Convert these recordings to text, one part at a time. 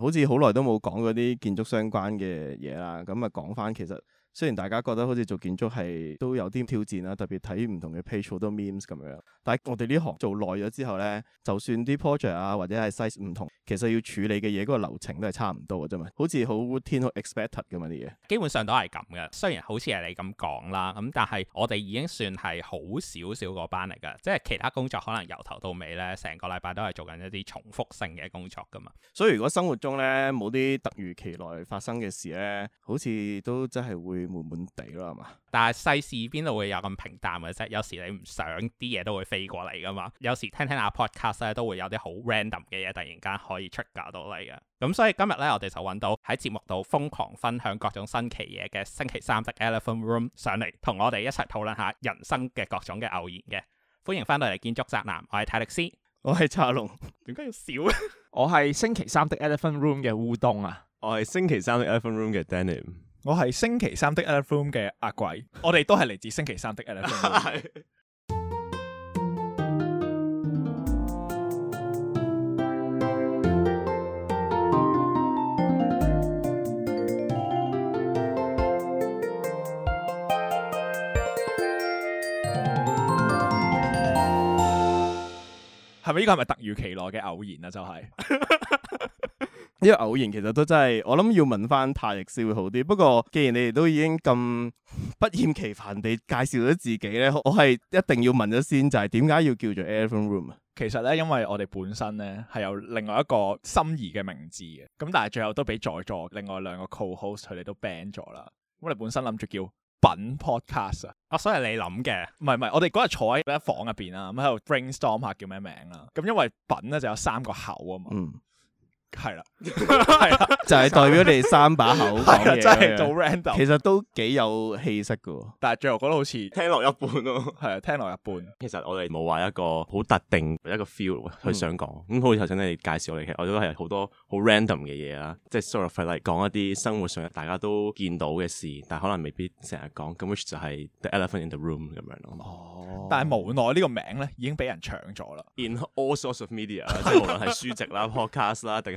好似好耐都冇講嗰啲建築相關嘅嘢啦，咁啊講翻其實。雖然大家覺得好似做建築係都有啲挑戰啦，特別睇唔同嘅 page 好多 memes 咁樣，但係我哋呢行做耐咗之後咧，就算啲 project 啊或者係 size 唔同，其實要處理嘅嘢嗰個流程都係差唔多嘅啫嘛，好似好 routine expected 咁啊啲嘢。基本上都係咁嘅，雖然好似係你咁講啦，咁但係我哋已經算係好少少嗰班嚟㗎，即係其他工作可能由頭到尾咧，成個禮拜都係做緊一啲重複性嘅工作㗎嘛。所以如果生活中咧冇啲突如其來發生嘅事咧，好似都真係會。會悶悶地啦，係嘛？但係世事邊度會有咁平淡嘅啫？有時你唔想啲嘢都會飛過嚟噶嘛？有時聽聽下 podcast 咧、啊，都會有啲好 random 嘅嘢突然間可以出搞到嚟嘅。咁所以今日咧，我哋就揾到喺節目度瘋狂分享各種新奇嘢嘅星期三的 Elephant Room 上嚟，同我哋一齊討論下人生嘅各種嘅偶然嘅。歡迎翻到嚟建築宅男，我係泰力斯，我係查龍。點 解要笑啊？ 我係星期三的 Elephant Room 嘅烏冬啊，我係星期三的 Elephant Room 嘅 Daniel。我係星期三的 Elephant 嘅阿鬼， 我哋都係嚟自星期三的 Elephant。 係咪呢個係咪突如其來嘅偶然啊？就係、是。 呢個偶然其實都真係，我諗要問翻泰力斯會好啲。不過，既然你哋都已經咁不厭其煩地介紹咗自己咧，我係一定要問咗先，就係點解要叫做 Elephant Room 啊？其實咧，因為我哋本身咧係有另外一個心儀嘅名字嘅，咁但係最後都俾在座另外兩個 co-host 佢哋都 ban 咗啦。咁我哋本身諗住叫品 podcast 啊，啊，所以係你諗嘅，唔係唔係，我哋嗰日坐喺一房入邊啦，咁喺度 brainstorm 下叫咩名啦。咁因為品咧就有三個口啊嘛。嗯係啦，係啦是 的，就係代表你三把口 的，係樣真係做 random，其實都幾有氣息噶。但係最後覺得好似聽落一半咯，係 聽落一半。其實我哋冇話一個好特定一個 feel 去想講，咁、嗯、好似頭先你介紹我哋，我都係好多好 random 嘅嘢啦，即係 sort of，like 嚟講一啲生活上大家都見到嘅事，但係可能未必成日講。咁 which 就係 the elephant in the room 咁樣咯。哦。但係無奈呢個名咧已經俾人搶咗啦。In all sorts of media， 即係無論係書籍啦、 podcast 啦，定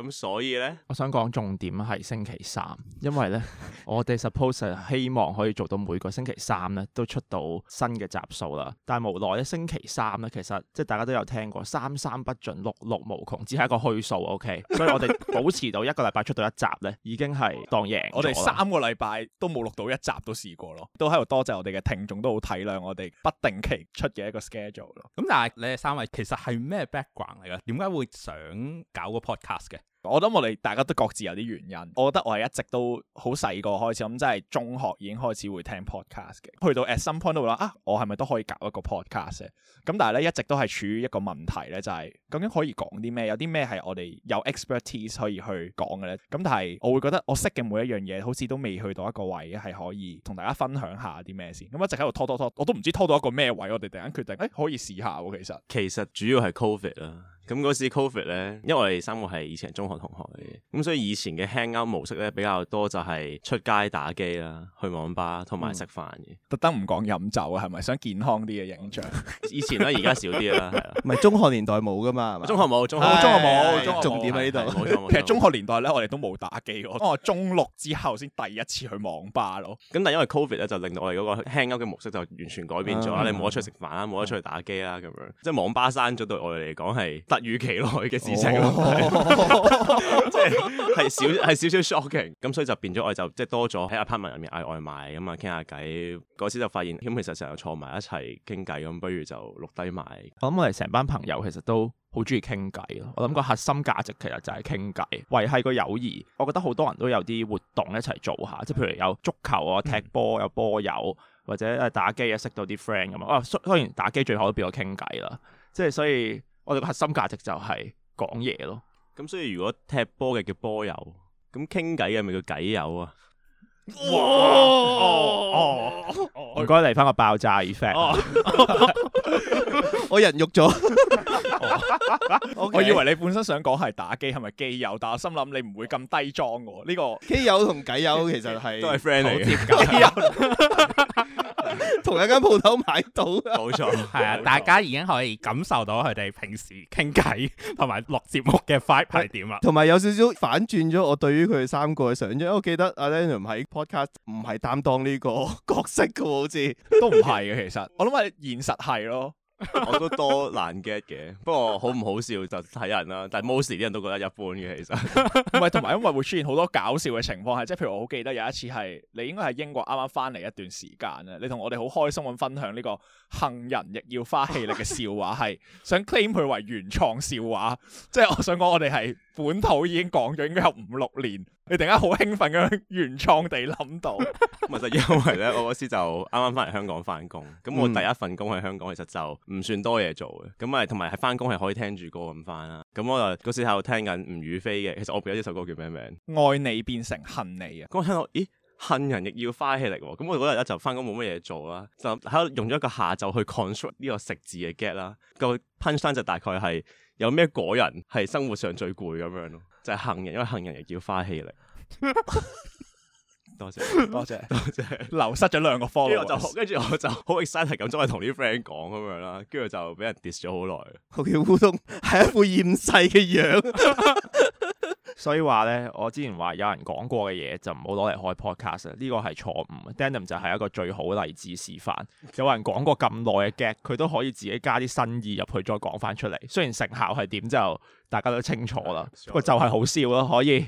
咁所以咧，我想講重點係星期三，因為咧 我哋 suppose 希望可以做到每個星期三咧都出到新嘅集數啦。但係無奈咧星期三咧，其實即係大家都有聽過三三不盡六六無窮，只係一個虛數，O K。Okay? 所以我哋保持到一個禮拜出到一集咧，已經係當贏。 我哋三個禮拜都冇錄到一集都試過咯，都喺度多謝我哋嘅聽眾都好體諒我哋不定期出嘅一個 schedule 咯。咁但係你哋三位其實係咩 background 嚟㗎？點解會想搞個 podcast 嘅？我諗我哋大家都各自有啲原因。我覺得我係一直都好細個開始，咁、嗯、即係中學已經開始會聽 podcast 嘅。去到 at some point 會話啊，我係咪都可以搞一個 podcast 嘅？咁、嗯、但係咧，一直都係處於一個問題咧，就係、是、究竟可以講啲咩？有啲咩係我哋有 expertise 可以去講嘅咧？咁、嗯、但係我會覺得我識嘅每一樣嘢，好似都未去到一個位，係可以同大家分享下啲咩先。咁、嗯嗯、一直喺度拖拖拖，我都唔知拖到一個咩位，我哋突然間決定誒、欸，可以試下、啊。其實其實主要係 covid 啦、啊。咁嗰時 Covid 咧，因為我哋三個係以前中學同學嘅，咁所以以前嘅 hang out 模式咧比較多，就係出街打機啦，去網吧同埋食飯嘅，特登唔講飲酒啊，係咪？想健康啲嘅形象，以前啦，而家少啲啦，係啊，唔係中學年代冇噶嘛，中學冇，中學冇，中學冇，重點喺呢度。其實中學年代咧，我哋都冇打機喎，我中六之後先第一次去網吧咯。咁但係因為 Covid 咧，就令到我哋嗰個 hang out 嘅模式就完全改變咗，你冇得出去食飯啦，冇得出去打機啦，咁樣，即係網吧閂咗對我哋嚟講係預期內嘅事情咯，即係係少係少少 shocking，咁所以就變咗我就即係多咗喺 Apartment 入面嗌外賣咁啊，傾下偈。嗰時就發現咁其實成日坐埋一齊傾偈，咁不如就錄低埋。我諗我哋成班朋友其實都好中意傾偈咯。我諗個核心價值其實就係傾偈維繫個友誼。我覺得好多人都有啲活動一齊做下，即係譬如有足球啊、踢波有波友，或者誒打機啊，識到啲 friend 咁啊。當然打機最後都變咗傾偈啦。即係所以。我哋嘅核心價值就係講嘢咯，咁所以如果踢波嘅叫波友，咁傾偈嘅咪叫偈友啊！哇哦，唔該嚟翻個爆炸 effect，我人肉咗，我以為你本身想講係打機，係咪機友？但係我心諗你唔會咁低裝嘅，呢個機友同偈友其實係都係 friend 嚟嘅。 同一間鋪頭買到，冇錯，係 啊！大家已經可以感受到佢哋平時傾偈同埋落節目嘅 vibe 係點啦，同埋有少少反轉咗我對於佢哋三個嘅想像。因為我記得阿 Lennon 喺 podcast 唔係擔當呢個角色嘅，好似都唔係嘅。 其實我諗係現實係咯。 我都多難 get 嘅，不過好唔好笑就睇人啦。但係 mostly 啲人都覺得一般嘅，其實唔係。同埋 因為會出現好多搞笑嘅情況，係即係譬如我好記得有一次係你應該係英國啱啱翻嚟一段時間啦，你同我哋好開心咁分享呢、這個杏仁亦要花氣力嘅笑話，係 想 claim 佢為原創笑話。即係我想講我哋係本土已經講咗應該有五六年。你突然間好興奮咁樣原創地諗到，咪啊就因為咧，我嗰時就啱啱翻嚟香港翻工，咁 我第一份工喺香港其實就唔算多嘢做嘅，咁啊同埋喺翻工係可以聽住歌咁翻啦，咁我就嗰時喺度聽緊吳雨霏嘅，其實我記得呢首歌叫咩名？愛你變成恨你啊！咁我聽到，咦，恨人亦要花氣力喎，咁我嗰日咧就翻工冇乜嘢做啦，就喺度用咗一個下晝去 construct 呢個食字嘅 get 啦，個 punch 就大概係。有咩果人係生活上最攰咁樣咯？就係、是、杏仁，因為杏仁又叫花氣力 多。多謝多謝多謝，流失咗兩個科。跟住我就跟住我就好 excited 咁，再同啲 friend 講咁樣啦。跟住就俾人 dis 咗好耐，我叫烏冬係一副厭世嘅樣。 所以話咧，我之前話有人講過嘅嘢就唔好攞嚟開 podcast 啦。呢個係錯誤。Denim 就係一個最好例子示範。 有人講過咁耐嘅 gag，佢都可以自己加啲新意入去再講翻出嚟。雖然成效係點就大家都清楚啦。不過 就係好笑咯，可以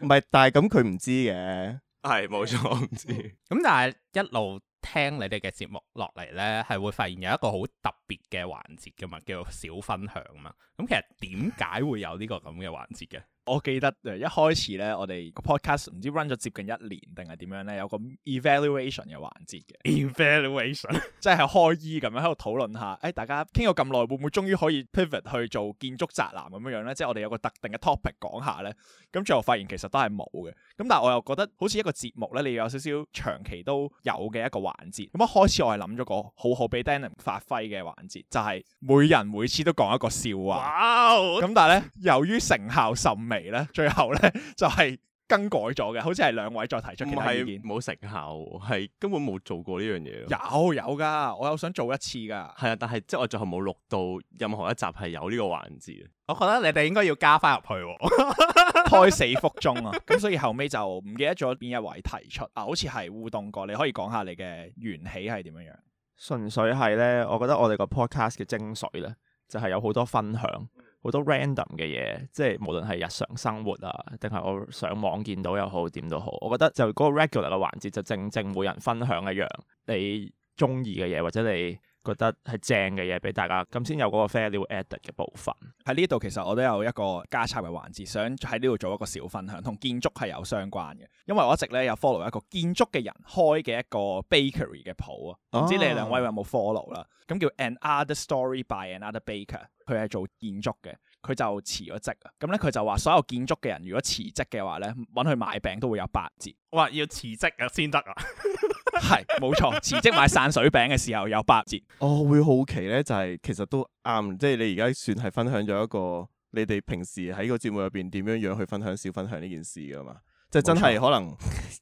唔係？ 但係咁佢唔知嘅係冇錯，我唔知咁。 但係一路聽你哋嘅節目落嚟咧，係會發現有一個好特別嘅環節噶嘛，叫做小分享啊嘛。咁其實點解會有呢個咁嘅環節嘅？我記得誒，一開始咧，我哋個 podcast 唔知 run 咗接近一年定係點樣咧，有個 evaluation 嘅環節嘅，evaluation 即係 開醫咁樣喺度討論下，誒、哎，大家傾咗咁耐，會唔會終於可以 pivot 去做建築宅男咁樣樣咧？即係我哋有個特定嘅 topic 講下咧，咁最後發現其實都係冇嘅。咁但係我又覺得好似一個節目咧，你要有少少長期都有嘅一個環節。咁一開始我係諗咗個好好俾 Danny 發揮嘅環節，就係、是、每人每次都講一個笑話。哇！咁但係咧，由於成效甚微。嚟咧，最後咧就係更改咗嘅，好似係兩位再提出其他意見，冇成效，係根本冇做過呢樣嘢。有有噶，我又想做一次噶。係啊，但係即係我最後冇錄到任何一集係有呢個環節。我覺得你哋應該要加翻入去， 胎死腹中啊！咁 所以後尾就唔記得咗邊一位提出啊，好似係互動過，你可以講下你嘅緣起係點樣樣？純粹係咧，我覺得我哋個 podcast 嘅精髓咧，就係、是、有好多分享。好多 random 嘅嘢，即係無論係日常生活啊，定係我上網見到又好，點都好，我覺得就嗰個 regular 嘅環節就正正每人分享一樣你，你中意嘅嘢或者你，覺得係正嘅嘢俾大家，咁先有嗰個 value added 嘅部分。喺呢度其實我都有一個加插嘅環節，想喺呢度做一個小分享，同建築係有相關嘅，因為我一直咧有 follow 一個建築嘅人開嘅一個 bakery 嘅鋪啊，唔、oh. 知你哋兩位有冇 follow 啦？咁叫 An Other Story by An Other Baker，佢係做建築嘅。佢就辭咗職啊！咁、嗯、咧，佢就話：所有建築嘅人如果辭職嘅話咧，揾佢買餅都會有八折。話要辭職啊，先得啊！係冇錯，辭職買散水餅嘅時候有八折。我、哦、會好奇呢，就係、是、其實都啱，即係你而家算係分享咗一個你哋平時喺個節目入邊點樣樣去分享少分享呢件事噶嘛？即係真係可能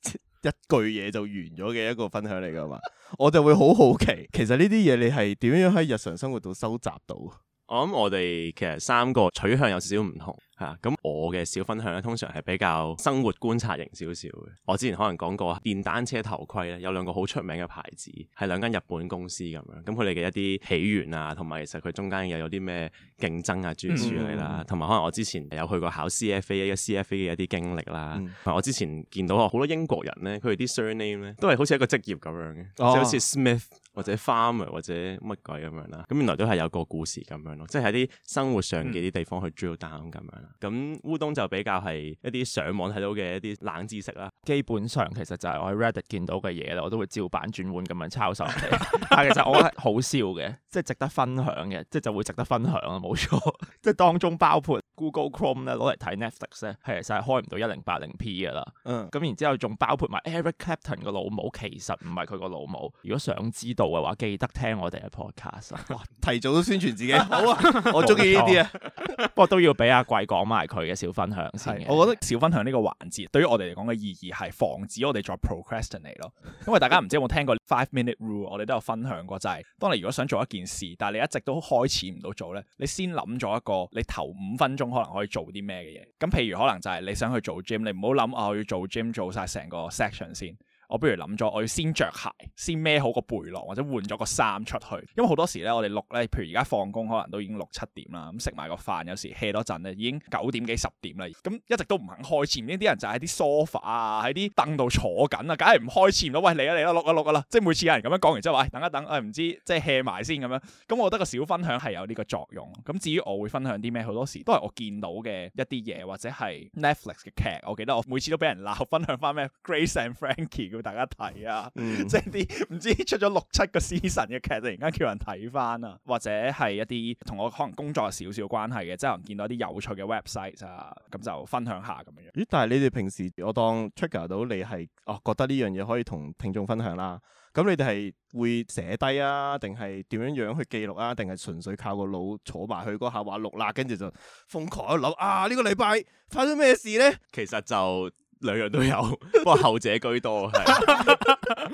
錯 一句嘢就完咗嘅一個分享嚟噶嘛？ 我就會好好奇，其實呢啲嘢你係點樣喺日常生活度收集到？我諗我哋其實三個取向有少少唔同，吓，咁我嘅小分享咧，通常係比較生活觀察型少少嘅。我之前可能講過電單車頭盔咧，有兩個好出名嘅牌子，係兩間日本公司咁樣。咁佢哋嘅一啲起源啊，同埋其實佢中間又有啲咩競爭啊，諸如此類啦。同埋、嗯嗯、可能我之前有去過考 CFA 一 CFA 嘅一啲經歷啦。嗯、我之前見到好多英國人咧，佢哋啲 surname 咧都係好似一個職業咁樣嘅，即、哦、好似 Smith。或者 farm 或者乜鬼咁樣啦，咁原來都係有個故事咁樣咯，即係喺啲生活上嘅啲地方去 drill down 咁樣。咁烏冬就比較係一啲上網睇到嘅一啲冷知識啦，基本上其實就係我喺 Reddit 見到嘅嘢啦，我都會照板轉換咁樣抄手嚟。 但其實我覺得好笑嘅，即係值得分享嘅，即係就會值得分享啊，冇錯，即係當中包括。Google Chrome 咧，攞嚟睇 Netflix 咧，係實係開唔到一零八零 P 噶啦。嗯，咁然之後仲包括埋 Eric Clapton 個老母，其實唔係佢個老母。如果想知道嘅話，記得聽我哋嘅 podcast。哇，提早都宣傳自己， 好啊！ 我中意呢啲啊。不過都要俾阿貴講埋佢嘅小分享先。我覺得小分享呢個環節對於我哋嚟講嘅意義係防止我哋再 procrastinate 咯。因為大家唔知有冇聽過 Five Minute Rule，我哋都有分享過，就是，就係當你如果想做一件事，但係你一直都開始唔到做咧，你先諗咗一,一個你頭五分鐘可能可以做啲咩嘅嘢？咁譬如可能就係你想去做 gym，你唔好諗我要做 gym 做晒成個 section 先。我不如諗咗，我要先着鞋，先孭好個背囊，或者換咗個衫出去。因為好多時咧，我哋錄咧，譬如而家放工，可能都已經六七點啦。咁食埋個飯，有時 hea 多陣咧，已經九點幾十點啦。咁一直都唔肯開始。呢啲人就喺啲 sofa 啊，喺啲凳度坐緊啊，梗係唔開始唔到喂，嚟啦嚟啦，錄啊錄啊啦、啊！啊、即係每次有人咁樣講完之後，喂，等一等，誒唔知即係 hea 埋先咁樣。咁我覺得個小分享係有呢個作用。咁至於我會分享啲咩，好多時都係我見到嘅一啲嘢，或者係 Netflix 嘅劇。我記得我每次都俾人鬧，分享翻咩 Grace and Frankie。叫大家睇啊，嗯、即係啲唔知出咗六七個 season 嘅劇，突然間叫人睇翻啊，或者係一啲同我可能工作有少少關係嘅，即係可能見到一啲有趣嘅 website 啊，咁就分享下咁樣。咦？但係你哋平時我當 trigger 到你係哦，覺得呢樣嘢可以同聽眾分享啦，咁你哋係會寫低啊，定係點樣樣去記錄啊，定係純粹靠個腦坐埋去嗰下話錄啦，跟住就瘋狂去諗啊呢、呢個禮拜發生咩事咧？其實就。兩樣都有，不過後者居多，係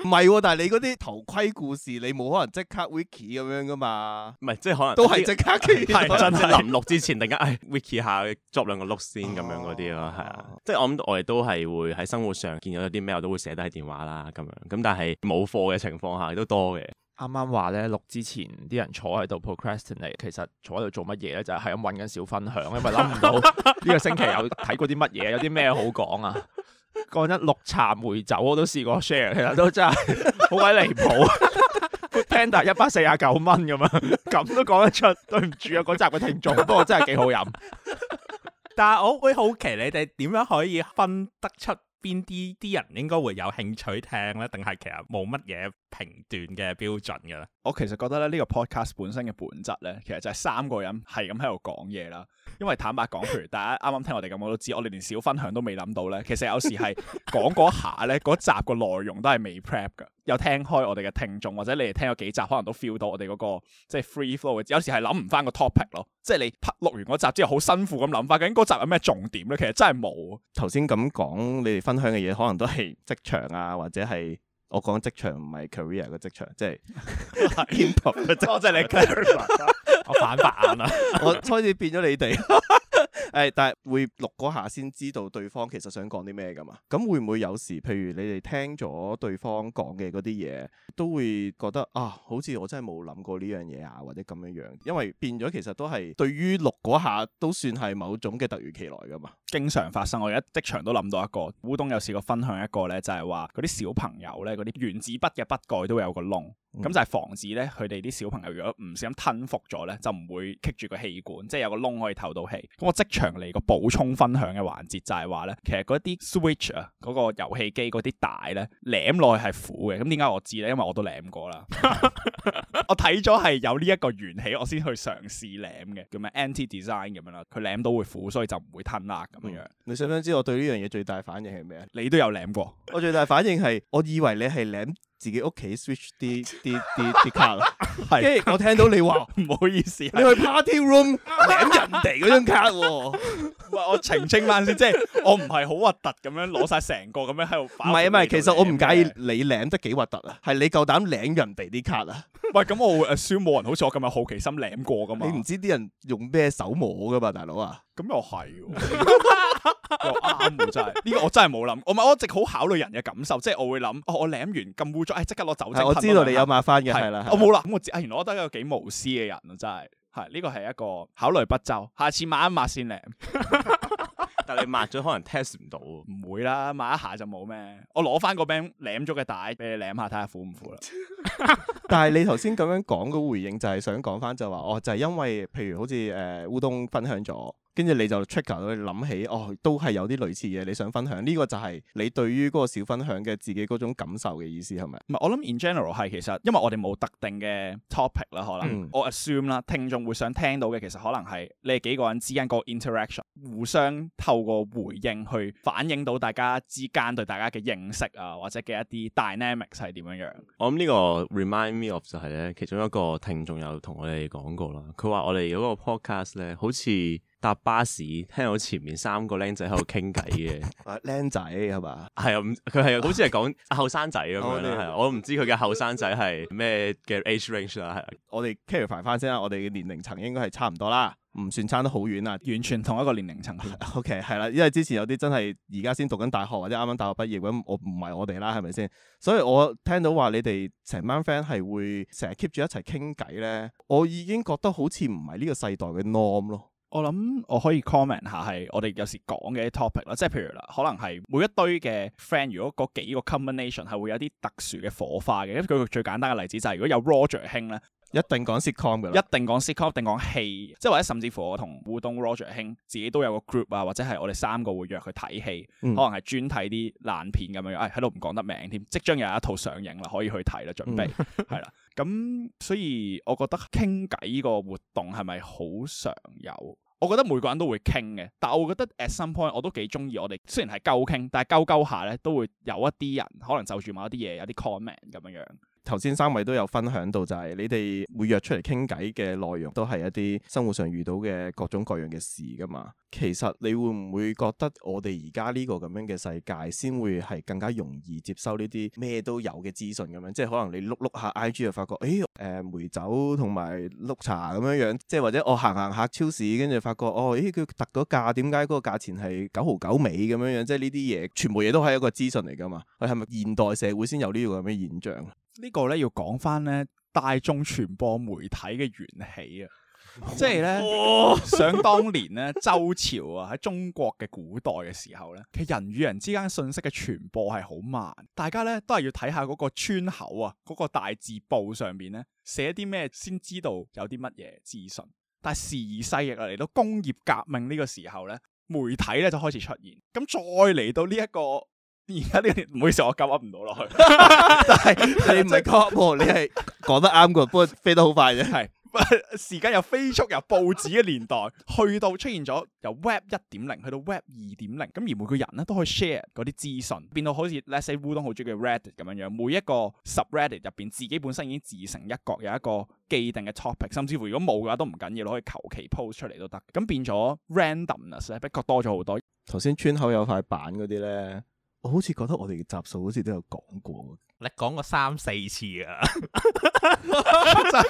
唔係？但係你嗰啲頭盔故事，你冇可能即刻 Wiki 咁樣噶嘛？唔係，即係可能都係即刻係、啊啊啊，真係臨錄之前突然間唉、哎、Wiki 下捉兩個 look 先咁樣嗰啲咯，係啊！啊即係我諗我哋都係會喺生活上見到一啲咩，我都會寫低喺電話啦，咁樣咁，但係冇貨嘅情況下都多嘅。啱啱話咧，錄之前啲人坐喺度 procrastinate，其實坐喺度做乜嘢咧？就係咁揾緊小分享，因為諗唔到呢個星期 有睇過啲乜嘢，有啲咩好講啊？講一綠茶梅酒我都試過 share，其實都真係好鬼離譜。 Panda 一百四十九蚊咁樣，咁都講得出。對唔住啊，嗰集嘅聽眾，不過真係幾好飲。但係我，我會好奇你哋點樣可以分得出邊啲啲人應該會有興趣聽咧，定係其實冇乜嘢？評斷嘅標準嘅咧，我其實覺得咧呢、呢個 podcast 本身嘅本質咧，其實就係三個人係咁喺度講嘢啦。因為坦白講，譬如大家啱啱聽我哋咁，我都知我哋連小分享都未諗到咧。其實有時係講嗰下咧，嗰 集個內容都係未 prep 噶。有聽開我哋嘅聽眾，或者你哋聽咗幾集，可能都 feel 到我哋嗰、嗰個即係 free flow。有時係諗唔翻個 topic 咯，即係你錄，錄完嗰集之後好辛苦咁諗翻，究竟嗰集有咩重點咧？其實真係冇。頭先咁講你哋分享嘅嘢，可能都係職場啊，或者係。我講職場唔係 career 嘅職場，即係 inbox 嘅職場。 我反白，白眼啊！我開始變咗你哋。 誒、哎，但係會錄下先知道對方其實想講啲咩噶嘛？咁會唔會有時，譬如你哋聽咗對方講嘅嗰啲嘢，都會覺得啊，好似我真係冇諗過呢樣嘢啊，或者咁樣樣，因為變咗其實都係對於錄下都算係某種嘅突如其來噶嘛。經常發生，我而家即場都諗到一個，烏冬有試過分享一個咧，就係話嗰啲小朋友咧，嗰啲原子筆嘅筆蓋都會有個窿。咁、嗯、就係防止咧，佢哋啲小朋友如果唔小心吞服咗咧，就唔會棘住個氣管，即係有個窿可以透到氣。咁我即場嚟個補充分享嘅環節就係話咧，其實嗰啲 switch 啊，嗰、嗰個遊戲機嗰啲帶咧舐落去係苦嘅。咁點解我知咧？因為我都舐過啦， 我睇咗係有呢一個緣起，我先去嘗試舐嘅。叫咩 anti design 咁樣啦，佢舐到會苦，所以就唔會吞啦咁樣、嗯。你想唔想知道我對呢樣嘢最大反應係咩啊？你都有舐過，我最大反應係，我以為你係舐，自己屋企 switch 啲啲啲啲卡，係， 即係我聽到你話唔 好意思，你去 party room 舐人哋嗰張卡、啊，喂， 我澄清翻先，即係 我唔係好核突咁樣攞晒成個咁樣喺度，唔係啊，唔係，其實我唔介意你舐得幾核突啊，係 你夠膽舐人哋啲卡啊， 喂，咁我會 assume 冇人好似我咁嘅好奇心舐過噶嘛， 你唔知啲人用咩手摸噶嘛，大佬啊，咁又係。又啱喎，啊、真係呢個我真係冇諗，我我一直好考慮人嘅感受，即係我會諗，哦，我舐完咁污糟，誒，即刻攞酒精噴。」我知道你有抹翻嘅，係啦，我冇諗，我知，原來我覺得一個幾無私嘅人啊，真係，係呢個係一個考慮不周，下次抹一抹先舐。但係你抹咗可能 test 唔到，唔 會啦，抹一下就冇咩，我攞翻個 b 舐咗嘅帶俾你舐下，睇下苦唔苦啦。 但係你頭先咁樣講個回應，就係想講翻就話，哦，就係因為譬如好似誒烏冬分享咗。跟住你就 trigger 到你諗起，哦，都係有啲類似嘢你想分享，呢、這個就係你對於嗰個小分享嘅自己嗰種感受嘅意思係咪？唔係，我諗 in general 係其實，因為我哋冇特定嘅 topic 啦，可能、嗯、我 assume 啦，聽眾會想聽到嘅其實可能係你哋幾個人之間個 interaction，互相透過回應去反映到大家之間對大家嘅認識啊，或者嘅一啲 dynamics 係點樣樣。我諗呢個 remind me of 就係、是、咧，其中一個聽眾有同我哋講過啦，佢話我哋嗰個 podcast 咧好似。搭巴士，聽到前面三個僆仔喺度傾偈嘅。僆仔係嘛？係啊，佢係好似係講後生仔咁樣啦。係啊，我唔知佢嘅後生仔係咩嘅 age range 啊？係啊，我哋 carry 翻翻先啦。我哋嘅年齡層應該係差唔多啦，唔算差得好遠啊，完全同一個年齡層。 OK，係啦，因為之前有啲真係而家先讀緊大學或者啱啱大學畢業咁，我唔係我哋啦，係咪先？所以我聽到話你哋成班 friend 係會成日 keep 住一齊傾偈咧，我已經覺得好似唔係呢個世代嘅 norm 咯。我諗我可以 comment 下係我哋有時講嘅啲 topic 啦，即係譬如啦，可能係每一堆嘅 friend，如果嗰幾個 combination 係會有啲特殊嘅火花嘅。因為舉個最簡單嘅例子就係如果有 Roger 興咧，一定講 sitcom 嘅，一定講 sitcom，一定講戲，即係或者甚至乎我同烏冬 Roger 興自己都有個 group 啊，或者係我哋三個會約去睇戲，嗯、可能係專睇啲爛片咁樣樣，誒喺度唔講得名添，即將有一套上映啦，可以去睇啦，準備係啦。咁所以，我覺得傾偈依個活動係咪好常有？我覺得每個人都會傾嘅，但我覺得 at some point 我都幾中意我哋雖然係鳩傾，但係鳩鳩下咧都會有一啲人可能就住某啲嘢有啲 comment 咁樣樣。頭先三位都有分享到，就係你哋會約出嚟傾偈嘅內容都係一啲生活上遇到嘅各種各樣嘅事噶嘛。其實你會唔會覺得我哋而家呢個咁樣嘅世界先會係更加容易接收呢啲咩都有嘅資訊咁樣？即係可能你碌碌下 I G 就發覺，誒、哎、誒、呃、梅酒同埋綠茶咁樣樣，即係或者我行行下超市，跟住發覺哦，咦、哎、佢特嗰價點解嗰個價錢係九毫九尾咁樣樣？即係呢啲嘢全部嘢都係一個資訊嚟噶嘛？佢係咪現代社會先有呢個咁嘅現象？個呢個咧要講翻咧大眾傳播媒體嘅緣起啊， 即係咧，想當年咧周朝啊喺中國嘅古代嘅時候咧，其實人與人之間信息嘅傳播係好慢，大家咧都係要睇下嗰個村口啊，嗰、嗰個大字報上面咧寫啲咩先知道有啲乜嘢資訊。但係時移世易啊，嚟到工業革命呢個時候咧，媒體咧就開始出現，咁再嚟到呢、呢、一個。而家呢啲唔好意思，我鳩噏唔到落去。 但係是 你唔係錯， 你係講得啱嘅，不過飛得好快啫。係時間又飛速由報紙嘅年代， 去到出現咗由 Web 一點零去到 Web 二點零，咁而每個人咧都可以 share 嗰啲資訊，變到好似，let's say 烏冬好中意嘅 Reddit 咁樣樣。每一個 SubReddit 入邊，自己本身已經自成一角，有一個既定嘅 topic，甚至乎如果冇嘅話都唔緊要，攞去求其 post 出嚟都得。咁變咗 randomness 咧，不覺多咗好多。頭先村口有塊板嗰啲咧。我好似覺得我哋嘅集數好似都有講過，你講過三四次啊。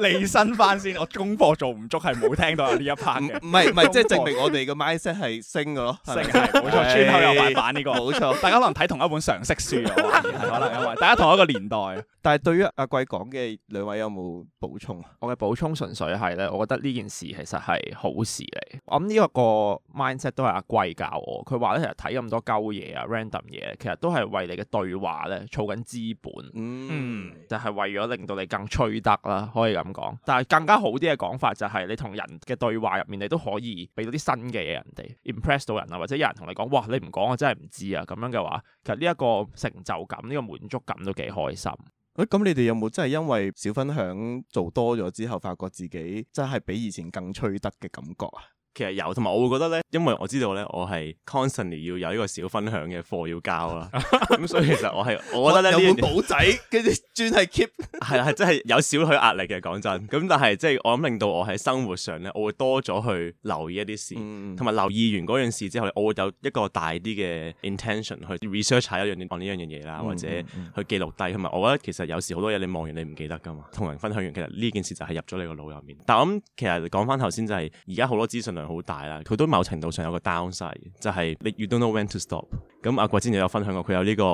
你新翻先，我功課做唔足，係冇聽到呢一 part 嘅。唔係唔係，科即係證明我哋嘅 mindset 係升個咯。升係冇錯，穿後、哎、有板板呢個。冇錯錯，大家可能睇同一本常識書， 可能因為大家同一個年代。但係對於阿貴講嘅兩位有冇補充？我嘅補充純粹係咧，我覺得呢件事其實係好事嚟。我諗呢一個,個 mindset 都係阿貴教我。佢話咧，其實睇咁多鳩嘢啊、random 嘢，其實都係為你嘅對話咧儲緊資本。嗯，就係為咗令到你更吹得啦，可以咁。講，但係更加好啲嘅講法就係你同人嘅對話入面，你都可以俾到啲新嘅嘢人哋 impress 到人啊，或者有人同你講，哇！你唔講我真係唔知啊，咁樣嘅話，其實呢一個成就感、呢個滿足感都幾開心。誒、欸，咁你哋有冇真係因為小分享做多咗之後，發覺自己真係比以前更吹得嘅感覺啊？其實有，同埋我會覺得咧，因為我知道咧，我係 constantly 要有一個小分享嘅課要教啦，咁、 嗯、所以其實我係，我覺得咧呢啲， 有本簿仔，跟住專係 keep，係 啦，即係有少許壓力嘅，講真，咁但係即係我諗令到我喺生活上咧，我會多咗去留意一啲事，同埋、嗯嗯、留意完嗰件事之後，我會有一個大啲嘅 intention 去 research 下一樣嘢，講呢樣嘢啦，或者去記錄低，同埋我覺得其實有時好多嘢你望完你唔記得噶嘛，同人分享完，其實呢件事就係入咗你個腦入面。但係我諗其實講翻頭先就係而家好多資訊，好大啦，佢都某程度上有個 downside，就係你 you don't know when to stop、嗯。咁阿郭之前有分享過佢有呢個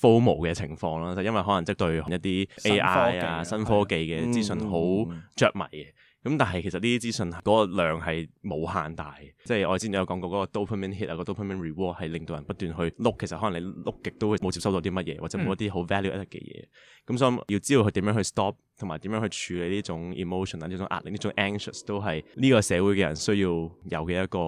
FOMO 嘅情況啦，就是、因為可能即係對一啲 AI 啊新科技嘅、啊、資訊好着迷嘅。嗯嗯咁、嗯、但係其實呢啲資訊嗰、那個量係無限大，即係我之前有講過嗰、那個 dopamine hit 啊，個 dopamine reward 係令到人不斷去碌，其實可能你碌極都會冇接收到啲乜嘢，或者冇一啲好 value 嘅嘢。咁、嗯嗯、所以要知道佢點樣去 stop，同埋點樣去處理呢種 emotion 啊，呢種壓力，呢種 anxious 都係呢個社會嘅人需要有嘅一個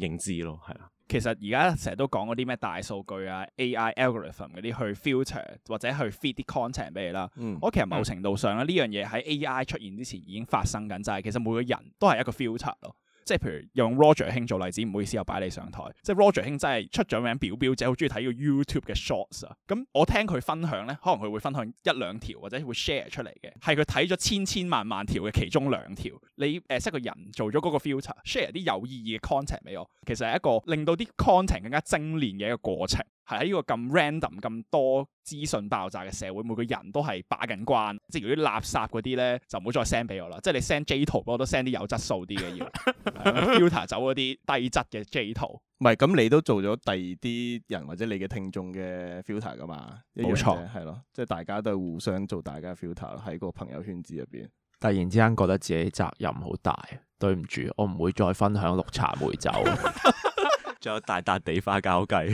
認知咯，係啦。其實而家成日都講嗰啲咩大數據啊、AI algorithm 嗰啲去 filter 或者去 feed 啲 content 俾你啦。嗯、我其實某程度上咧，呢、嗯、樣嘢喺 AI 出現之前已經發生緊，就係、是、其實每個人都係一個 filter 咯。即係譬如用 Roger 兄做例子，唔好意思又擺你上台。即係 Roger 兄真係出咗名，表表姐好中意睇個 YouTube 嘅 shorts 啊。咁、嗯、我聽佢分享咧，可能佢會分享一兩條或者會 share 出嚟嘅，係佢睇咗千千萬萬條嘅其中兩條。你誒識、呃、個人做咗嗰個 filter，share 啲有意義嘅 content 俾我，其實係一個令到啲 content 更加精煉嘅一個過程。係喺呢個咁 random、咁多資訊爆炸嘅社會，每個人都係把緊關。即係如啲垃圾嗰啲咧，就唔好再 send 俾我啦。即係你 send J 圖，我都 send 啲有質素啲嘅嘢。 嗯、filter 走嗰啲低質嘅 J 圖。唔係，咁你都做咗第二啲人或者你嘅聽眾嘅 filter 噶嘛？冇錯，係咯，即係大家都係互相做大家 filter 喺個朋友圈子入邊。突然之間覺得自己責任好大，對唔住，我唔會再分享綠茶梅酒。 仲有大笪地花膠計，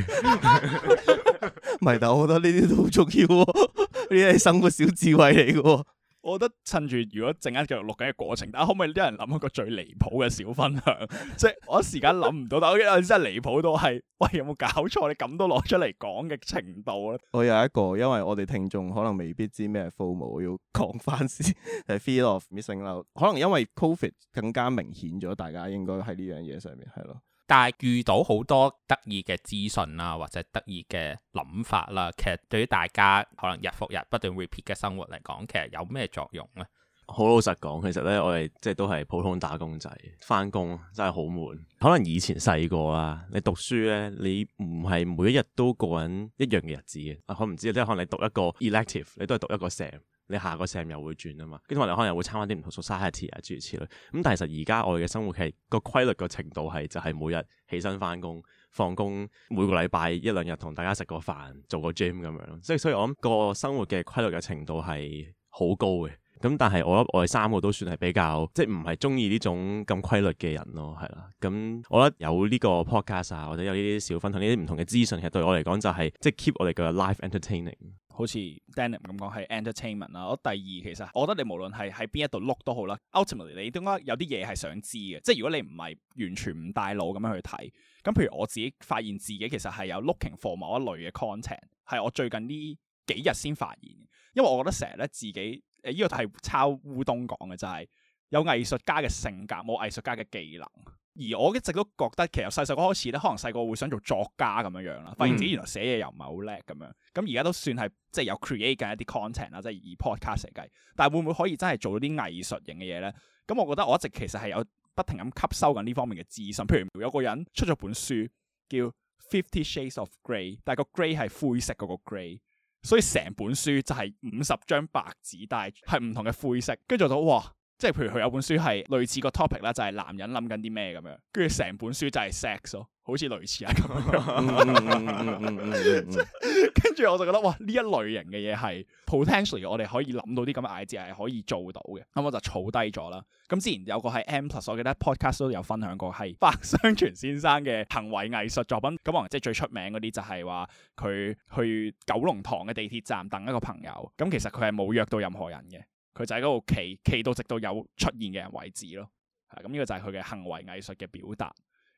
唔係，但我覺得呢啲都好重要，呢啲係生活小智慧嚟嘅。我覺得趁住，如果陣間繼續錄緊嘅過程，大家可唔可以啲人諗一個最離譜嘅小分享？即 係我一時間諗唔到，但係我真係離譜到係，喂有冇搞錯？你咁都攞出嚟講嘅程度咧？我有一個，因為我哋聽眾可能未必知咩父母 o 要講翻先。係 feel of missing out。可能因為 covid 更加明顯咗，大家應該喺呢樣嘢上面係咯。但係遇到好多得意嘅資訊啊，或者得意嘅諗法啦、啊，其實對於大家可能日復日不斷 repeat 嘅生活嚟講，其實有咩作用呢？好老實講，其實咧我哋即係都係普通打工仔，翻工真係好悶。可能以前細個啊，你讀書咧，你唔係每一日都過緊一樣嘅日子嘅。我唔知，即係可能你讀一個 elective，你都係讀一個 same 你下個星期又會轉啊嘛，跟住我哋可能又會參加啲唔同 society 啊諸如此類，咁但係其實而家我哋嘅生活係個規律個程度係就係、是、每日起身翻工、放工，每個禮拜一兩日同大家食個飯、做個 gym 咁樣，即係所以我諗個生活嘅規律嘅程度係好高嘅，咁但係我覺得我哋三個都算係比較即係唔係中意呢種咁規律嘅人咯，係啦，咁我覺得有呢個 podcast 啊或者有呢啲小分享呢啲唔同嘅資訊，其實對我嚟講就係、是、即係 keep 我哋嘅 life entertaining。好似 Danny 咁講係 entertainment 啦。我第二其實，我覺得你無論係喺邊一度 look 都好啦。 Ultimately，你點解有啲嘢係想知嘅？即係如果你唔係完全唔帶腦咁樣去睇，咁譬如我自己發現自己其實係有 looking for 某一類嘅 content，係我最近呢幾日先發現。因為我覺得成日咧自己誒呢、呃這個係抄烏冬講嘅，就係、是、有藝術家嘅性格，冇藝術家嘅技能。而我一直都覺得，其實細細個開始咧，可能細個會想做作家咁樣樣啦，嗯、發現自己原來寫嘢又唔係好叻咁樣。咁而家都算係即係有 create 嘅一啲 content 啦，即係以 podcast 嚟計。但係會唔會可以真係做啲藝術型嘅嘢咧？咁我覺得我一直其實係有不停咁吸收緊呢方面嘅資訊。譬如有個人出咗本書叫《Fifty Shades of Grey》，但係個 grey 係灰色嗰個 grey，所以成本書就係五十張白紙，但係係唔同嘅灰色。跟住就到哇！即係譬如佢有本書係類似個 topic 啦，就係男人諗緊啲咩咁樣，跟住成本書就係 sex 咯，好似類似啊咁樣。跟 住 我就覺得哇，呢一類型嘅嘢係 potentially 我哋可以諗到啲咁嘅 idea 係可以做到嘅，咁我就儲低咗啦。咁之前有個喺 M Plus，我記得 podcast 都有分享過，係白雙全先生嘅行為藝術作品。咁啊，即係最出名嗰啲就係話佢去九龍塘嘅地鐵站等一個朋友，咁其實佢係冇約到任何人嘅。佢就喺嗰度企，企到直到有出現嘅人為止咯。嚇、嗯，咁、這、呢個就係佢嘅行為藝術嘅表達。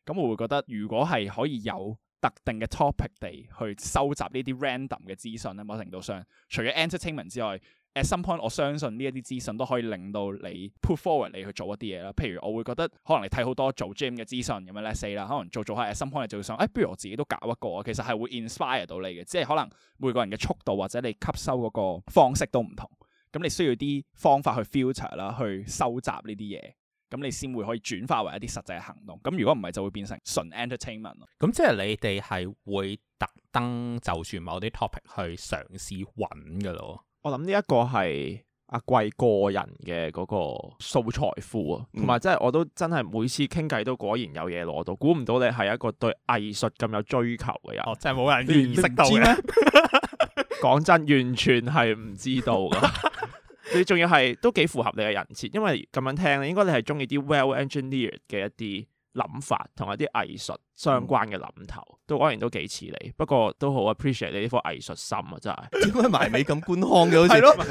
咁、嗯、我會覺得，如果係可以有特定嘅 topic 地去收集呢啲 random 嘅資訊咧，某程度上，除咗 entertainment 之外，at some point，我相信呢一啲資訊都可以令到你 put forward 你去做一啲嘢啦。譬如我會覺得，可能你睇好多做 gym 嘅資訊咁樣咧，let's say 啦，可能做做下 at some point，你就會想，誒、哎，不如我自己都搞一個。其實係會 inspire 到你嘅，即係可能每個人嘅速度或者你吸收嗰個方式都唔同。咁你需要啲方法去 filter 啦，去收集呢啲嘢，咁你先會可以轉化為一啲實際嘅行動。咁如果唔係，就會變成純 entertainment 咯。咁即係你哋係會特登就算某啲 topic 去嘗試揾噶咯。我諗呢一個係阿貴個人嘅嗰個素材庫啊，同埋即係我都真係每次傾偈都果然有嘢攞到，估唔到你係一個對藝術咁有追求嘅人。哦，即係冇人認識到嘅。講 真，完全係唔知道噶。你仲要係都幾符合你嘅人設，因為咁樣聽，應該你係中意啲 well engineered 嘅一啲諗法，同一啲藝術相關嘅諗頭，嗯、都當然都幾似你。不過都好 appreciate 你呢顆藝術心啊，真係點解埋尾咁官腔嘅好似？係咯，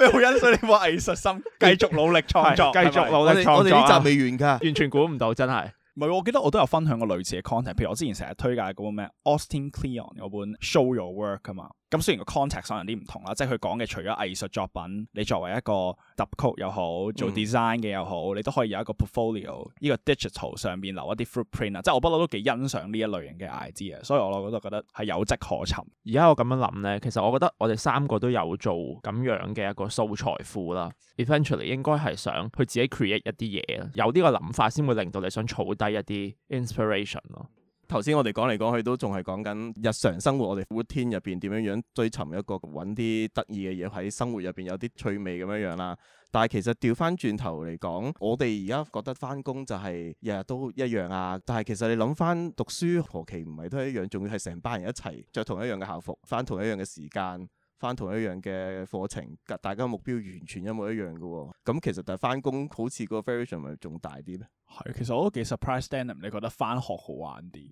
你好欣賞你呢顆藝術心，繼續努力創作， 繼續努力創作。是是我哋呢集未完㗎，完全估唔到真係。唔係， 我記得我都有分享過類似嘅 content，譬如我之前成日推介嗰本咩 Austin Kleon 有本 Show Your Work 啊嘛。咁雖然個 context 上有啲唔同啦，即係佢講嘅除咗藝術作品，你作為一個揼 code 又好，做 design 嘅又好，嗯、你都可以有一個 portfolio，呢個 digital 上面留一啲 footprint 啊，即係我不嬲都幾欣賞呢一類型嘅 idea，所以我我覺得覺得係有跡可尋。而家我咁樣諗呢，其實我覺得我哋三個都有做咁樣嘅一個素材庫啦，eventually 應該係想佢自己 create 一啲嘢，有呢個諗法先會令到你想儲低一啲 inspiration 咯。頭先我哋講嚟講去都仲係講緊日常生活，我哋 routine 入邊點樣樣追尋一個揾啲得意嘅嘢喺生活入邊有啲趣味咁樣樣啦。但係其實調翻轉頭嚟講，我哋而家覺得翻工就係日日都一樣啊。但係其實你諗翻讀書，何其唔係都係一樣，仲要係成班人一齊着同一樣嘅校服，翻同一樣嘅時間，翻同一樣嘅課程，大家目標完全一模一樣嘅。咁其實就係翻工，好似個 variation 咪仲大啲咩？係，其實我都幾 surprise。Danny，你覺得翻學好玩啲？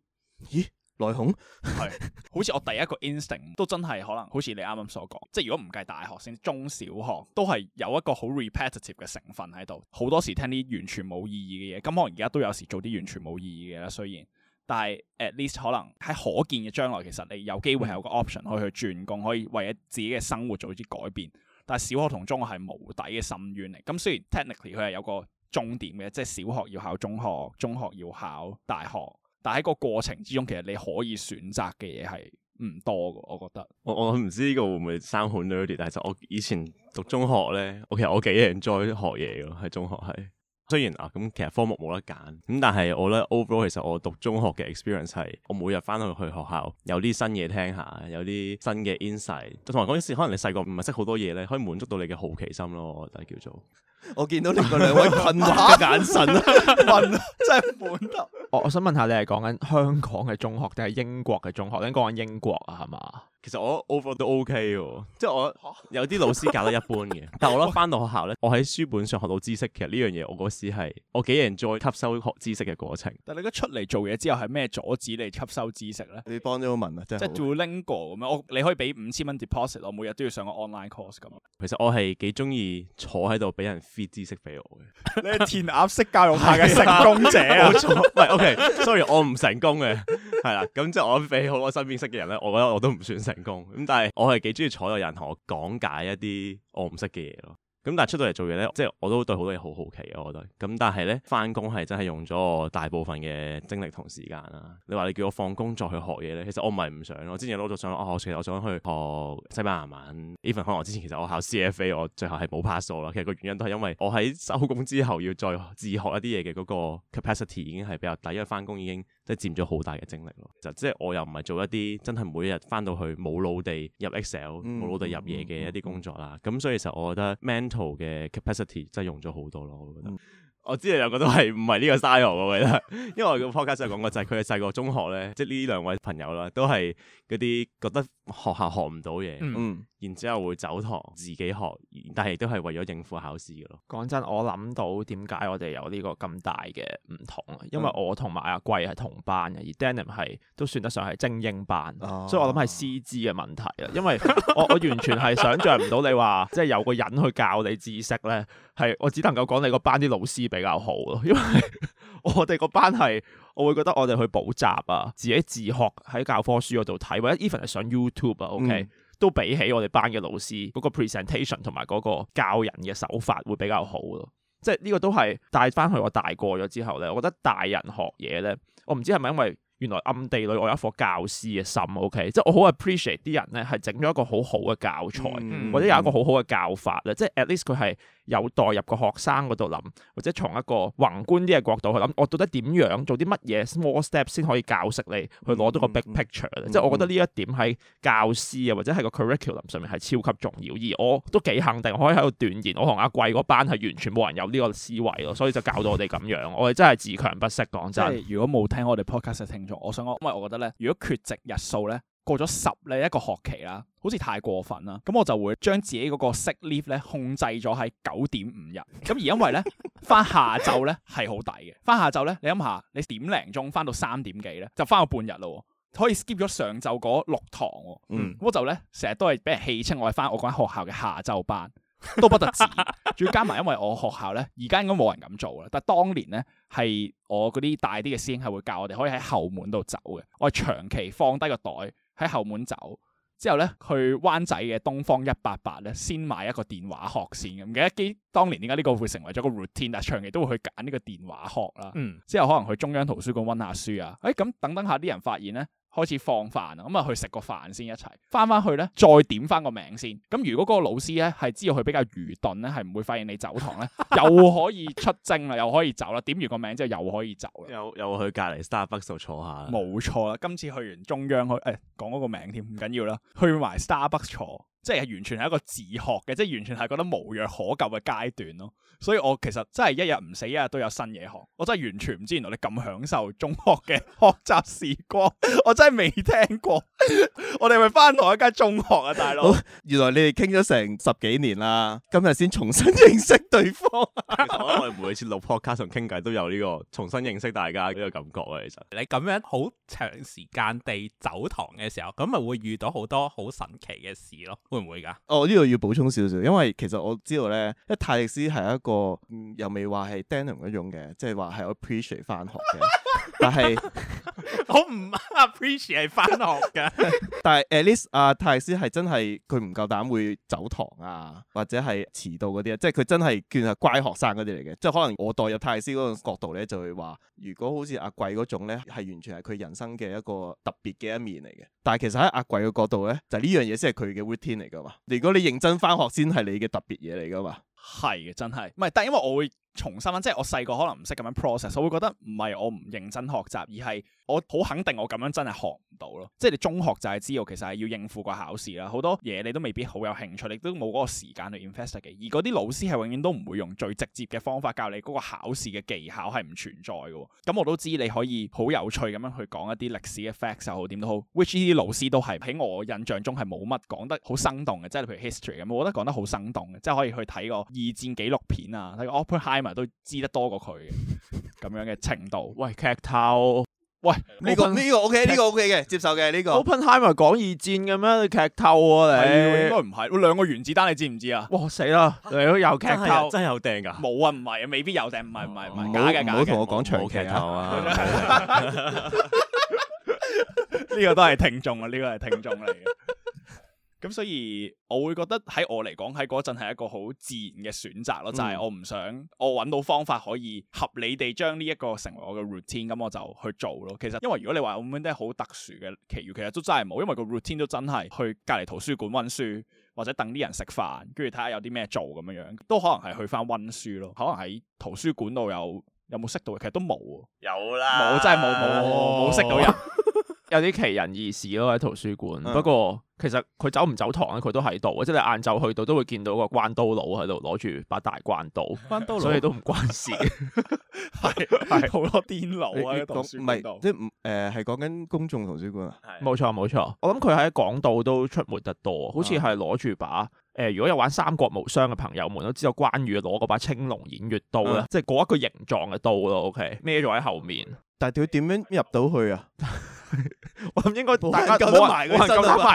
咦，內控係，好似我第一個 instinct 都真係可能，好似你啱啱所講，即係如果唔計大學先，中小學都係有一個好 repetitive 嘅成分喺度，好多時聽啲完全冇意義嘅嘢，咁我而家都有時做啲完全冇意義嘅啦。雖然，但係 at least 可能喺可見嘅將來，其實你有機會係有個 option 可以去轉工，可以為咗自己嘅生活做啲改變。但係小學同中學係無底嘅深淵嚟，咁雖然 technically 佢係有個。重點嘅，即係小學要考中學，中學要考大學。但喺個過程之中，其實你可以選擇嘅嘢係唔多嘅，我覺得。我我唔知呢個會唔會生好 nerdy，但係就我以前讀中學呢，我其實我幾 enjoy 學嘢嘅喎，喺中學係。雖然啊，咁、嗯、其實科目冇得揀，咁、嗯、但係我覺得 overall 其實我讀中學嘅 experience 係我每日翻到去學校有啲新嘢聽下，有啲新嘅 insight。就同埋講啲事，可能你細個唔係識好多嘢呢，可以滿足到你嘅好奇心咯，我覺得叫做。我見到你個兩位困惑眼神， 困真係悶得。我我想問下，你係講緊香港嘅中學定係英國嘅中學？你講緊英國啊，係嘛？其實我 over 都 OK 嘅，即係我、啊、有啲老師教得一般嘅。 但係我諗翻到學校咧，我喺我書本上學到知識，其實呢樣嘢我嗰時係我幾享受吸收學知識嘅過程。但係你而家出嚟做嘢之後，係咩阻止你吸收知識咧？你幫咗我問啊，真即係做 lingo 咁樣，我你可以俾五千蚊 deposit，我每日都要上個 online course 咁。其實我係幾中意坐喺度俾人。知識俾我嘅， 你係填鴨式教育下嘅成功者啊，冇錯。喂，OK，sorry，、okay, 我唔成功嘅，係啦。 咁即係我俾好多身邊識嘅人咧，我覺得我都唔算成功。咁但係我係幾中意坐喺度，人同我講解一啲我唔識嘅嘢咯。咁、嗯、但係出到嚟做嘢咧，即係我都對好多嘢好好奇啊！我覺得，咁、嗯、但係咧，翻工係真係用咗我大部分嘅精力同時間啦、啊。你話你叫我放工再去學嘢咧，其實我唔係唔想咯。我之前攞咗想，啊、哦，我其實我想去學西班牙文。Even 可能我之前其實我考 CFA 我最後係冇 pass 咗啦。其實個原因都係因為我喺收工之後要再自學一啲嘢嘅嗰個 capacity 已經係比較低，因為翻工已經。即係佔咗好大嘅精力咯，就即係我又唔係做一啲真係每日翻到去冇腦地入 Excel 冇、嗯、腦地入嘢嘅一啲工作啦，咁、嗯嗯、所以其實我覺得 mental 嘅 capacity 真係用咗好多咯，我覺得。嗯、我知道你兩個都係唔係呢個 style， 我覺得，因為我個 podcast 有講過就係佢哋細個中學咧，即係呢兩位朋友啦，都係嗰啲覺得學校學唔到嘢。嗯。嗯然之後會走堂自己學，但係都係為咗應付考試嘅咯。講真，我諗到點解我哋有呢個咁大嘅唔同啊？因為我同埋阿貴係同班嘅，而 Danny 係都算得上係精英班，哦、所以我諗係師資嘅問題啊。因為我我完全係想象唔到你話， 即係有個人去教你知識咧，係我只能夠講你個班啲老師比較好咯。因為我哋個班係我會覺得我哋去補習啊，自己自學喺教科書嗰度睇，或者 Even 係上 YouTube 啊，OK、嗯。都比起我哋班嘅老師嗰個 presentation 同埋嗰個教人嘅手法會比較好咯，即係呢個都係帶翻去我大個咗之後咧，我覺得大人學嘢咧，我唔知係咪因為原來暗地裏我有一顆教師嘅心，OK，即係我好 appreciate 啲人咧係整咗一個好好嘅教材，或者有一個好好嘅教法咧，即係 at least 佢係。有代入個學生嗰度諗，或者從一個宏觀啲嘅角度去諗，我到底點樣做啲乜嘢 small step 先可以教識你去攞到個 big picture？嗯嗯嗯、即係我覺得呢一點喺教師啊，或者係個 curriculum 上面係超級重要。而我都幾肯定，可以喺度斷言，我同阿貴嗰班係完全冇人有呢個思維咯，所以就教到我哋咁樣。 我哋真係自強不息，講真。即係如果冇聽我哋 podcast 嘅聽眾，我想我因為我覺得咧，如果缺席日數咧。過咗十咧一個學期啦，好似太過分啦，咁我就會將自己嗰個 sick leave 咧控制咗喺九點五日，咁而因為咧翻 下晝咧係好抵嘅，翻下晝咧你諗下，你點零鐘翻到三點幾咧，就翻到半日咯，可以 skip 咗上晝嗰六堂，咁、嗯、我就咧成日都係俾人戲稱我係翻我嗰間學校嘅下晝班，都不得止。仲 要加埋因為我學校咧而家應該冇人咁做啦，但係當年咧係我嗰啲大啲嘅師兄係會教我哋可以喺後門度走嘅，我係長期放低個袋。喺後門走，之後咧去灣仔嘅東方一八八咧，先買一個電話殼先咁。唔記得幾當年點解呢個會成為咗個 routine，但、啊、係長期都會去揀呢個電話殼啦。嗯，之後可能去中央圖書館溫下書啊。誒、哎，咁等等下啲人發現咧。開始放飯啊，咁啊去食個飯先，一齊，翻翻去咧，再點翻個名先。咁如果嗰個老師咧係知道佢比較愚鈍咧，係唔會發現你走堂咧， 又可以出征啦，又可以走啦。點完個名之後又可以走啦。又又去隔離 Starbucks 度坐下啦。冇錯啦，今次去完中央去誒講嗰個名添，唔緊要啦，去埋 Starbucks 坐。即係完全係一個自學嘅，即係完全係覺得無藥可救嘅階段咯。所以我其實真係一日唔死一日都有新嘢學，我真係完全唔知原來你咁享受中學嘅學習時光， 我真係未聽過。 我哋咪翻同一間中學啊，大佬？原來你哋傾咗成十幾年啦，今日先重新認識對方。 我哋每次錄 p 卡上 c 傾偈都有呢、這個重新認識大家呢個感覺啊！其實你咁樣好長時間地走堂嘅時候，咁咪會遇到好多好神奇嘅事咯。會唔會噶？哦，呢度要補充少少，因為其實我知道咧、嗯，即泰迪斯係一個又未話係 Daniel 嗰種嘅，即係話係 appreciate 翻學嘅，但係。我唔 appreciate 翻學噶， 但係 at least 阿泰師係真係佢唔夠膽會走堂啊，或者係遲到嗰啲啊，即係佢真係算係乖學生嗰啲嚟嘅。即係可能我代入泰師嗰個角度咧，就會話如果好似阿貴嗰種咧，係完全係佢人生嘅一個特別嘅一面嚟嘅。但係其實喺阿貴嘅角度咧，就呢樣嘢先係佢嘅 routine 嚟噶嘛。如果你認真翻學先係你嘅特別嘢嚟噶嘛，係真係唔係？但係因為我會。重新啦，即係我細個可能唔識咁樣 process，我會覺得唔係我唔認真學習，而係我好肯定我咁樣真係學唔到咯。即係你中學就係知道，其實係要應付個考試啦，好多嘢你都未必好有興趣，你都冇嗰個時間去 invest 嘅。而嗰啲老師係永遠都唔會用最直接嘅方法教你嗰個考試嘅技巧係唔存在嘅。咁我都知你可以好有趣咁樣去講一啲歷史嘅 facts 又好點都好，which 呢啲老師都係喺我印象中係冇乜講得好生動嘅。即係譬如 history 咁，我覺得講得好生動嘅，即係可以去睇個二戰紀錄片啊，睇個埋都知得多過佢嘅咁樣嘅程度。喂，劇透，喂，呢個呢個 OK，呢個 OK 嘅接受嘅呢個。Open time 嚟講二戰嘅咩？你劇透喎你？應該唔係，我兩個原子彈你知唔知啊？哇死啦！你都有劇透，真係有掟噶？冇啊，唔係啊，未必有掟，唔係唔係唔係假嘅假嘅，唔好同我講長劇透啊！呢個都係聽眾啊，呢個係聽眾嚟嘅。咁所以，我會覺得喺我嚟講，喺嗰陣係一個好自然嘅選擇咯，嗯、就係我唔想我揾到方法可以合理地將呢一個成為我嘅 routine，咁我就去做咯。其實，因為如果你話有冇啲好特殊嘅奇遇，其，其實都真係冇，因為個 routine 都真係去隔離圖書館温書，或者等啲人食飯，跟住睇下有啲咩做咁樣樣，都可能係去返温書咯。可能喺圖書館度有有冇識到，其實都冇，有啦，冇，真係冇，冇冇冇識到人。 有啲奇人異事咯，喺圖書館，嗯、不過其實佢走唔走堂咧，佢都喺度。嘅，即係你晏晝去到都會見到個關刀佬喺度攞住把大關刀、刀佬，所以都唔關事。係係好多癲佬啊！唔是係 說即係誒係講緊公眾圖書館啊。冇錯冇錯，我諗佢喺港度都出沒得多，好似係攞住把誒、嗯呃，如果有玩《三國無雙》嘅朋友們都知道關羽攞嗰把青龍偃月刀啦，嗯、即係嗰一個形狀嘅刀咯。OK，孭咗喺後面。但佢點樣入到去啊？ 我諗應該大家攔埋埋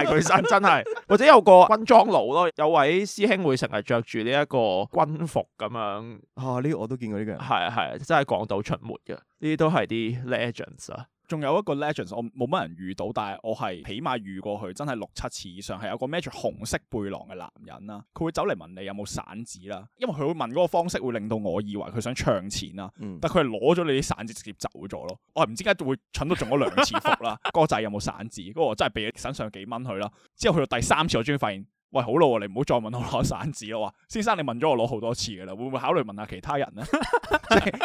佢身，真係， 或者有個軍裝佬咯。有位師兄會成日着住呢一個軍服咁樣。啊，呢我都見過呢個人。係啊係啊，真係講到出沒嘅，呢啲都係啲 legends 啊。仲有一個 legends 我冇乜人遇到，但係我係起碼遇過佢，真係六七次以上，係有個孭住紅色背囊嘅男人啦，佢會走嚟問你有冇散紙啦，因為佢會問嗰個方式會令到我以為佢想唱錢啦，但佢係攞咗你啲散紙直接走咗咯，我係唔知點解會蠢到中咗兩次伏啦，嗰 個就有冇散紙，嗰、那個真係畀身上幾蚊佢啦，之後去到第三次我終於發現。喂，好老喎，你唔好再問我攞散紙囉。先生，你問咗我攞好多次噶啦，會唔會考慮問下其他人咧？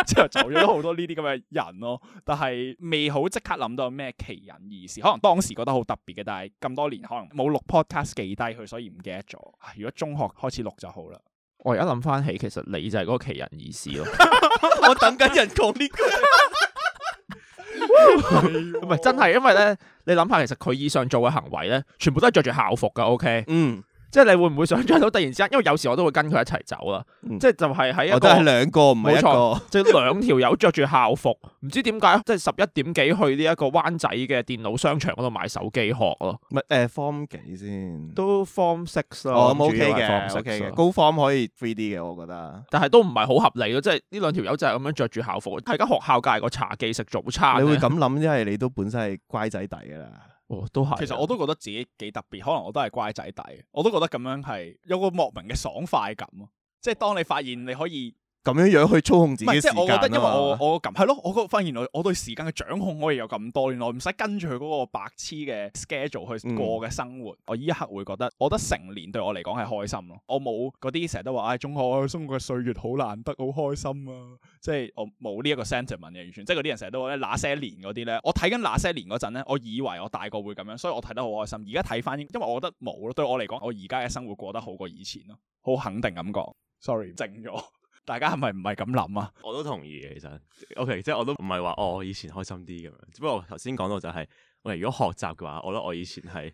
即係走咗好多呢啲咁嘅人咯，但係未好即刻諗到有咩奇人異事。可能當時覺得好特別嘅，但係咁多年可能冇錄 Podcast 記低佢，所以唔記得咗。如果中學開始錄就好啦。我而家諗翻起，其實你就係嗰個奇人異事咯。我等緊人講呢句，唔係真係，因為咧，你諗下，其實佢以上做嘅行為咧，全部都係着住校服噶。OK，嗯。即係你會唔會想象到突然之間，因為有時我都會跟佢一齊走啦。嗯、即係就係喺一個，我、哦、都係兩個唔係一個，即係兩條友着住校服，唔 知、就是、點解即係十一點幾去呢一個灣仔嘅電腦商場嗰度買手機殼咯。咪誒、嗯呃、form 幾先？都 form six 咯，咁、哦嗯嗯、OK 嘅，okay 的高 form 可以 three D 嘅，我覺得。但係都唔係好合理咯，即係呢兩條友就係咁樣着住校服，係而家學校隔籬個茶記食早餐。你會咁諗， 因為你都本身係乖仔底噶啦。哦，都係、啊。其實，我都覺得自己幾特別，可能我都係乖仔底，我都覺得咁樣，係有個莫名嘅爽快感咯。即係當你發現你可以。咁樣樣去操控自己時間唔係？即係我覺得，因為我我咁係咯，我個發現原來我對時間嘅掌控可以有咁多，原來唔使跟住佢嗰個白痴嘅 schedule 去過嘅生活。嗯、我依一刻會覺得，我覺得成年對我嚟講係開心咯。我冇嗰啲成日都話，唉、哎，中學啊，中學嘅歲月好難得，好開心啊。即係我冇呢一個 sentiment 嘅完全，即係嗰啲人成日都話咧那些年嗰啲咧。我睇緊那些年嗰陣咧，我以為我大個會咁樣，所以我睇得好開心。而家睇翻，因為我覺得冇咯。對我嚟講，我而家嘅生活過得好過以前咯，好肯定咁講。Sorry，正咗。大家係咪唔係咁諗啊？我都同意嘅，其實，OK，即係我都唔係話，哦，以前開心啲咁樣。只不過頭先講到就係，喂，如果學習嘅話，我覺得我以前係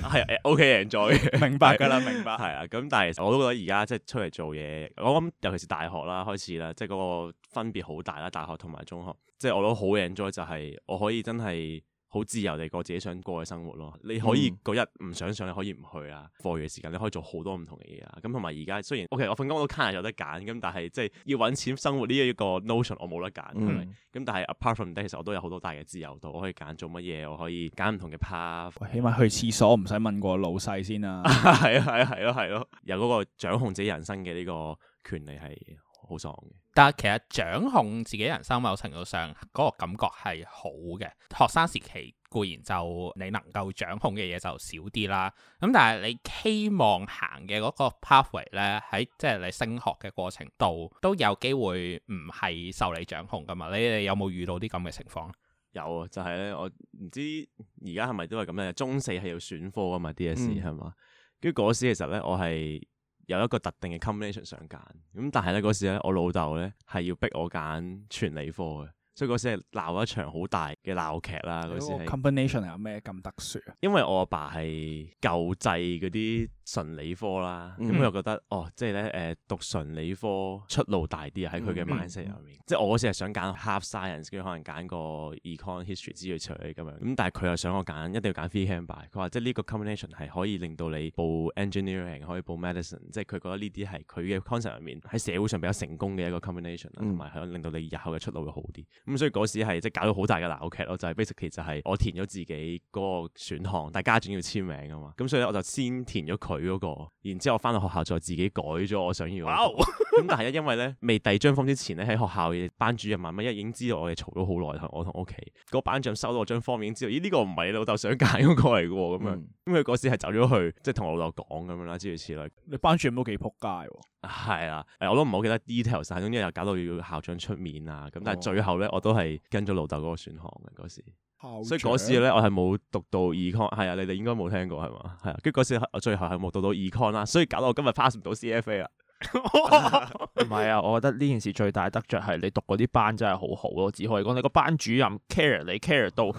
係 OK，enjoy，明白噶啦，明白。係啊，咁但係其實我都覺得而家即係出嚟做嘢，我諗尤其是大學啦開始啦，即係嗰個分別好大啦。大學同埋中學，即係我都好 enjoy 就係、是、我可以真係。好自由地過自己想過嘅生活咯，你可以嗰日唔想上，你可以唔去啊。課餘嘅時間你可以做好多唔同嘅嘢啊。咁同埋而家雖然，OK，我份工都卡有得揀，咁但係即係要揾錢生活呢一個 notion 我冇得揀，咁、嗯嗯、但係 apart from that 呢，其實我都有好多大嘅自由度，我可以揀做乜嘢，我可以揀唔同嘅 path。起碼去廁所唔使問過老細先啊，係 啊，係啊，係咯係咯，有嗰個掌控自己人生嘅呢個權利係好爽嘅。但係其實掌控自己人生某程度上嗰個感覺係好嘅。學生時期固然就你能夠掌控嘅嘢就少啲啦。咁但係你希望行嘅嗰個 pathway 咧，喺即係你升學嘅過程度都有機會唔係受你掌控㗎嘛？你哋有冇遇到啲咁嘅情況？有啊，就係咧，我唔知而家係咪都係咁樣。中四係要選科啊嘛，DSE 係嘛。跟住嗰時其實咧，我係，有一個特定嘅 combination 想揀，咁但係咧，嗰時咧，我老豆咧係要逼我揀全理科嘅。所以嗰時係鬧一場好大嘅鬧劇啦。嗰時個 combination 有咩咁特殊啊？因為我阿爸係舊制嗰啲純理科啦，咁佢、嗯、又覺得、嗯、哦，即係咧誒讀純理科出路大啲啊！喺佢嘅 mindset 入面，嗯嗯即係我嗰時係想揀 half science，跟住可能揀個 econ history 之類嘅咁樣。咁但係佢又想我揀一定要揀 three hand by。佢話即係呢個 combination 係可以令到你報 engineering，可以報 medicine。即係佢覺得呢啲係佢嘅 concept 入面喺社會上比較成功嘅一個 combination，同埋係令到你日後嘅出路會好啲。咁、嗯、所以嗰時係即係搞到好大嘅鬧劇咯，就係、是、basically 就係我填咗自己嗰個選項，但係家長要簽名啊嘛，咁所以我就先填咗佢嗰個，然之後翻到學校再自己改咗我想要、那個，咁哇、哦嗯、但係因為咧未遞張 form 之前咧喺學校嘅班主任問乜，因為已經知道我哋嘈咗好耐，同我同屋企，那個班長收到我張 form 已經知道，咦呢、這個唔係你老豆想揀嗰個嚟嘅咁樣。嗯咁佢嗰時係走咗去，即係同我老豆講咁樣啦，諸如此類。你班主任都幾撲街，係啦、啊，我都唔好記得 detail 晒，總之又搞到要校長出面啊。咁但係最後咧，我都係跟咗老豆嗰個選項嘅嗰時。校長？所以嗰時咧，我係冇讀到 econ，係啊，你哋應該冇聽過係嘛，係啊。跟住嗰時我最後係冇讀到 econ 啦，所以搞到我今日 pass 唔到 CFA 啦。唔 係 啊，我覺得呢件事最大得着係你讀嗰啲班真係好好咯，只可以講你個班主任 care 你 care 到。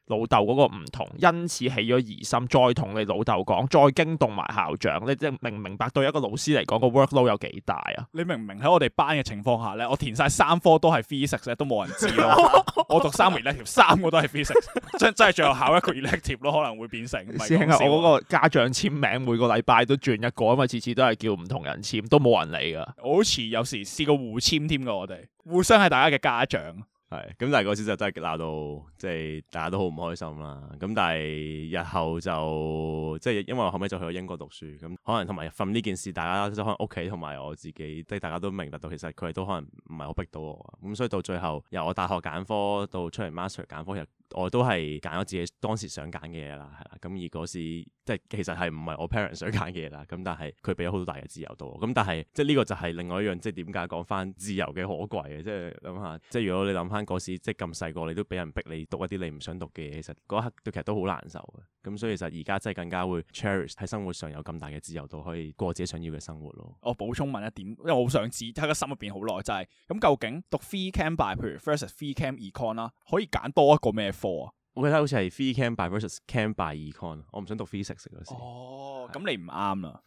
老豆嗰個唔同，因此起咗疑心，再同你老豆講，再驚動埋校長，你即係明唔明白？對一個老師嚟講，個 workload 有幾大啊？你明唔明？喺我哋班嘅情況下咧，我填晒三科都係 physics 咧，都冇人知咯。 我讀三年咧，三個都係 physics， 真真係最後考一個 elective 咯，可能會變成。師兄，我嗰個家長簽名每個禮拜都轉一個，因為次次都係叫唔同人簽，都冇人理噶。我好似有時試過互簽添噶，我哋互相係大家嘅家長。係，咁但係嗰時就真係鬧到即係大家都好唔開心啦。咁但係日後就即係，因為我後尾就去咗英國讀書，咁可能同埋 from 呢件事，大家都可能屋企同埋我自己，即係大家都明白到，其實佢哋都可能唔係好逼到我。咁所以到最後由我大學揀科到出嚟 master 揀科又。我都係揀咗自己當時想揀嘅嘢啦，係啦。咁而嗰時即係其實係唔係我 parent 想揀嘅嘢啦。咁但係佢俾咗好大嘅自由度。咁但係即係呢個就係另外一樣，即係點解講翻自由嘅可貴嘅？即係諗下，即係如果你諗翻嗰時即係咁細個，你都俾人逼你讀一啲你唔想讀嘅嘢，其實嗰刻都其實都好難受嘅。咁所以其實而家真係更加會 cherish 喺生活上有咁大嘅自由度，可以過自己想要嘅生活咯。我補充問一點，因為我好想知喺個心入邊好耐就係、是，咁究竟讀 free camp by，譬如 first free camp econ 啦，可以揀多一個咩？科啊，我記得好似係 three c a m by versus c a m by econ 我唔想讀 physics 嗰時。哦，咁的你唔啱啦，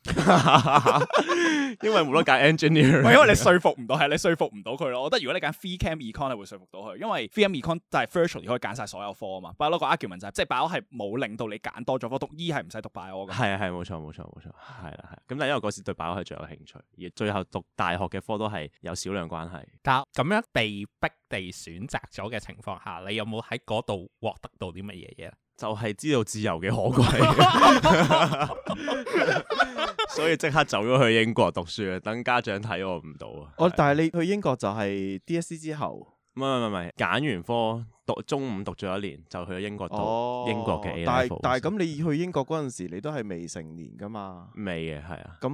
因為冇得揀 engineer，唔係因為你說服唔到，係你說服唔到佢咯。我覺得如果你揀 three c a m econ 係會說服到佢，因為 three c a m econ 就係 virtual 你可以揀晒所有科啊嘛。bio 個 argument 就係、是、即係 bio 係冇令到你揀多咗科，讀醫係唔使讀 bio 嘅。係啊係，冇錯冇錯冇錯，係啦係。咁但因為嗰時對 bio 係最有興趣，而最後讀大學嘅科都係有少量關係。但咁樣被逼。被選擇咗嘅情況下，你有冇喺嗰度獲得到啲乜嘢嘢？就係知道自由嘅可貴， 所以即刻走咗去英國讀書，等家長睇我唔到啊！哦，但係你去英國就係 DSE 之後？唔係唔係唔係，揀完科讀，中五讀咗一年就去咗英國讀英國嘅。但係但係咁，你去英國嗰陣時，你都係未成年噶嘛？未嘅係啊。咁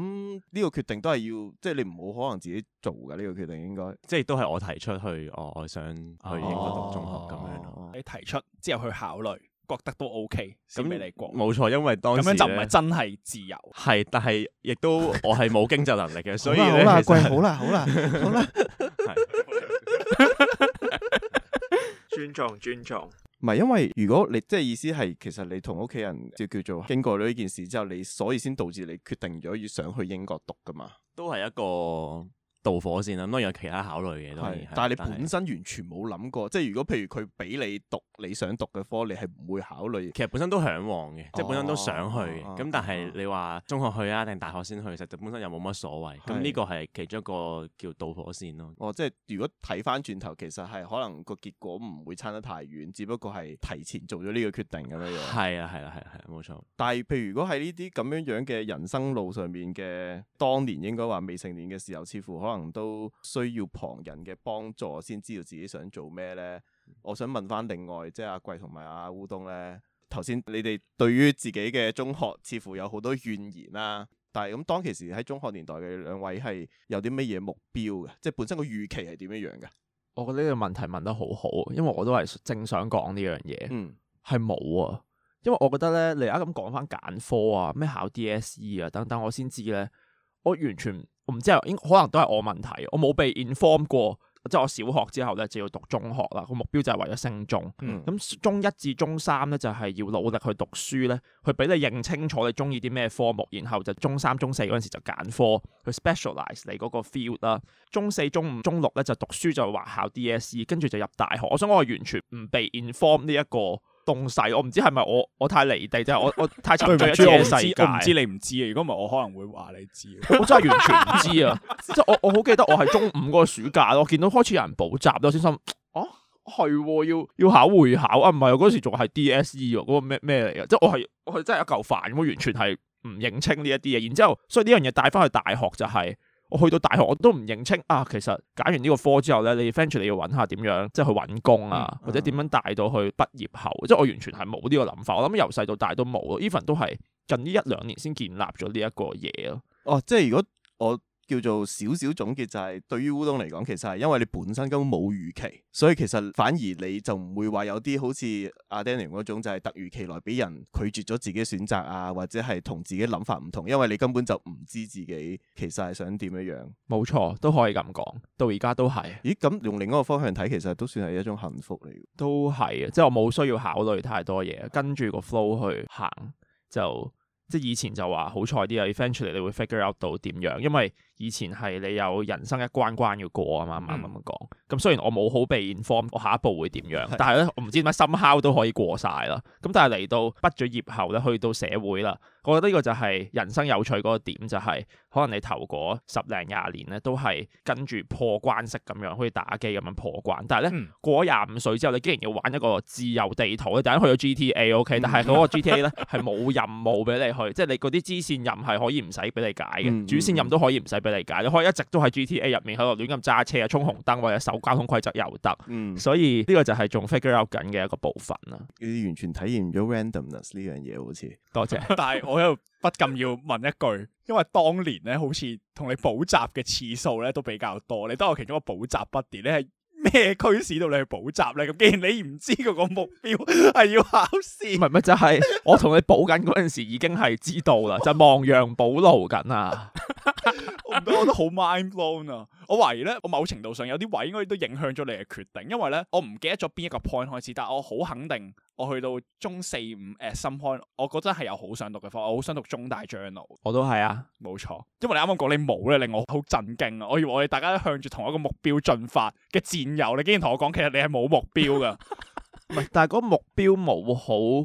呢個決定都係要，即係你唔好可能自己做噶呢個決定，應該即係都係我提出去，我想去英國讀中學咁樣。你提出之後去考慮，覺得都 OK。咁你嚟過？冇錯，因為當時咧咁樣就唔係真係自由。係，但係亦都我係冇經濟能力嘅，所以咧貴好啦，好啦，好啦。尊重，尊重。唔係，因為如果你即係意思係其實你同屋企人即叫做經過咗呢件事之後，你所以先導致你決定咗要上去英國讀噶嘛？都係一個。導火線啦，當然有其他考慮嘅，當然係。但係你本身完全冇諗過，即係如果譬如佢俾你讀係你想讀嘅科，你係唔會考慮。其實本身都嚮往嘅，即係本身都想去嘅。咁但係你話中學去啊，定大學先去，其實本身又冇乜所謂。咁呢係個係其中一個叫導火線咯、啊。哦，即係如果睇翻轉頭，其實係可能個結果唔會差得太遠，只不過係提前做咗呢個決定咁樣樣。係啊，係啊，係係冇錯。但係譬如如果喺呢啲咁樣樣嘅人生路上面嘅當年，應該話未成年嘅時候，似乎可能都需要旁人嘅幫助先知道自己想做咩呢、嗯、我想問翻另外，即係阿貴同埋阿烏冬呢頭先你哋對於自己嘅中學似乎有好多怨言啦、啊，但係咁當其時喺中學年代嘅兩位係有啲乜嘢目標嘅？即係本身個預期係點樣樣嘅？我覺得呢個問題問得好好，因為我都係正想講呢樣嘢。嗯，係冇啊，因為我覺得呢，你而家咁講翻揀科啊，咩考 DSE 啊等等，我先知呢。我完全唔知，應可能都係我問題。我冇被 inform 過，即、就、係、是、我小學之後咧就要讀中學啦。個目標就係為咗升中。咁、嗯嗯、中一至中三咧就係、是、要努力去讀書咧，去俾你認清楚你中意啲咩科目，然後就中三、中四嗰陣時就揀科去 specialise 你嗰個 field 啦。中四、中五、中六咧就讀書就話考 DSE，跟住就入大學。我想我完全唔被 inform 呢、這、一個。動勢，我唔知係咪我我太離地，即係我我太沉醉喺世界我唔知，我唔知你唔知啊，如果唔係我可能會話你 知 我。我真係完全唔知啊！即係我我好記得我係中五嗰個暑假咯，我見到開始有人補習啦，先心、啊、哦，係要要考會考啊，唔係啊嗰時仲係 DSE 嗰個咩咩嚟嘅？即係我係我係真係一嚿飯咁，我完全係唔認清呢一啲嘢。然之後，所以呢樣嘢帶翻去大學就係、是。我去到大學我都唔認清啊，其實揀完呢個科之後咧，你 finish 你要揾下點樣，即係去揾工啊，或者點樣帶到去畢業後，即係我完全係冇呢個諗法。我諗由細到大都冇咯，even 都係近呢一兩年先建立咗呢一個嘢咯。哦、啊，即係如果我。叫做少少總結就係對於烏冬嚟講，其實係因為你本身根本冇預期，所以其實反而你就唔會話有啲好似阿 Daniel 嗰種，就係突如其來俾人拒絕咗自己選擇啊，或者係同自己諗法唔同，因為你根本就唔知自己其實係想點樣樣。冇錯，都可以咁講。到而家都係。咦？咁用另一個方向睇，其實都算係一種幸福嚟。都係啊，即係我冇需要考慮太多嘢，跟住個 flow 去行就即係以前就話好彩啲 eventually，你會 figure out 到點樣，因為。以前係你有人生一關關要過啊嘛，咁、嗯、樣講。咁雖然我冇好被 inform，我下一步會點樣？的但係咧，我唔知點解 somehow 都可以過晒啦。咁但係嚟到畢咗業後咧，去到社會啦，我覺得呢個就係人生有趣嗰個點、就係，就係可能你頭嗰十零廿年咧都係跟住破關式咁樣，好似打機咁樣破關。但係咧、嗯、過咗廿五歲之後，你竟然要玩一個自由地圖，你第一去咗 GTA OK，但係嗰個 GTA 咧係冇任務俾你去，即係你嗰啲支線任係可以唔使俾你解嘅，嗯、主線任都可以唔使俾。理解你可以一直都喺 GTA 入面喺度亂咁揸車啊，衝紅燈或者守交通規則又得。嗯，所以呢個就係仲 figure out 緊嘅一個部分啦。你完全體驗咗 randomness 呢樣嘢，好似多謝。 但係我又不禁要問一句，因為當年咧，好似同你補習嘅次數咧都比較多，你都有其中一個補習不跌。你係咩驅使到你去補習咧？咁既然你唔知嗰個目標係要考試，唔係咪就係、是、我同你補緊嗰陣時已經係知道啦， 就亡羊補牢緊啊。 我覺得好 mind blown 啊！我懷疑咧，我某程度上有啲位應該都影響咗你嘅決定，因為咧我唔記得咗邊一個 point 開始，但係我好肯定，我去到中四五 at some point 我覺得真係有好想讀嘅科，我好想讀中大 journal。我都係啊，冇錯。因為你啱啱講你冇咧，令我好震驚啊！我以為我哋大家都向住同一個目標進發嘅戰友，你竟然同我講，其實你係冇目標噶？唔係 是， 但係嗰個目標冇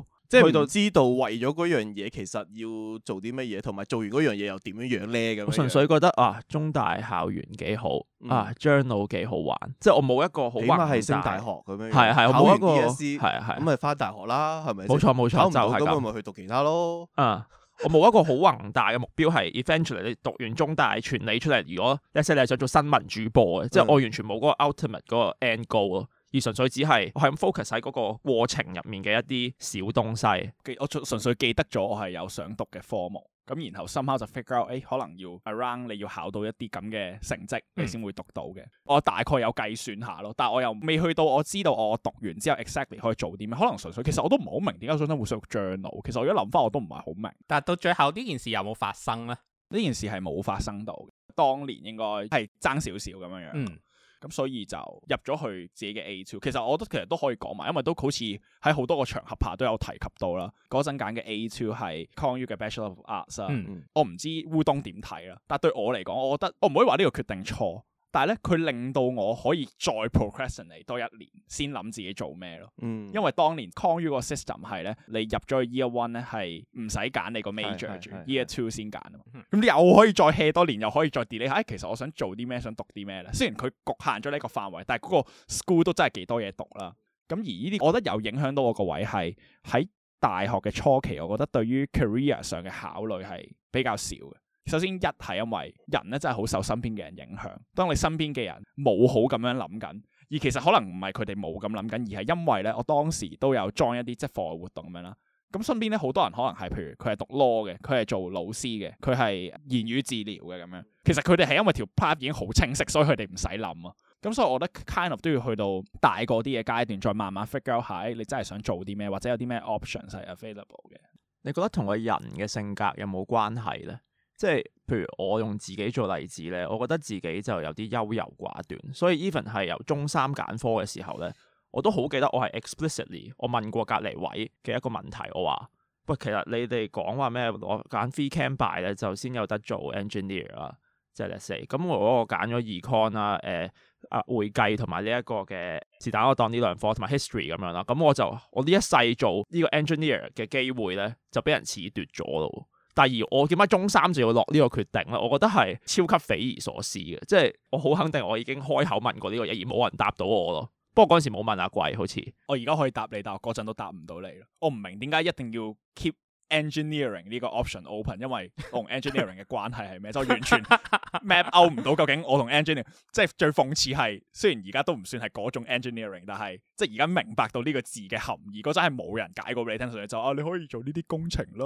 好。即係去到知道為咗嗰樣嘢，其實要做啲乜嘢，同埋做完嗰樣嘢又點樣樣咧？咁純粹覺得啊，中大校園幾好啊，journal 幾好玩。即係我冇一個好宏大係升大學咁樣，係係考完 e s 係係咁咪翻大學啦？係咪？冇錯冇錯就咁。考唔到咪去讀其他咯。啊，我冇一個好宏大嘅目標係 eventually 你讀完中大，傳理出嚟，如果一些你係想做新聞主播嘅，即係我完全冇嗰個 ultimate 嗰個 end goal 咯。而純粹只係我係咁 focus 喺嗰個過程入面嘅一啲小東西，記我純粹記得咗我係有想讀嘅科目，咁然後心口就 figure out，誒可能要 around 你要考到一啲咁嘅成績，你先會讀到嘅。我大概有計算下咯，但係我又未去到我知道我讀完之後 exactly 可以做啲咩，可能純粹其實我都唔係好明點解想想會想 journal。其實我而家諗翻我都唔係好明。但係到最後呢件事有冇發生咧？呢件事係冇發生到，當年應該係爭少少咁樣樣。咁所以就入咗去自己嘅 A two，其實我覺得其實都可以講埋，因為都好似喺好多個場合下都有提及到啦。嗰陣揀嘅 A two 係 Con You 嘅 Bachelor of Arts，嗯嗯我唔知烏冬點睇啦。但對我嚟講，我覺得我唔可以話呢個決定錯。但係咧，佢令到我可以再 progression 你多一年，先諗自己做咩咯。嗯，因為當年 con u 個 system 係咧，你入咗去 year one 咧係唔使揀你個 major，year two 先揀吖嘛。咁你、嗯、又可以再 hea 多年，又可以再 delay 下，哎。其實我想做啲咩，想讀啲咩咧？雖然佢局限咗呢個範圍，但係嗰個 school 都真係幾多嘢讀啦。咁而呢啲，我覺得有影響到我個位係喺大學嘅初期，我覺得對於 career 上嘅考慮係比較少嘅。首先一係因為人咧真係好受身邊嘅人影響。當你身邊嘅人冇好咁樣諗緊，而其實可能唔係佢哋冇咁諗緊，而係因為咧，我當時都有裝一啲即係課外活動咁樣啦。咁身邊咧好多人可能係，譬如佢係讀 law 嘅，佢係做老師嘅，佢係言語治療嘅咁樣。其實佢哋係因為條 path 已經好清晰，所以佢哋唔使諗啊。咁所以我覺得 kind of 都要去到大個啲嘅階段，再慢慢 figure out 下，哎，你真係想做啲咩，或者有啲咩 option 係 available 嘅。你覺得同個人嘅性格有冇關係咧？即係譬如我用自己做例子咧，我覺得自己就有啲優柔寡斷。所以 Even 係由中三揀科嘅時候咧，我都好記得我係 explicitly 我問過隔離位嘅一個問題，我話：喂，其實你哋講話咩？我揀 Phy Chem Bio 咧就先有得做 engineer 啦，即係 let's say 咁如果我揀咗 econ 啊，誒、呃、啊會計同埋呢一個嘅是但，我當呢兩科同埋 history 咁樣啦。咁我就我呢一世做個、er、呢個 engineer 嘅機會咧，就俾人褫奪咗咯。第二，我點解中三就要落呢個決定咧？我覺得係超級匪夷所思嘅，即係我好肯定我已經開口問過呢個嘢，而冇人答到我咯。不過嗰陣時冇問阿貴，好似我而家可以答你，但我嗰陣都答唔到你。我唔明點解一定要 keep。engineering 呢個 option open，因為同 engineering 嘅關係係咩？就 完全 map 勾唔 到。究竟我同 engineering 即係最諷刺係，雖然而家都唔算係嗰種 engineering，但係即係而家明白到呢個字嘅含義。嗰真係冇人解過 r 你 l a t 就啊，你可以做呢啲工程啦，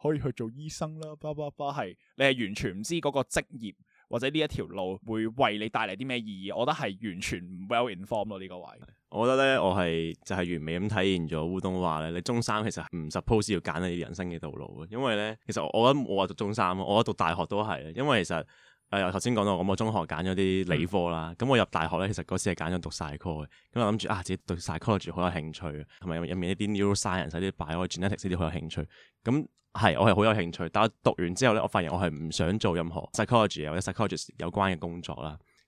可以去做醫生啦，巴巴巴係，你係完全唔知嗰個職業或者呢一條路會為你帶嚟啲咩意義。我覺得係完全唔 well informed 咯，呢、這個位。我覺得咧，我係就係完美咁體現咗烏冬話咧，你中三其實唔 suppose 要揀你人生嘅道路嘅，因為咧，其實我，我覺得我話讀中三，我覺得讀大學都係，因為其實誒頭先講到咁、嗯，我中學揀咗啲理科啦，咁、嗯、我入大學咧，其實嗰時係揀咗讀曬科嘅，咁、嗯、我諗住啊，自己對曬科住好有興趣，同埋入面一啲 neuro science 啲、啊、bio genetics 啲好有興趣，咁、嗯、係我係好有興趣，但係讀完之後咧，我發現我係唔想做任何 psychology 或者 psychologist 有關嘅工作啦。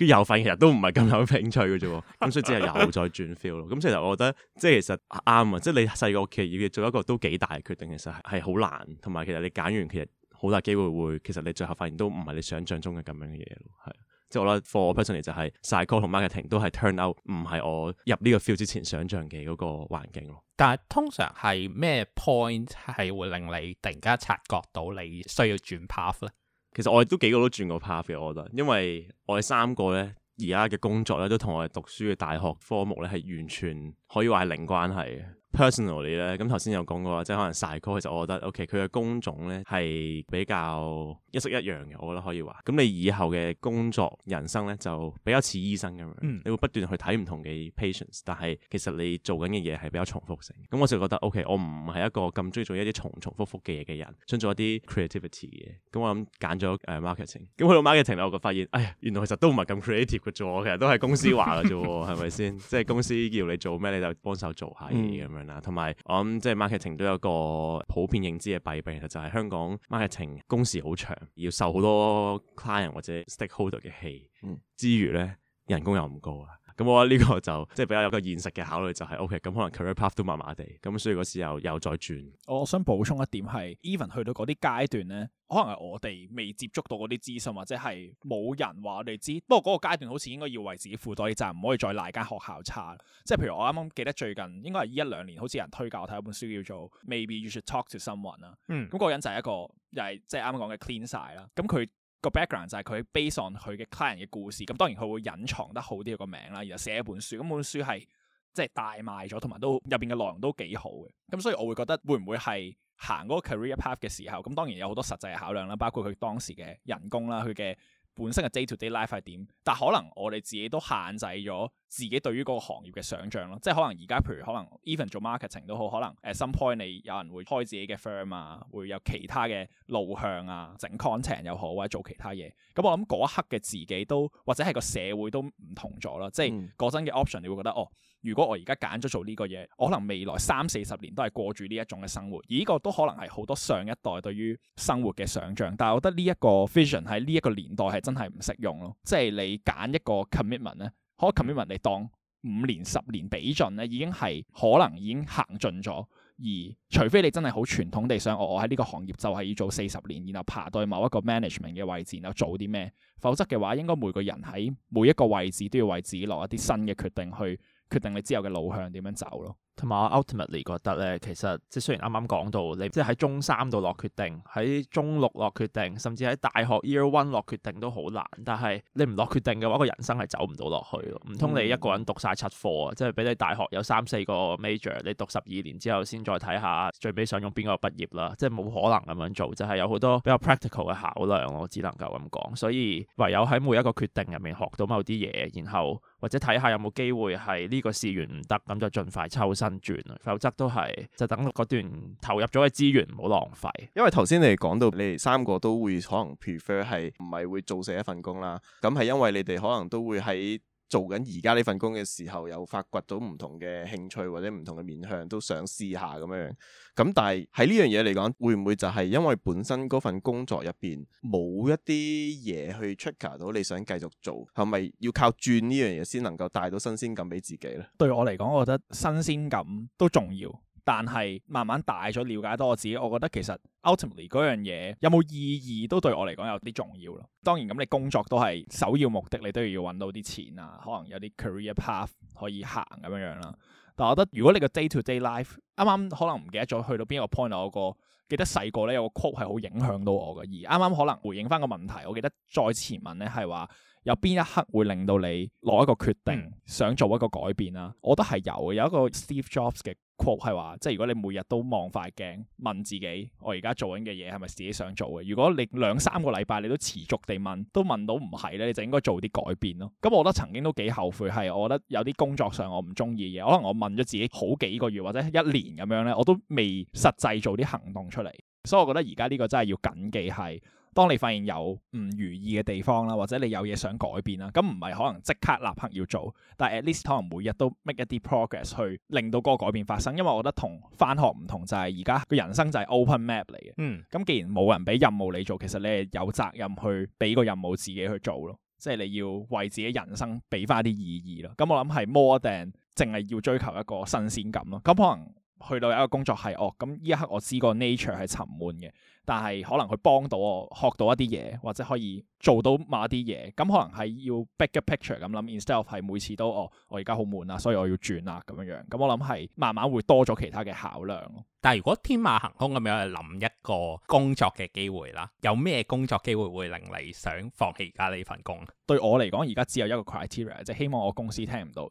跟又發現其實都唔係咁有興趣嘅啫，咁、嗯、所以之後又再轉 feel 咯。咁 所以其實我覺得，即係其實啱啊！即係你細個其實要做一個都幾大決定，其實係好難。同埋其實你揀完其實好大機會會，其實你最後發現都唔係你想象中嘅咁樣嘅嘢咯。係即係我覺得 for personally 就係 sales 同 marketing 都係 turn out 唔係我入呢個 feel 之前想象嘅嗰個環境咯。但係通常係咩 point 係會令你突然間察覺到你需要轉 path 咧？其實我哋都幾個都轉過 path 嘅，我覺得，因為我哋三個咧，而家嘅工作咧都同我哋讀書嘅大學科目咧係完全可以話係零關係嘅。Personally 咧，咁頭先有講過即係可能細科，其實我覺得 O.K. 佢嘅工種咧係比較一式一樣嘅，我覺得可以話。咁你以後嘅工作人生咧就比較似醫生咁樣，嗯、你會不斷去睇唔同嘅 patients，但係其實你做緊嘅嘢係比較重複性。咁、嗯、我就覺得 O.K. 我唔係一個咁中意做一啲重重複複嘅嘢嘅人，想做一啲 creativity 嘅嘢。咁、嗯、我諗揀咗誒 marketing。咁、嗯、去到 marketing 咧，我就發現，哎呀，原來其實都唔係咁 creative 嘅啫，其實都係公司話嘅啫，係咪先？即係公司叫你做咩你就幫手做下嘢咁樣。嗯嗯。同埋，我諗即係 marketing 都有一個普遍認知嘅弊病，其實就係香港 marketing 工時好長，要受好多 client 或者 stakeholder 嘅氣，嗯，之餘咧人工又唔高啊。咁我呢個就即係、就是、比較有個現實嘅考慮，就是，就係 OK，咁可能 career path 都麻麻地，咁所以嗰時又，又再轉。我想補充一點係，even 去到嗰啲階段咧，可能係我哋未接觸到嗰啲資訊，或者係冇人話我哋知。不過嗰個階段好似應該要為自己負擔啲責任，唔、就是、可以再賴間學校差。即係譬如我啱啱記得最近應該係呢一兩年，好似有人推介我睇一本書叫做 Maybe you should talk to someone 啦。嗯。咁嗰個人就係一個又係即係啱啱講嘅 cleaner 啦。咁佢。個 background 就係佢 based on 佢嘅 client 嘅故事，咁當然佢會隱藏得好啲個名啦，然後寫一本書，咁本書係即係大賣咗，同埋都入邊嘅內容都幾好嘅，咁所以我會覺得會唔會係行嗰個 career path 嘅時候，咁當然有好多實際嘅考量啦，包括佢當時嘅人工啦，佢嘅。本身嘅 day to day life 係點，但可能我哋自己都限制咗自己對於嗰個行業嘅想像咯，即係可能而家譬如可能 even 做 marketing 都好，可能誒 some point 你有人會開自己嘅 firm 啊，會有其他嘅路向啊，整 content 又好或者做其他嘢，咁、嗯、我諗嗰一刻嘅自己都或者係個社會都唔同咗啦，即係嗰陣嘅 option 你會覺得哦。如果我而家揀咗做呢個嘢，我可能未來三四十年都係過住呢一種嘅生活。而呢個都可能係好多上一代對於生活嘅想象。但係我覺得呢一個 vision 喺呢一個年代係真係唔適用咯。即係你揀一個 commitment 咧，可 commitment 你當五年、十年畀盡咧，已經係可能已經行盡咗。而除非你真係好傳統地想我、哦，我喺呢個行業就係要做四十年，然後爬到某一個 management 嘅位置，然後做啲咩，否則嘅話，應該每個人喺每一個位置都要為自己落一啲新嘅決定去。決定你之後嘅路向點樣走咯。同埋我 ultimately 覺得咧，其實即係雖然啱啱講到你，即係喺中三度落決定，喺中六落決定，甚至喺大學 year one 落決定都好難，但係你唔落決定嘅話，個人生係走唔到落去咯。唔通你一個人讀晒七科，啊、嗯，即係俾你大學有三四個 major，你讀十二年之後先再睇下最尾想用邊個畢業啦？即係冇可能咁樣做，就係、是、有好多比較 practical 嘅考量咯，我只能夠咁講，所以唯有喺每一個決定入面學到某啲嘢，然後或者睇下有冇機會係呢個試完唔得咁就盡快抽身。轉，否則都係就等嗰段投入咗嘅資源唔好浪費。因為頭先你哋講到，你哋三個都會可能 prefer 係唔係會做死一份工啦。咁係因為你哋可能都會喺。做緊而家呢份工嘅時候，又發掘到唔同嘅興趣或者唔同嘅面向，都想試下咁樣。咁但係喺呢樣嘢嚟講，會唔會就係因為本身嗰份工作入邊冇一啲嘢去 trigger 到你想繼續做？係咪要靠轉呢樣嘢先能夠帶到新鮮感俾自己呢？對我嚟講，我覺得新鮮感都重要。但係慢慢大咗，了解多我自己，我覺得其實 ultimately 嗰樣嘢有冇意義，都對我嚟講有啲重要咯。當然咁，你工作都係首要目的，你都要揾到啲錢啊，可能有啲 career path 可以行咁樣樣啦。但我覺得如果你個 day to day life 啱啱可能唔記，記得咗去到邊一個 point，有個記得細個呢有個曲係好影響到我嘅。而啱啱可能回應翻個問題，我記得再前文呢係話，有邊一刻會令到你落一個決定，想做一個改變啦，啊。我覺得係有嘅，有一個 Steve Jobs 嘅 quote 係話，即係如果你每日都望塊鏡問自己，我而家做緊嘅嘢係咪自己想做嘅。如果你兩三個禮拜你都持續地問，都問到唔係咧，你就應該做啲改變咯，啊。咁，嗯嗯、我覺得曾經都幾後悔，係我覺得有啲工作上我唔中意嘅嘢，可能我問咗自己好幾個月或者一年咁樣咧，我都未實際做啲行動出嚟，所以我覺得而家呢個真係要謹記係。當你發現有唔如意嘅地方啦，或者你有嘢想改變啦，咁唔係可能即刻立刻要做，但係 at least 可能每日都 make 一啲 progress 去令到嗰個改變發生。因為我覺得同翻學唔同，就係而家個人生就係 open map 嚟嘅。嗯，咁既然冇人俾任務你做，其實你係有責任去俾個任務自己去做咯。即係你要為自己人生俾翻啲意義咯。咁我諗係 more than 淨係要追求一個新鮮感咯。咁，可能。去到一個工作係哦，咁呢一刻我知個 nature 係沉悶嘅，但係可能佢幫到我學到一啲嘢，或者可以做到某一啲嘢，咁、嗯、可能係要 big picture 咁諗，instead 係每次都哦，我而家好悶啊，所以我要轉啊咁樣樣，咁、嗯、我諗係慢慢會多咗其他嘅考量。但係如果天馬行空咁樣去諗一個工作嘅機會啦，有咩工作機會會令你想放棄而家呢份工？對我嚟講，而家只有一個 criteria，即係希望我公司聽唔到。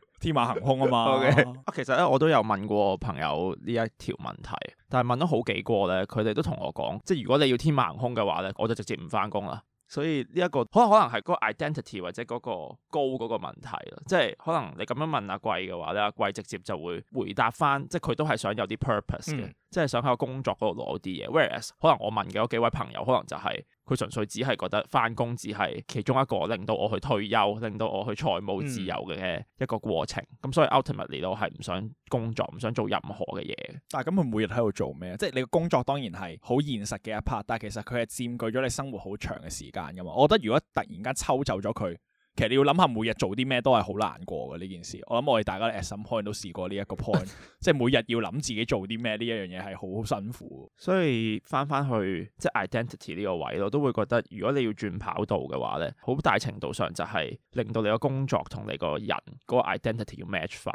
天馬行空啊嘛， okay、啊其實咧我都有問過我朋友呢一條問題，但係問咗好幾個咧，佢哋都同我講，即係如果你要天馬行空嘅話咧，我就直接唔返工啦。所以呢、呢、一個可能可能係嗰個 identity 或者嗰個 goal 嗰個問題。即係可能你咁樣問阿貴嘅話咧，阿貴直接就會回答返，即係佢都係想有啲 purpose 嘅，嗯、即係想喺個工作嗰度攞啲嘢。Whereas 可能我問嘅嗰幾位朋友可能就係、是。佢純粹只係覺得翻工只係其中一個令到我去退休、令到我去財務自由嘅一個過程。咁、嗯、所以 ultimate 嚟到係唔想工作、唔想做任何嘅嘢。但係咁佢每日喺度做咩？即係你嘅工作當然係好現實嘅一 part，但係其實佢係佔據咗你生活好長嘅時間。㗎嘛。我覺得如果突然間抽走咗佢。其實你要諗下每日做啲咩都係好難過嘅呢件事，我諗我哋大家 at some point 都試過呢一個 point， 即係每日要諗自己做啲咩呢一樣嘢係好辛苦。所以翻翻去即係 identity 呢個位咯，我都會覺得如果你要轉跑道嘅話咧，好大程度上就係令到你個工作同你個人嗰個 identity 要 match 翻。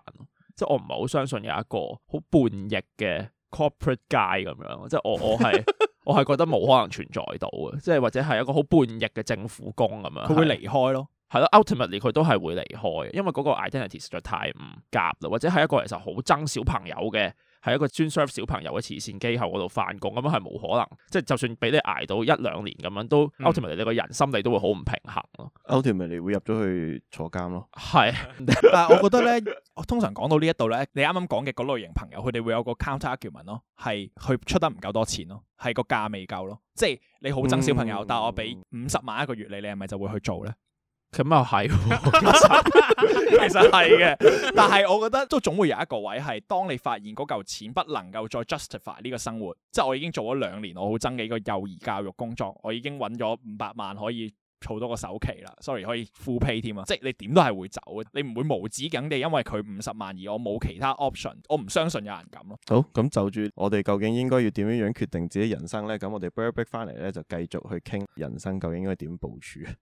即係我唔係好相信有一個好叛逆嘅 corporate guy 咁樣，即係我我係 我係覺得冇可能存在到嘅，即係或者係一個好叛逆嘅政府工咁樣，佢會離開咯。係咯，Ultimately 佢都係會離開，因為嗰個 identity 實在太唔夾啦，或者係一個其實好憎小朋友嘅，係一個專 serve 小朋友嘅慈善機構嗰度返工，咁樣係冇可能。即、就、係、是、就算俾你挨到一兩年咁樣，都 Ultimately、嗯、你個人心理都會好唔平衡咯。Ultimately 會入咗去坐監咯。係，但係我覺得咧， 我通常講到呢一度咧，你啱啱講嘅嗰類型朋友，佢哋會有個 counter argument 文咯，係佢出得唔夠多錢咯，係個價未夠咯。即係你好憎小朋友，嗯、但係我俾五十萬一個月你，你係咪就會去做咧？咁又係，其實係嘅。但係我覺得都總會有一個位係，當你發現嗰嚿錢不能夠再 justify 呢個生活，即係我已經做咗兩年，我好憎嘅一個幼兒教育工作，我已經揾咗五百萬可以儲多個首期啦。Sorry，可以 f 批添啊！即係你點都係會走，你唔會無止境地因為佢五十萬而我冇其他 option。我唔相信有人咁咯。好，咁就住我哋究竟應該要點樣樣決定自己人生呢？咁我哋 break 翻嚟呢，就繼續去傾人生究竟應該點部署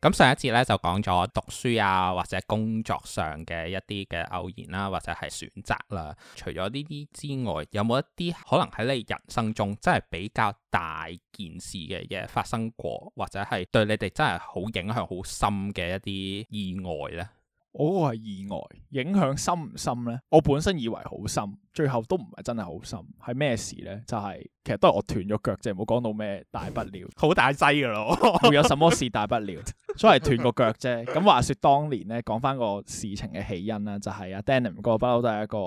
咁上一節咧就講咗讀書啊或者工作上嘅一啲嘅偶然啦或者係選擇啦，除咗呢啲之外，有冇一啲可能喺你人生中真係比較大件事嘅嘢發生過，或者係對你哋真係好影響好深嘅一啲意外呢？我嗰個係意外，影響深唔深咧？我本身以為好深，最後都唔係真係好深。係咩事咧？就係、是、其實都係我斷咗腳啫，冇講到咩大不了，好 大劑噶咯。會 有什麼事大不了？所以係斷個腳啫。咁話說當年咧，講翻個事情嘅起因啦，就係阿 Danny 哥不嬲都係一個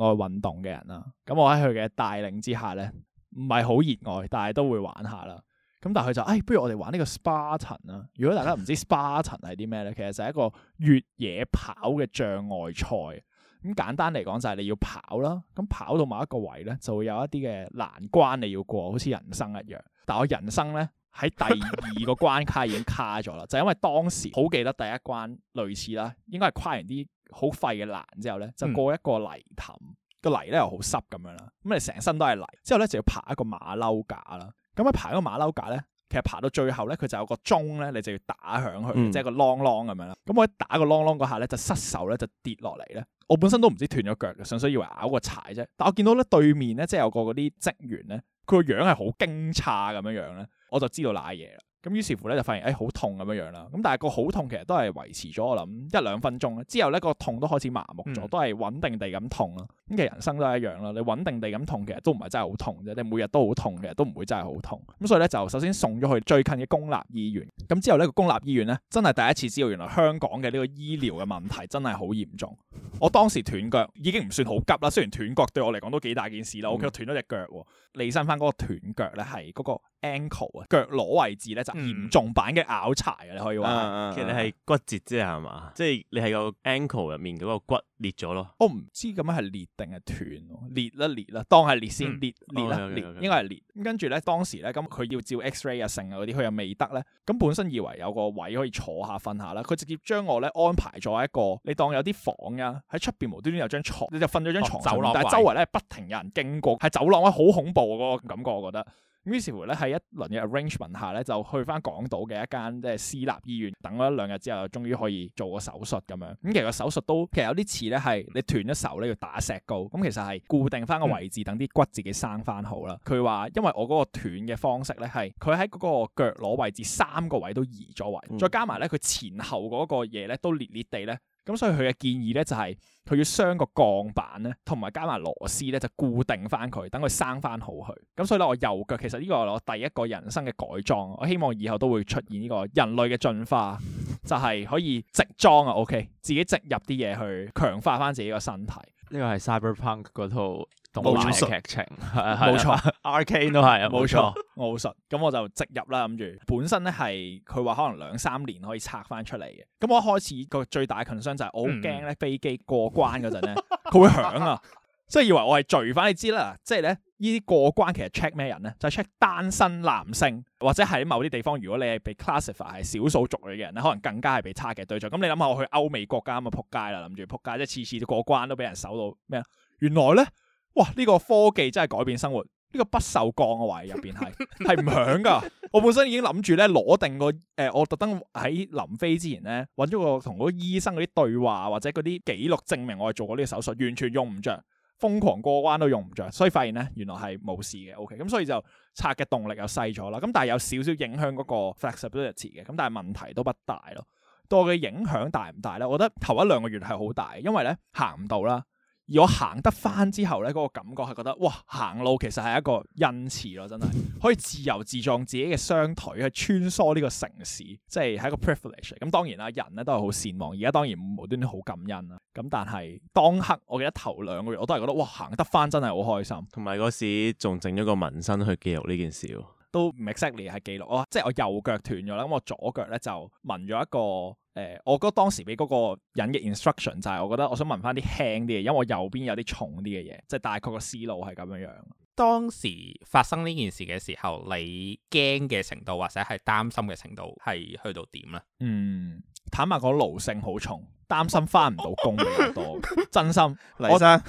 熱愛運動嘅人啦。咁我喺佢嘅帶領之下咧，唔係好熱愛，但係都會玩下啦。咁但係佢就，哎，不如我哋玩呢個 Spartan 啦。如果大家唔知 Spartan 係啲咩咧， 其實就係一個越野跑嘅障礙賽。咁簡單嚟講就係你要跑啦，咁跑到某一個位咧，就會有一啲嘅難關你要過，好似人生一樣。但我人生咧，喺第二個關卡已經卡咗啦， 就因為當時好記得第一關類似啦，應該係跨完啲好廢嘅欄之後咧，就過一個泥潭，個、嗯、泥咧又好濕咁樣啦。咁你成身都係泥，之後咧就要爬一個馬騮架啦。咁喺、嗯、爬嗰馬騮架咧，其實爬到最後咧，佢就有個鐘咧，你就要打響佢，嗯、即係個啷啷咁樣啦。咁我一打個啷啷嗰下咧，就失手咧，就跌落嚟咧。我本身都唔知斷咗腳嘅，純粹以為拗個柴啫。但我見到咧對面咧，即係有個嗰啲職員咧，佢個樣係好驚詫咁樣樣咧，我就知道瀨嘢啦。咁於是乎咧就發現，誒、哎、好痛咁樣樣啦。咁但係個好痛其實都係維持咗我諗一兩分鐘。之後咧、那個痛都開始麻木咗，嗯、都係穩定地咁痛啊。咁嘅人生都係一樣咯，你穩定地咁痛，其實都唔係真係好痛啫。你每日都好痛，其實都唔會真係好痛。咁所以咧，就首先送咗去最近嘅公立醫院。咁之後呢個公立醫院咧，真係第一次知道原來香港嘅呢個醫療嘅問題真係好嚴重。我當時斷腳已經唔算好急啦，雖然斷腳對我嚟講都幾大件事啦。嗯、我記得斷咗隻腳喎，你伸返嗰個斷腳咧係嗰個 ankle 啊，腳踝位置咧就嚴重版嘅拗柴啊，嗯、你可以話。Uh, 其實你係骨折啫係嘛？即係你係個 ankle 入面嗰個骨裂咗咯。我唔、oh, 知咁樣係裂。定係斷裂一、啊、裂啦、啊，當係裂先裂裂啦裂，okay, okay. 應該係裂。咁跟住咧，當時咧咁佢要照 X-ray 啊剩啊嗰啲，佢又未得咧。咁本身以為有個位可以坐下瞓下啦，佢直接將我咧安排咗一個，你當有啲房啊喺出邊無端端有張床，你就瞓咗張床。哦、走廊但係周圍咧不停有人經過，喺走廊啊好恐怖嗰個感覺，我覺得。咁於是乎咧，喺一輪嘅 arrangement 下咧，就去翻港島嘅一間即係私立醫院等咗一兩日之後，終於可以做個手術咁樣。咁、嗯、其實個手術都其實有啲似咧，係你斷咗手咧要打石膏，咁、嗯嗯、其實係固定翻個位置，等啲骨自己生翻好啦。佢話因為我嗰個斷嘅方式咧，係佢喺嗰個腳踝位置三個位都移咗位，再加埋咧佢前後嗰個嘢咧都裂裂地咧。咁所以佢嘅建議咧就係佢要鑲個鋼板咧，同埋加埋螺絲咧，就固定翻佢，等佢生翻好佢。咁所以咧，我右腳其實呢個係我第一個人生嘅改裝。我希望以後都會出現呢個人類嘅進化， 就係可以直裝啊。OK，自己植入啲嘢去強化翻自己個身體。呢個係 Cyberpunk 嗰套。動漫劇情係啊，冇錯，R.K. 都係啊，冇錯， 武術咁我就直入啦，諗住本身咧係佢話可能兩三年可以拆翻出嚟嘅。咁我一開始個最大嘅 concern 就係我好驚咧飛機過關嗰陣咧，佢、嗯、 會響啊，即、就、係、是、以為我係罪犯。你知啦，即係咧呢啲過關其實 check 咩人咧？就 check、是、單身男性或者喺某啲地方，如果你係被 classify 係少數族裔嘅人咧，可能更加係被查嘅對象。咁你諗下我去歐美國家咁啊扑街啦，諗住扑街，即係次次都過關都俾人搜到咩啊？原來咧～哇！呢、這個科技真係改變生活，呢、這個不鏽鋼嘅話入邊係係唔響噶。我本身已經諗住咧攞定個誒、呃，我特登喺臨飛之前咧揾咗個同嗰醫生嗰啲對話或者嗰啲記錄證明我係做過呢個手術，完全用唔着，瘋狂過關都用唔着。所以發現咧，原來係冇事嘅。OK，咁所以就拆嘅動力又細咗啦。咁但係有少少影響嗰個 flexibility 嘅。咁但係問題都不大咯。對我嘅影響大唔大咧？我覺得頭一兩個月係好大，因為咧行唔到啦。如果行得翻之後咧，嗰、那個感覺係覺得，哇！行路其實係一個恩賜咯，真係可以自由自在自己嘅雙腿去穿梭呢個城市，即係係一個 privilege。咁、嗯、當然啦，人咧都係好善忘，而家當然無端端好感恩啦。咁但係當刻我記得頭兩個月，我都係覺得，哇！行得翻真係好開心。同埋嗰時仲整咗個紋身去記錄呢件事喎、啊，都唔 exactly 係記錄，我即係我右腳斷咗啦，咁、嗯、我左腳咧就紋咗一個。誒，我覺得當時俾嗰個人嘅 instruction 就係，我覺得我想問翻啲輕啲嘅，因為我右邊有啲重啲嘅嘢，即係大概個思路係咁樣樣。當時發生呢件事嘅時候，你驚嘅程度或者係擔心嘅程度係去到點呢？嗯。坦白講，勞性好重，擔心翻唔到工比較多。 真心黎生，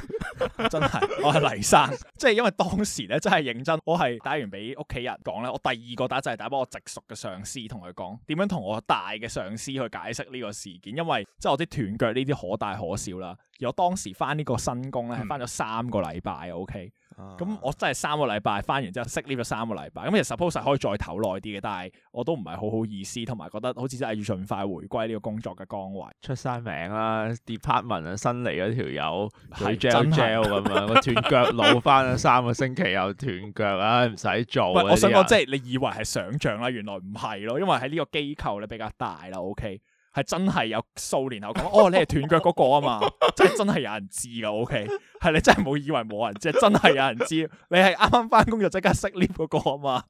真係我係黎生，即係因為當時咧真係認真，我係打完俾屋企人講咧，我第二個打就係、是、打俾我直屬嘅上司同佢講，點樣同我大嘅上司去解釋呢個事件，因為即係我啲斷腳呢啲可大可小啦。而我當時翻呢個新工咧，係翻咗三個禮拜，OK。咁、啊、我真係三個禮拜翻完之後，息呢 i 三個禮拜。咁其實 suppose 可以再投耐啲嘅，但係我都唔係好好意思，同埋覺得好似真係要盡快回歸呢個工作嘅崗位。出晒名啦，department 啊，新嚟嗰條友，gel gel 咁樣，個斷腳攞翻 三個星期又斷腳啊，唔使做。是我想講即係你以為係想像啦，原來唔係咯，因為喺呢個機構咧比較大啦，OK。係真係有數年後講，哦，你係斷腳嗰個啊嘛，即係 真係有人知噶，OK？係你真係冇以為冇人知，真係有人知， 你係啱啱翻工就即刻失業嗰個啊嘛？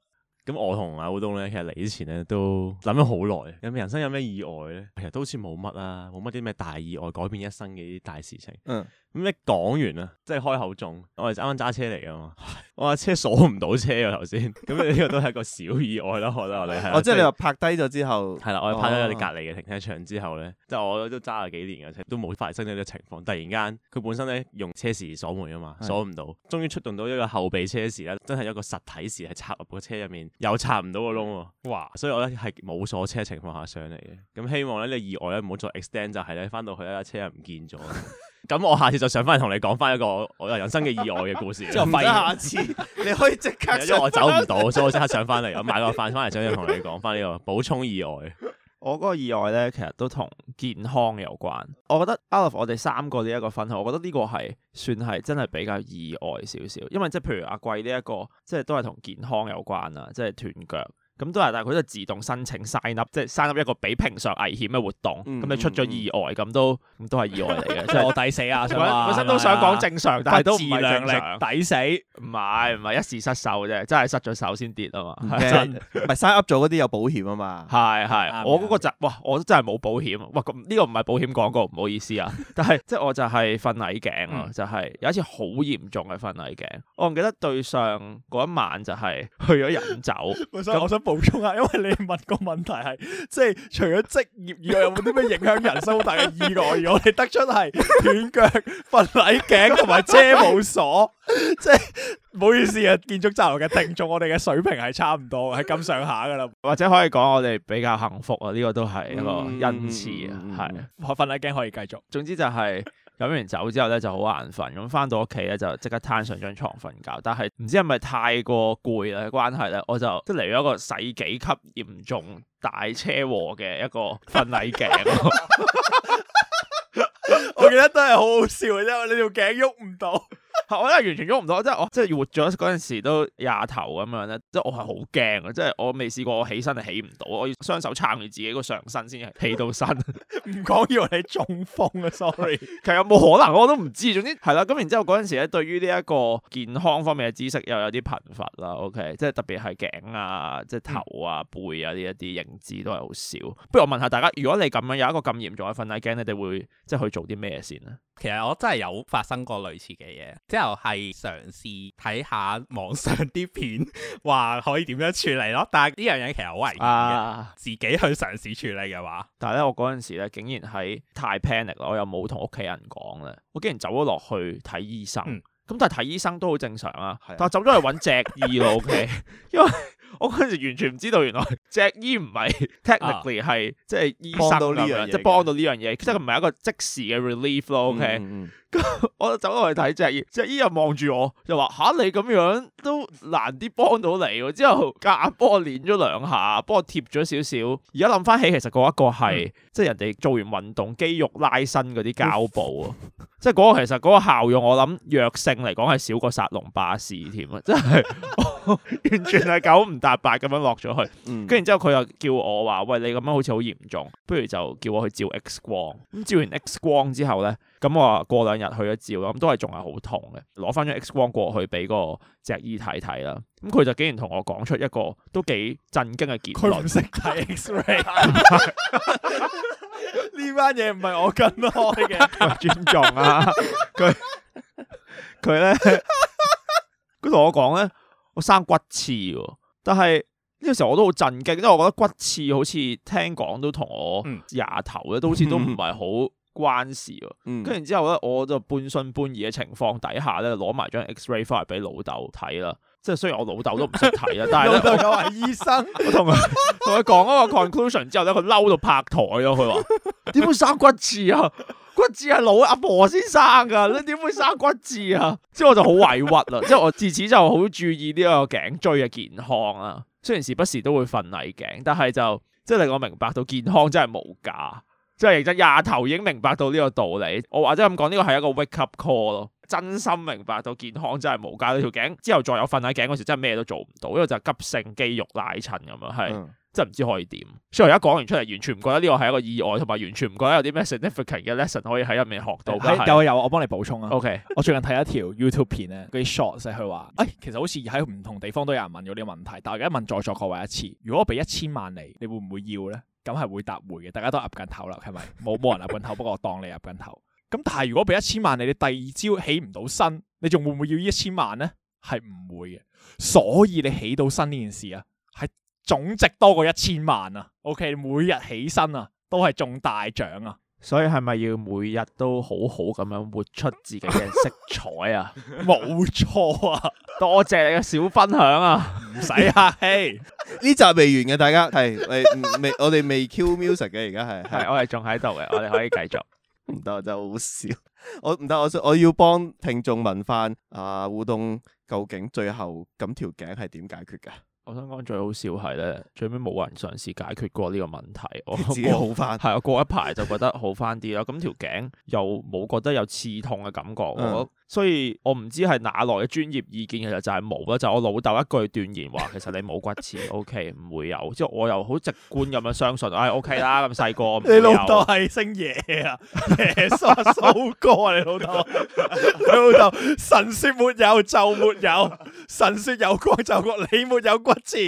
咁我同阿烏東咧，其實嚟之前咧都諗咗好耐，有咩人生有咩意外咧？其實都好似冇乜啦，冇乜啲咩大意外改變一生嘅啲大事情。嗯。咁一講完啦，即係開口中，我哋啱啱揸車嚟噶嘛，我架車鎖唔到車嘅頭先，咁呢個都係一個小意外咯，我覺得我哋， 啊、哦，即係以、哦、你話拍低咗之後，係啦、啊，我哋拍低咗你隔籬嘅停車場之後咧，即係、哦、我都揸咗幾年嘅車，都冇發生呢啲情況，突然間佢本身咧用車匙鎖門啊嘛，鎖唔到，是終於出動到一個後備車匙咧，真係一個實體匙係插入個車入面，又插唔到個窿、啊，哇！所以我咧係冇鎖車情況下上嚟嘅，咁希望咧呢、呢個意外咧唔好再 extend，就係咧翻到去架車又唔見咗。 咁我下次就上翻嚟，同你講翻一個我人生嘅意外嘅故事。即係唔使下次 你可以即刻因為我走唔到， 所以我即刻上翻嚟，我 買個飯翻嚟，想要同你講翻呢個補充意外。 我嗰個意外咧，其實都同健康有關。我覺得 out of，我哋三個呢一個分享，我覺得呢個係算係真係比較意外少少。因為即係譬如阿貴呢一個，即係都係同健康有關啦，即係斷腳。咁都係，但係佢都係自動申請 sign up，即係 sign up 一個比平常危險嘅活動。咁你出咗意外，咁都咁都係意外嚟嘅。我抵死啊！本身都想講正常，但係都唔自量力。抵死，唔係唔係一時失手啫，真係失咗手先跌啊嘛。唔係 sign up 咗嗰啲有保險啊嘛。係係，我嗰個就哇，我真係冇保險。哇，咁呢個唔係保險廣告，唔好意思啊。但係即係我就係瞓捩頸啊，就係有一次好嚴重嘅瞓捩頸。我唔記得對上嗰一晚就係去咗飲酒。咁補充啊，因為你問個問題係，即係除咗職業以外，有冇啲咩影響人生好大嘅意外？而我哋得出係斷腳、瞓捩頸同埋遮冇鎖，即係唔好意思啊！建築宅男嘅定做，我哋嘅水平係差唔多，係咁上下噶啦。或者可以講我哋比較幸福啊，呢、這個都係一個恩賜啊，係我瞓捩頸可以繼續。總之就係、是。 飲完酒之後咧就好眼瞓，咁翻到屋企咧就即刻攤上張床瞓覺。但係唔知係咪太過攰啦嘅關係咧，我就即嚟咗一個世紀級嚴重大車禍嘅一個婚禮鏡。 我記得都係好好笑，頸、 啊，即係你條頸喐唔到。我真係完全喐唔到，即係我即係活咗嗰陣時都廿頭咁樣咧，即係我係好驚，即係我未試過我起身係起唔到，我要雙手撐住自己個上身先係起到身。唔講，以為你中風啊，sorry。其實有冇可能我都唔知，總之係啦。咁、啊、然之後嗰陣時咧，對於呢一個健康方面嘅知識又有啲貧乏啦。OK，即係特別係頸啊、即係頭啊、背啊呢一啲認知都係好少。不如我問下大家，如果你咁樣有一個咁嚴重嘅瞓捩頸，你哋會即係去做？做啲咩先啦？其實我真係有發生過類似嘅嘢，之後係嘗試睇下網上啲片，話可以點樣處理咯。但係呢樣嘢其實好危險嘅，啊、自己去嘗試處理嘅話。但係咧，我嗰陣時咧竟然喺太 panic，我又冇同屋企人講咧，我竟然走咗落去睇醫生。咁、嗯、但係睇醫生都好正常啊，啊但係走咗去揾脊醫咯 ，OK？因為 我嗰陣時完全唔知道，原來脊醫唔係 technically 係即係、啊、醫生咁樣，即係幫到呢樣嘢，即係佢唔係一個即時嘅 relief 咯。O.K. 咁、嗯、 我走落去睇脊醫，脊醫又望住我就話：吓、啊、你咁樣都難啲幫到你。之後夾硬幫我捻咗兩下，幫我貼咗少少。而家諗翻起，其實嗰一個係即係人哋做完運動肌肉拉伸嗰啲膠布啊，嗯、即係嗰個其實嗰個效用，我諗藥性嚟講係少過殺龍巴士添啊！真係。 完全係九唔搭八咁樣落咗去，跟住之後佢又叫我話：喂，你咁樣好似好嚴重，不如就叫我去照 X 光。咁照完 X 光之後咧，咁我話過兩日去咗照啦，咁都係仲係好痛嘅。攞翻張 X 光過去俾個脊醫睇睇啦。咁佢就竟然同我講出一個都幾震驚嘅結果。佢唔識睇 X ray，呢班嘢唔係我跟開嘅， 尊重啊！佢佢咧，佢同 我講咧。我生骨刺喎，但係呢個時候我都好震驚，因為我覺得骨刺好似聽講都同我牙頭咧，嗯、都好似都唔係好關事喎。跟然、嗯、之後咧，我就半信半疑嘅情況底下咧，攞埋張 X-ray 翻嚟俾老豆睇啦。即係雖然我老豆都唔識睇啦，但係 老豆又係醫生，我同佢同佢講個 conclusion 之後咧，佢嬲到拍台咯，佢話點會生骨刺啊？骨子係老阿婆先生噶，你點會生骨子啊？之後我就好委屈啦，之後 我自此就好注意呢個頸椎嘅健康啊。雖然時不時都會瞓捩頸，但係就即係令我明白到健康真係無價。即係認真廿頭已經明白到呢個道理。我或者咁講，呢個係一個 wake up call 咯。真心明白到健康真係無價。呢條頸之後再有瞓捩頸嗰時，真係咩都做唔到，因為就急性肌肉拉親咁樣，係。嗯真係唔知可以點，所以我而家講完出嚟，完全唔覺得呢個係一個意外，同埋完全唔覺得有啲咩 significant 嘅 lesson 可以喺入面學到。係有有我幫你補充啊。OK，我最近睇一條 YouTube 片咧，嗰啲 shot 佢話，誒、哎，其實好似喺唔同地方都有人問咗呢個問題，但係而家問在座各位一次，如果俾一千萬你，你會唔會要咧？咁係會答回嘅，大家都岌緊頭啦，係咪？冇冇人岌緊頭， 不過我當你岌緊頭。咁但係如果俾一千萬你，你第二朝起唔到身，你仲會唔會要呢一千萬咧？係唔會嘅，所以你起到身呢件事啊，係。總值多過一千萬啊！OK，每日起身啊，都係中大獎啊！所以係咪要每日都好好咁樣活出自己嘅色彩啊？冇錯 啊！多謝你嘅小分享啊！唔使 客氣，呢集未完嘅，大家係未，未我哋未 Q music 嘅，而家係係我係仲喺度嘅，我哋 可以繼續。唔得，真好笑，我唔得，我我要幫聽眾問翻啊、呃、互動，究竟最後咁條頸係點解決嘅？我想講最好笑係咧，最尾冇人嘗試解決過呢個問題。我自己好返過好返，係啊，過一排就覺得好返啲啦。咁條 頸又冇覺得有刺痛嘅感覺。所以我唔知係哪來嘅專業意見，其實就係冇啦。就是、我老豆一句斷言話：其實你冇骨刺 ，OK，唔會有。即係我又好直觀咁樣相信，唉、哎、OK 啦。咁細個，你老豆係星爺啊，哥啊，你老豆，你老豆神説沒有就沒有，神説有光就光，你沒有骨刺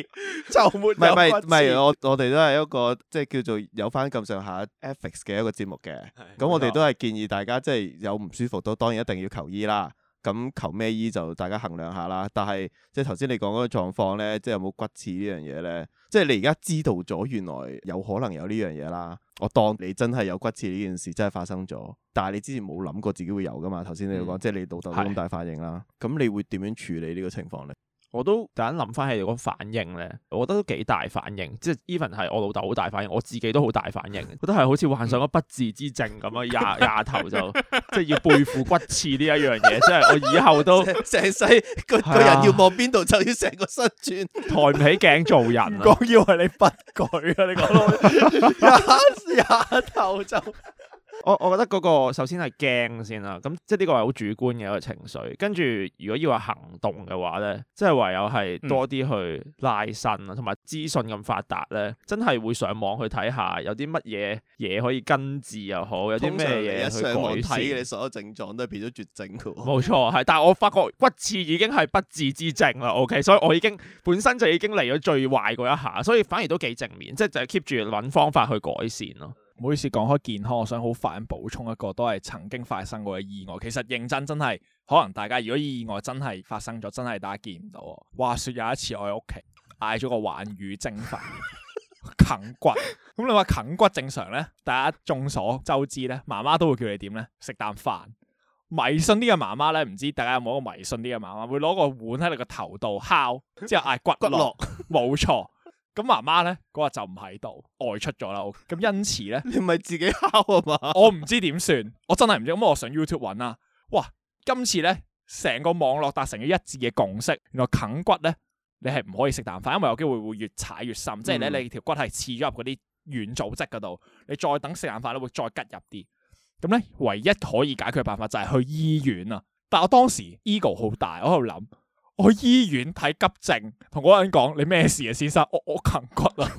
就沒有骨刺。唔係唔係，我我哋都係一個即係叫做有翻咁上下 effort 嘅一個節目嘅。咁我哋都係建議大家即係有唔舒服都當然一定要求醫啦。啊，咁求咩醫就大家衡量下啦。但係即係頭先你講嗰個狀況咧，即係有冇骨刺呢樣嘢咧？即係你而家知道咗，原來有可能有呢樣嘢啦。我當你真係有骨刺呢件事真係發生咗，但係你之前冇諗過自己會有噶嘛？頭先你講、嗯、即係你老豆咁大反應啦，咁是你會點樣處理呢個情況咧？我都突然諗翻起個反應咧，我覺得都幾大反應，即係 even 係我老豆好大反應，我自己都好大反應，覺得係好似患上咗不治之症咁啊，廿廿頭就 即係要背負骨刺呢一樣嘢， 即係我以後都成世個、啊、人要望邊度就要成個身轉， 抬唔起頸做人，唔講以為你不舉啊，你講到廿廿頭就。我我覺得嗰個首先係驚先啦，咁即係呢個係好主觀嘅一個情緒。跟住如果要話行動嘅話咧，即係唯有係多啲去拉伸啊，同埋資訊咁發達咧，真係會上網去睇下有啲乜嘢嘢可以根治又好，有啲咩嘢去改善。你一上網睇嘅，你所有症狀都係變咗絕症。冇錯，係。但係我發覺骨刺已經係不治之症啦。OK，所以我已經本身就已經嚟咗最壞嗰一下，所以反而都幾正面，即係就係 keep 住揾方法去改善咯。唔好意思，講開健康，我想好快咁補充一個，都係曾經發生過嘅意外。其實認真真係，可能大家如果意外真係發生咗，真係大家見唔到啊。話說有一次我，我喺屋企嗌咗個鯇魚蒸飯啃骨，咁你話啃骨正常咧？大家眾所周知咧，媽媽都會叫你點咧？食啖飯迷信啲嘅媽媽咧，唔知大家有冇一個迷信啲嘅媽媽會攞個碗喺你個頭度敲，之後嗌骨骨落，冇 錯。咁媽媽咧嗰日就唔喺度外出咗啦，咁因此咧，你唔係自己敲啊嘛？我唔知點算，我真係唔知。咁我上 YouTube 揾啦，哇！今次咧成個網絡達成咗一致嘅共識，原來啃骨咧你係唔可以食蛋飯，因為有機會會越踩越深，嗯、即係咧你條骨係刺咗入嗰啲軟組織嗰度，你再等食蛋飯咧會再拮入啲。咁咧唯一可以解決嘅辦法就係去醫院啊！但係我當時 ego 好大，我喺度諗。去醫院睇急症，同嗰個人講你咩事啊，先生，我我 我， 我我啃骨啦，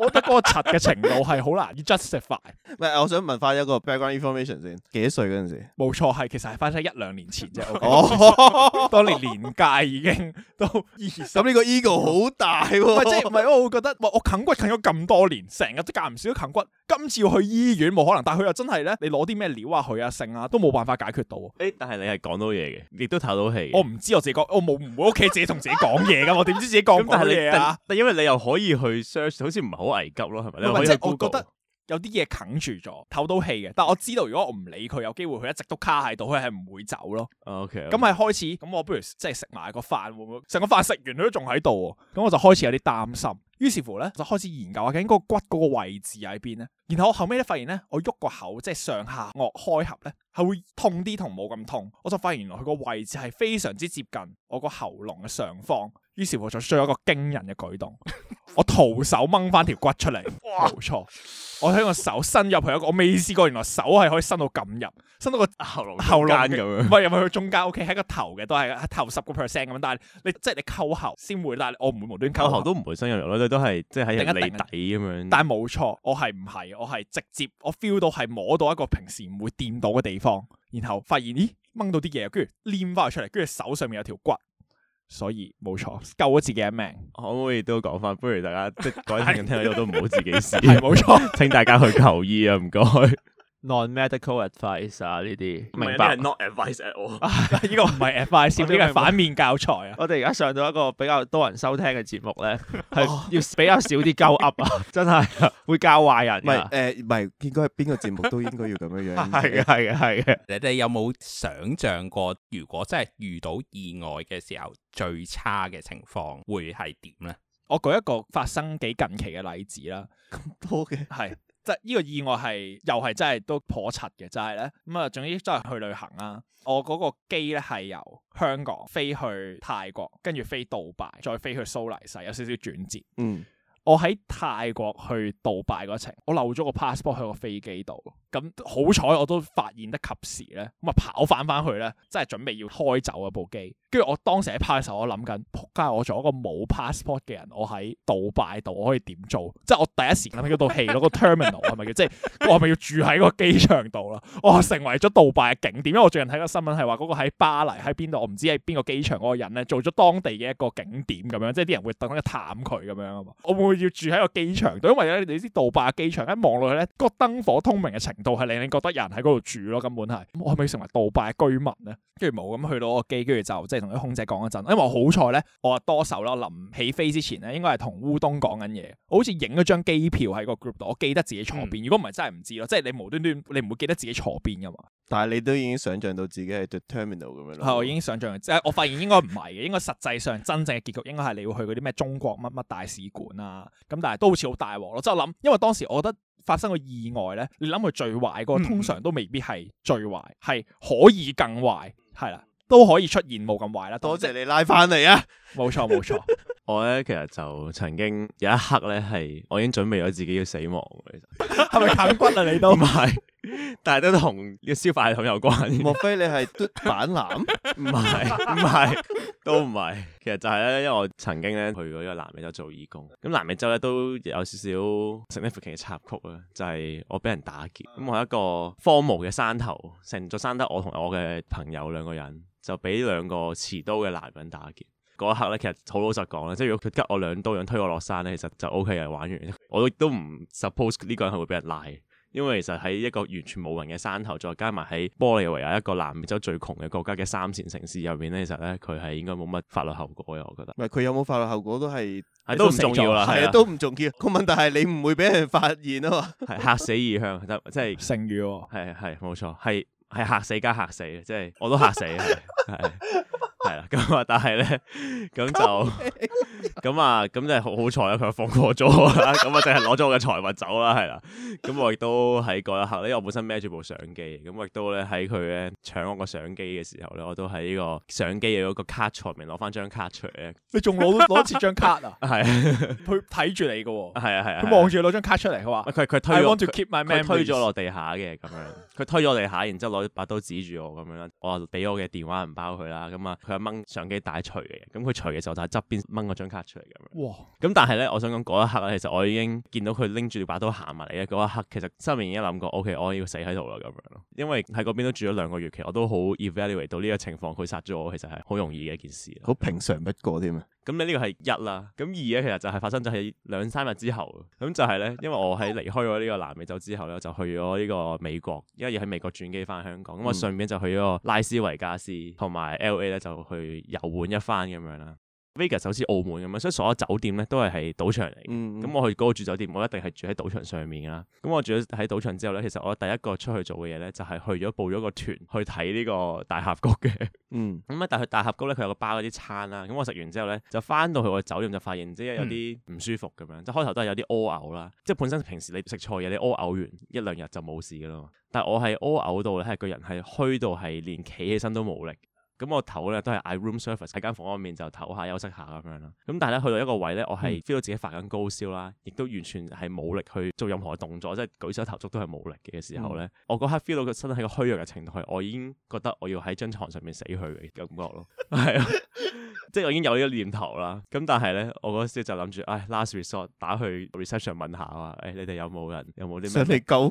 我覺得嗰個柒嘅程度係好難以 justify。唔係，我想問翻一個 background information 先，幾多歲嗰陣時？冇錯，係其實係翻晒一兩年前啫。哦，當年年屆已經都咁呢個 ego 好大喎，即係唔係我會覺得，哇，我啃骨啃咗咁多年，成日都夾唔少啃骨。今次去醫院冇可能，但係佢又真係咧，你攞啲咩料啊？佢啊，剩啊，都冇辦法解決到。誒、欸，但係你係講到嘢嘅，亦都透到氣。我唔知我自己講，我冇唔會屋企自己同自己講嘢噶， 我點知自己講？咁但係你、啊、但係因為你又可以去 search，好似唔係好危急咯，係咪？是我覺得有啲嘢啃住咗，透到氣嘅。但係我知道如果我唔理佢，有機會佢一直都卡喺度，佢係唔會走咯。OK，咁 okay .係開始咁，我不如即係食埋個飯會唔會？成個飯食完佢都仲喺度，咁我就開始有啲擔心。於是乎咧，就開始研究下究竟個骨嗰個位置喺邊咧。然後我後尾咧發現咧，我喐個口即係上下腭開合咧，係會痛啲同冇咁痛。我就發現原來佢個位置係非常之接近我個喉嚨嘅上方。於是乎，再做一個驚人嘅舉動，我徒手掹翻條骨出嚟。冇錯，我喺個手伸入去一個，我未試過，原來手係可以伸到咁入，伸到個喉嚨、喉間咁樣。唔係，又去佢中間，OK，係一個頭嘅，都係頭十個 percent 咁。但係你即係你扣喉先會拉，我唔會無端扣喉，都唔會伸入嚟咯，都係即係喺入裏底咁樣。但係冇錯，我係唔係，我係直接，我 feel 到係摸到一個平時唔會掂到嘅地方，然後發現咦掹到啲嘢，跟住黏翻佢出嚟，跟住手上面有條骨。所以冇錯，救咗自己一命，可唔可以都講返？不如大家即係改天聽咗都唔好自己試，冇錯， 請大家去求醫啊！唔該。non-medical advice 啊，呢啲，明白？唔係，not advice at all。呢個唔係 advice，呢個係反面教材啊！我哋而家上到一個比較多人收聽嘅節目咧，係要比較少啲鳩噏啊！真係會教壞人。唔係誒，唔係應該係邊個節目都應該要咁樣樣。係啊，係啊，係啊！你哋有冇想象過，如果真係遇到意外嘅時候，最差嘅情況會係點咧？我舉一個發生幾近期嘅例子啦。咁多嘅係。即係呢個意外係又係真係都頗柒嘅，就係咧咁啊！總之真係去旅行啦。我嗰個機咧係由香港飛去泰國，跟住飛杜拜，再飛去蘇黎世，有少少轉折。嗯，我喺泰國去杜拜嗰程，我漏咗個 passport 喺個飛機度。咁好彩我都發現得及時咧，咁啊跑返翻去咧，真係準備要開走嗰、啊、部機。跟住我當時喺 pass 嘅時候，我諗緊，撲街我做一個冇 passport 嘅人，我喺杜拜度，我可以點做？即係我第一時間喺度諗嗰套戲，嗰 個 terminal 係咪叫？即係我係咪要住喺嗰個機場度啦？我成為咗杜拜嘅景點，因為我最近睇個新聞係話，嗰個喺巴黎喺邊度，我唔知喺邊個機場嗰個人咧，做咗當地嘅一個景點咁樣，即係啲人會特登去探佢咁樣啊嘛。我會唔會要住喺個機場度？因為你知杜拜嘅機場一望落去咧，個燈火通明嘅情。度係令你覺得人喺嗰度住咯，根本係。我係咪成為杜拜居民咧？跟住冇咁去到個機，跟住就即係同啲空姐講一陣。因為我好彩咧，我啊多手咯，臨起飛之前咧，應該係同烏冬講緊嘢。我好似影咗張機票喺個 group 度，我記得自己坐邊。如果唔係，真係唔知咯。即係你無端端，你唔會記得自己坐邊㗎嘛？但係你都已經想象到自己係 terminal 咁樣咯，係、嗯、我已經想象即係我發現應該唔係嘅，應該實際上真正嘅結局，應該係你會去嗰啲咩中國乜乜大使館啊，咁但係都好似好大鑊咯。即係我諗，因為當時我覺得發生個意外咧，你諗佢最壞個，通常都未必係最壞，係、嗯、可以更壞，係啦，都可以出現冇咁壞啦。多謝你拉翻嚟啊！冇錯冇錯，錯我咧其實就曾經有一刻咧係，我已經準備咗自己要死亡。其實係咪啃骨啊？你都唔係。 但係都同呢個消化系統有關。莫非你係反濫？唔係 纜，唔係， 都唔係。其實就係咧，因為我曾經咧去過一個南美洲做義工。咁南美洲咧都有少少 significant 嘅插曲啊，就係、是、我俾人打劫。咁、嗯、我一個荒蕪嘅山頭，成座山得我同我嘅朋友兩個人，就俾兩個持刀嘅男人打劫。嗰一刻咧，其實好老實講咧，即係如果佢拮我兩刀，想推我落山咧，其實就 O K 嘅，玩完。我都都唔 suppose 呢個人係會俾人拉。因為其實喺一個完全冇人嘅山頭，再加埋喺玻利維亞一個南美洲最窮嘅國家嘅三線城市入面咧，其實咧佢係應該冇乜法律後果嘅，我覺得。唔係佢有冇法律後果都係都唔重要啦，係都唔重要。個問題係你唔會俾人發現啊嘛，係吓死異鄉，即係成語係係冇錯係。係嚇死加嚇死，即係我都嚇死，係係啦。咁啊，但係咧，咁就咁啊，咁就好好彩咯，佢又放過咗啦。咁啊，淨係攞咗我嘅財物走啦，係啦。咁我亦都喺嗰一刻，因為我本身孭住部相機，咁我亦都咧喺佢咧搶我個相機嘅時候咧，我都喺呢個相機嘅一個卡槽面攞翻張卡出嚟。你仲攞攞一次張卡啊？係佢睇住你噶？係啊係啊，佢望住攞張卡出嚟，佢話佢佢推 want to keep my man，佢推咗落地下嘅咁樣。佢推咗我哋下，然之後攞把刀指住我咁樣啦。我話俾我嘅電話銀包佢啦。咁啊，佢係掹相機帶除嘅。咁佢除嘅時候就喺側邊掹嗰張卡出嚟咁樣。哇！咁但係咧，我想講嗰一刻咧，其實我已經見到佢拎住把刀行埋嚟嘅嗰一刻其實心入面已經諗過，OK，我要死喺度啦咁樣咯。因為喺嗰邊都住咗兩個月期，其實我都好 evaluate 到呢個情況，佢殺咗我其實係好容易嘅一件事。好哇平常不過添啊！咁你呢個係一啦，咁二咧其實就係發生咗喺兩三日之後，咁就係咧，因為我喺離開咗呢個南美洲之後咧，就去咗呢個美國，因為要喺美國轉機翻香港，咁我順便就去咗拉斯維加斯同埋 LA 咧，就去遊玩一番咁樣啦。Vega 首先澳門咁樣，所以所有酒店咧都係喺賭場嚟嘅。咁、嗯嗯、我去嗰個住酒店，我一定係住喺賭場上面啦。咁我住咗喺賭場之後咧，其實我第一個出去做嘅嘢咧，就係、是、去咗報咗個團去睇呢個大峽谷嘅。嗯，咁啊、嗯，但係大峽谷咧，佢有個包嗰啲餐啦。咁我食完之後咧，就翻到去我酒店就發現即係有啲唔舒服咁樣，即係、嗯、開頭都係有啲屙嘔啦。即係本身平時你食錯嘢，你屙嘔完一兩日就冇事噶嘛。但係我係屙嘔到咧，係個人係虛到係連企起身都冇力。咁我唞咧都係嗌 room service 喺間房入面就唞下休息下咁樣啦。咁但係咧，去到一個位咧，我係 feel 到自己發緊高燒啦，亦都完全係冇力去做任何動作，即係舉手投足都係冇力嘅時候咧，嗯、我嗰刻 feel 到個身體個虛弱嘅程度係，我已經覺得我要喺張床上面死去嘅感覺咯。 即係我已經有呢個念頭啦，咁但係咧，我嗰時就諗住，唉，last resort 打去 reception 問下啊，誒、哎，你哋有冇人，有冇啲咩救我，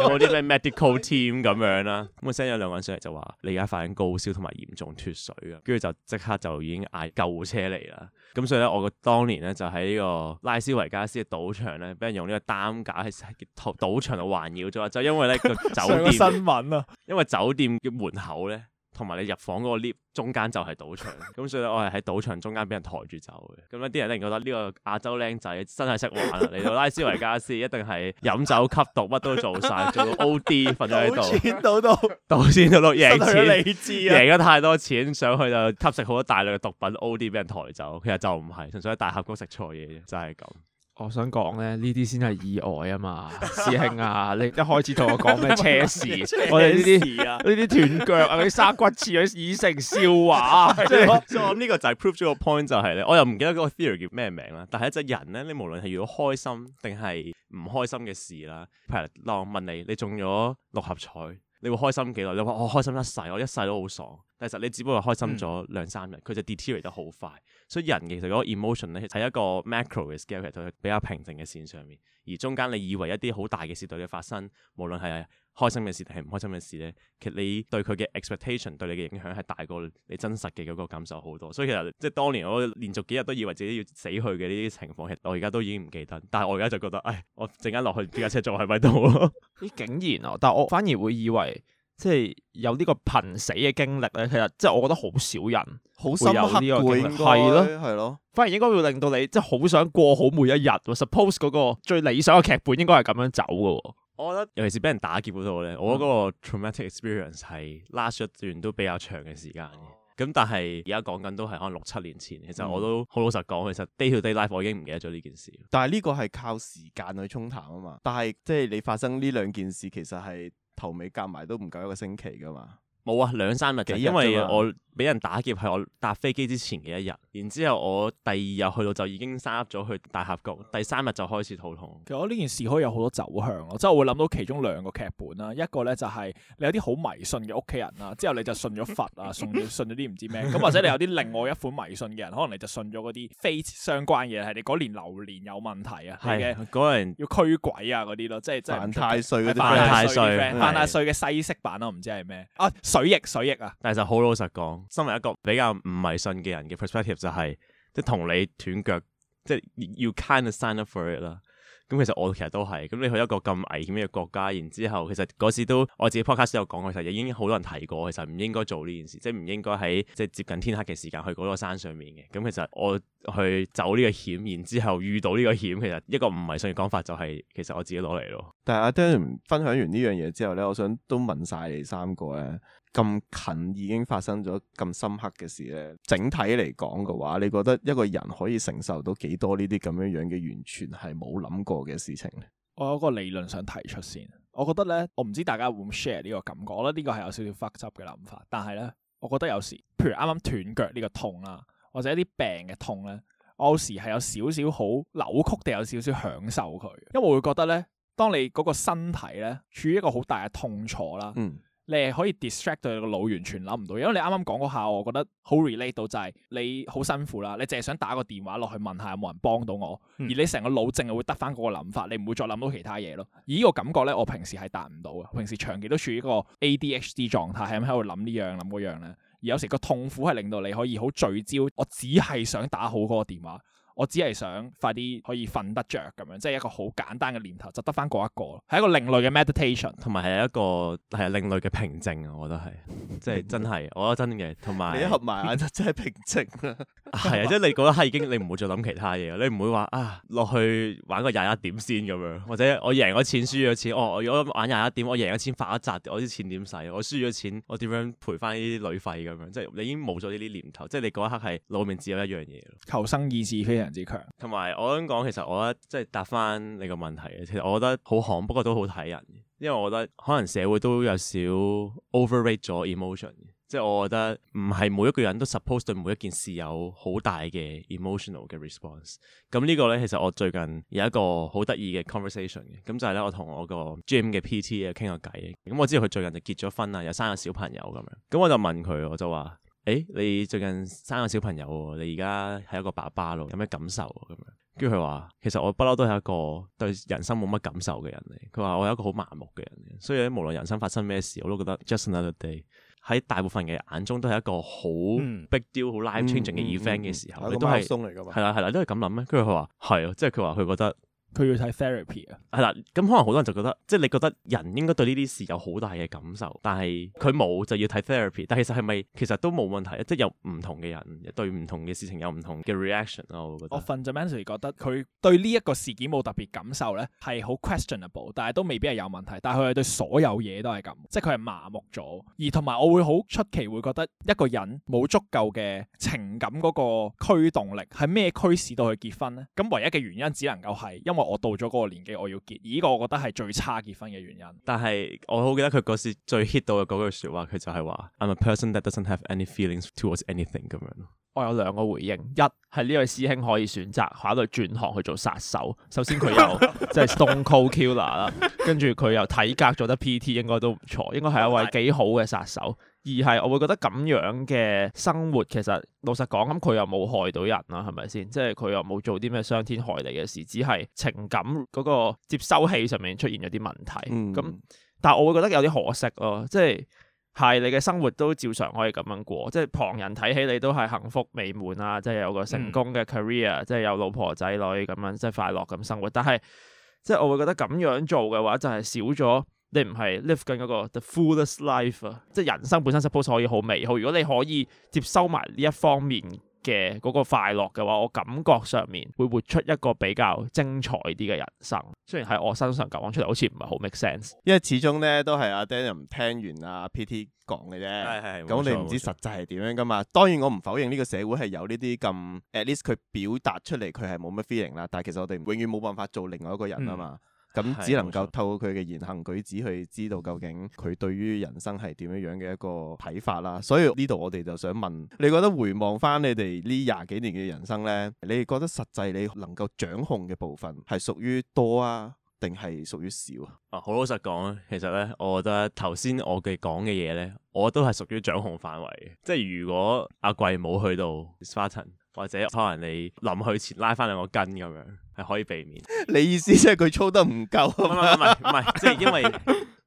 有冇啲咩 medical team 咁樣啦？咁 send 咗兩個人上嚟就話，你而家發緊高燒同埋嚴重脫水啊，跟住就即刻就已經嗌救護車嚟啦。咁所以咧，我個當年咧就喺呢個拉斯維加斯嘅賭場咧，俾人用呢個擔架喺賭場度環繞咗， 就因為咧、這個酒店 個新聞啊，因為酒店嘅門口咧。同埋你入房嗰個 lift 中間就係賭場，咁、嗯、所以我係喺賭場中間俾人抬住走嘅。咁一啲人一定覺得呢個亞洲僆仔真係識玩嚟 到拉斯維加斯，一定係飲酒吸毒，乜都做晒，做到 OD 瞓咗喺度。賭錢賭到賭錢到攞贏錢，贏咗、你知啊、太多錢上去就吸食好多大量嘅毒品，OD 俾人抬走。其實就唔係，純粹喺大峽谷食錯嘢啫，就係咁。我想講咧，呢啲先係意外啊嘛， 師兄啊，你一開始同我講咩車事， 我哋呢啲啊，呢啲 斷腳啊，嗰啲砂骨刺咗，已成笑話。即係我諗呢個就係 prove 咗個 point，就係、是、咧，我又唔記得嗰個 theory 叫咩名啦。但係一隻人咧，你無論係遇到開心定係唔開心嘅事啦，譬如嗱，我問你，你中咗六合彩，你會開心幾耐？你話我、哦、開心一世，我一世都好爽。但係實你只不過開心咗兩三日，佢、嗯、就 deterior 得好快。所以人其實嗰個 emotion 咧係一個 macro 嘅 scale 喺度比較平靜嘅線上面，而中間你以為一啲好大嘅事對你發生，無論係開心嘅事定係唔開心嘅事咧，其實你對佢嘅 expectation 對你嘅影響係大過你真實嘅嗰個感受好多。所以其實即係當年我連續幾日都以為自己要死去嘅呢啲情況，我而家都已經唔記得，但係我而家就覺得，唉，我陣間落去邊架車仲喺咪度啊？竟然啊！但係我反而會以為。即係有呢個瀕死嘅經歷咧，其實即係我覺得好少人會有呢個經歷，係咯係咯，反而應該會令到你即係好想過好每一日。Suppose 嗰個最理想嘅劇本應該係咁樣走嘅。我覺得尤其是俾人打劫嗰度咧，嗯、我覺得嗰個 traumatic experience 係 last 一段都比較長嘅時間嘅。咁、嗯、但係而家講緊都係可能六七年前，其實我都好老實講，其實 day to day life 我已經唔記得咗呢件事。但係呢個係靠時間去沖淡啊嘛。但係即係你發生呢兩件事，其實係。頭尾夾埋都唔夠一個星期噶嘛。冇啊，兩三日嘅，因為我俾人打劫係我搭飛機之前嘅一日，然之後我第二日去到就已經生咗去大峽谷，第三日就開始肚痛。其實我呢件事可以有好多走向咯，即係我會諗到其中兩個劇本啦，一個咧就係你有啲好迷信嘅屋企人啦，之後你就信咗佛啊， 信咗信咗啲唔知咩，咁 或者你有啲另外一款迷信嘅人，可能你就信咗嗰啲非相關嘢，係你嗰年流年有問題啊，係嘅，嗰年要驅鬼啊嗰啲咯，即係即係犯太歲嗰啲，犯太歲，犯太歲嘅對西式版咯，唔知係咩啊。水逆水逆啊！但係就好老實講，身為一個比較唔迷信嘅人嘅 perspective 就係，即係同你斷腳，即係要 kind of sign up for it 啦。咁其實我其實都係，咁你去一個咁危險嘅國家，然之後其實嗰時都我自己 podcast 有講過，其實已經好多人提過，其實唔應該做呢件事，即係唔應該喺即係接近天黑嘅時間去嗰個山上面嘅。咁其實我去走呢個險，然之後遇到呢個險，其實一個唔迷信嘅講法就係，其實我自己攞嚟咯。但係阿 Dan 分享完呢樣嘢之後咧，我想都問晒你三個咧。咁近已經發生咗咁深刻嘅事咧，整體嚟講嘅話，你覺得一個人可以承受到幾多呢啲咁樣樣嘅，完全係冇諗過嘅事情咧？我有個理論想提出先，我覺得咧，我唔知大家會唔 share 呢個感覺。我覺得呢個係有少少 fuck up 嘅諗法，但係咧，我覺得有時，譬如啱啱斷腳呢個痛啦，或者一啲病嘅痛咧，我有時係有少少好扭曲地，定有少少享受佢，因為我會覺得咧，當你嗰個身體咧處於一個好大嘅痛楚啦，嗯。你係可以 distract 到你個腦完全諗唔到，因為你啱啱講嗰下，我覺得好 relate 到、就係，就係你好辛苦啦，你淨係想打個電話落去問下有冇人幫到我，嗯、而你成個腦淨係會得翻嗰個諗法，你唔會再諗到其他嘢咯。而呢個感覺咧，我平時係達唔到嘅，嗯、平時長期都處於一個 ADHD 狀態，係咁喺度諗呢樣諗嗰樣咧，而有時個痛苦係令到你可以好聚焦，我只係想打好嗰個電話。我只係想快啲可以瞓得着咁樣，即係一個好簡單嘅念頭，就得翻嗰一個，係一個另類嘅 meditation，同埋係一個係另類嘅平靜啊！我覺得係，即係真係，我覺得真嘅。同埋你一合埋眼真係平靜啦，係啊， 即係你覺得係已經，你唔會再諗其他嘢，你唔會話啊落去玩個廿一點先咁樣，或者我贏咗錢輸咗錢，哦，我如果玩廿一點，我贏咗錢發一集，我啲錢點使？我輸咗錢，我點樣賠翻呢啲旅費咁樣？即係你已經冇咗呢啲念頭，即係你嗰一刻係腦面只有一樣嘢，求生意志。強，同埋我想講，其實我覺得即係答翻你個問題，其實我覺得好行，不過都好睇人，因為我覺得可能社會都有少 overrate 咗 emotion。即係我覺得唔係每一個人都 suppose 對每一件事有好大嘅 emotional 嘅 response。咁、嗯、呢個呢，其實我最近有一個好得意嘅 conversation 嘅，咁、嗯、就係咧，我同我個 gym 嘅 PT 傾個偈。咁、嗯、我知道佢最近就結咗婚啊，又生咗小朋友咁樣。咁、嗯、我就問佢，我就話。誒、欸，你最近生個小朋友，你而家係一個爸爸咯，有咩感受咁樣？跟住佢話，其實我不嬲都係一個對人生冇乜感受嘅人嚟。佢話我係一個好麻木嘅人，所以咧，無論人生發生咩事，我都覺得 just another day。喺大部分嘅眼中，都係一個好 big deal、好 life changing 嘅 event 嘅時候，嗯嗯嗯、你都係係啦，係啦，都係咁諗咩？跟住佢話係啊，即係佢話佢覺得。佢要睇 therapy 啊，係啦，咁可能好多人就覺得，即係你覺得人應該對呢啲事有好大嘅感受，但係佢冇就要睇 therapy，但係其實係咪其實都冇問題啊？即係有唔同嘅人對唔同嘅事情有唔同嘅 reaction 咯，我覺得。我瞓就 mentally 覺得佢對呢一個事件冇特別感受咧，係好 questionable，但係都未必係有問題。但係佢係對所有嘢都係咁，即係佢係麻木咗。而同埋我會好出奇會覺得一個人冇足夠嘅情感嗰個驅動力，係咩驅使到佢結婚咧？咁唯一嘅原因只能夠係因為。我到咗嗰個年紀，我要結，呢個我覺得係最差結婚嘅原因。但係我好記得佢嗰時最 hit 到嘅嗰句說話，佢就係話 I'm a person that doesn't have any feelings towards anything 咁樣。我有兩個回應，一係呢位師兄可以選擇考慮轉行去做殺手。首先佢又即係 stone cold killer 啦，跟住佢又體格做得 PT 應該都唔錯，應該係一位幾好嘅殺手。而係我會覺得咁樣嘅生活，其實老實講咁，佢又冇害到人啦，係咪先？即係佢又冇做啲咩傷天害理嘅事，只係情感嗰個接收器上面出現咗啲問題。咁、嗯，但係我會覺得有啲可惜咯，即係係你嘅生活都照常可以咁樣過，即係旁人睇起你都係幸福美滿啊，即係有個成功嘅 career，、嗯、即係有老婆仔女咁樣，即係快樂咁生活。但係即係我會覺得咁樣做嘅話，就係、是、少咗。你唔係 live 緊嗰個 the fullest life 啊，即係人生本身 suppose 可以好美好。如果你可以接收埋呢一方面嘅嗰個快樂嘅話，我感覺上面會活出一個比較精彩啲嘅人生。雖然係我身上講出嚟好似唔係好 make sense，因為始終咧都係阿 Daniel 唔聽完阿 PT 講嘅啫。係係，咁你唔知實際係點樣噶嘛？冇錯，當然我唔否認呢個社會係有呢啲咁 at least 佢表達出嚟佢係冇乜 feeling 啦。但係其實我哋永遠冇辦法做另外一個人啊嘛。嗯咁只能夠透過佢嘅言行舉止去知道究竟佢對於人生係點樣樣嘅一個睇法啦。所以呢度我哋就想問，你覺得回望翻你哋呢廿幾年嘅人生呢？你覺得實際你能夠掌控嘅部分係屬於多啊，定係屬於少啊？啊，好老實講咧，其實呢，我覺得頭先我哋講嘅嘢呢，我都係屬於掌控範圍，即係如果阿貴冇去到沙或者可能你諗去前拉翻兩個筋咁樣係可以避免。 你意思即係佢操得唔夠？唔係唔係， 即係因為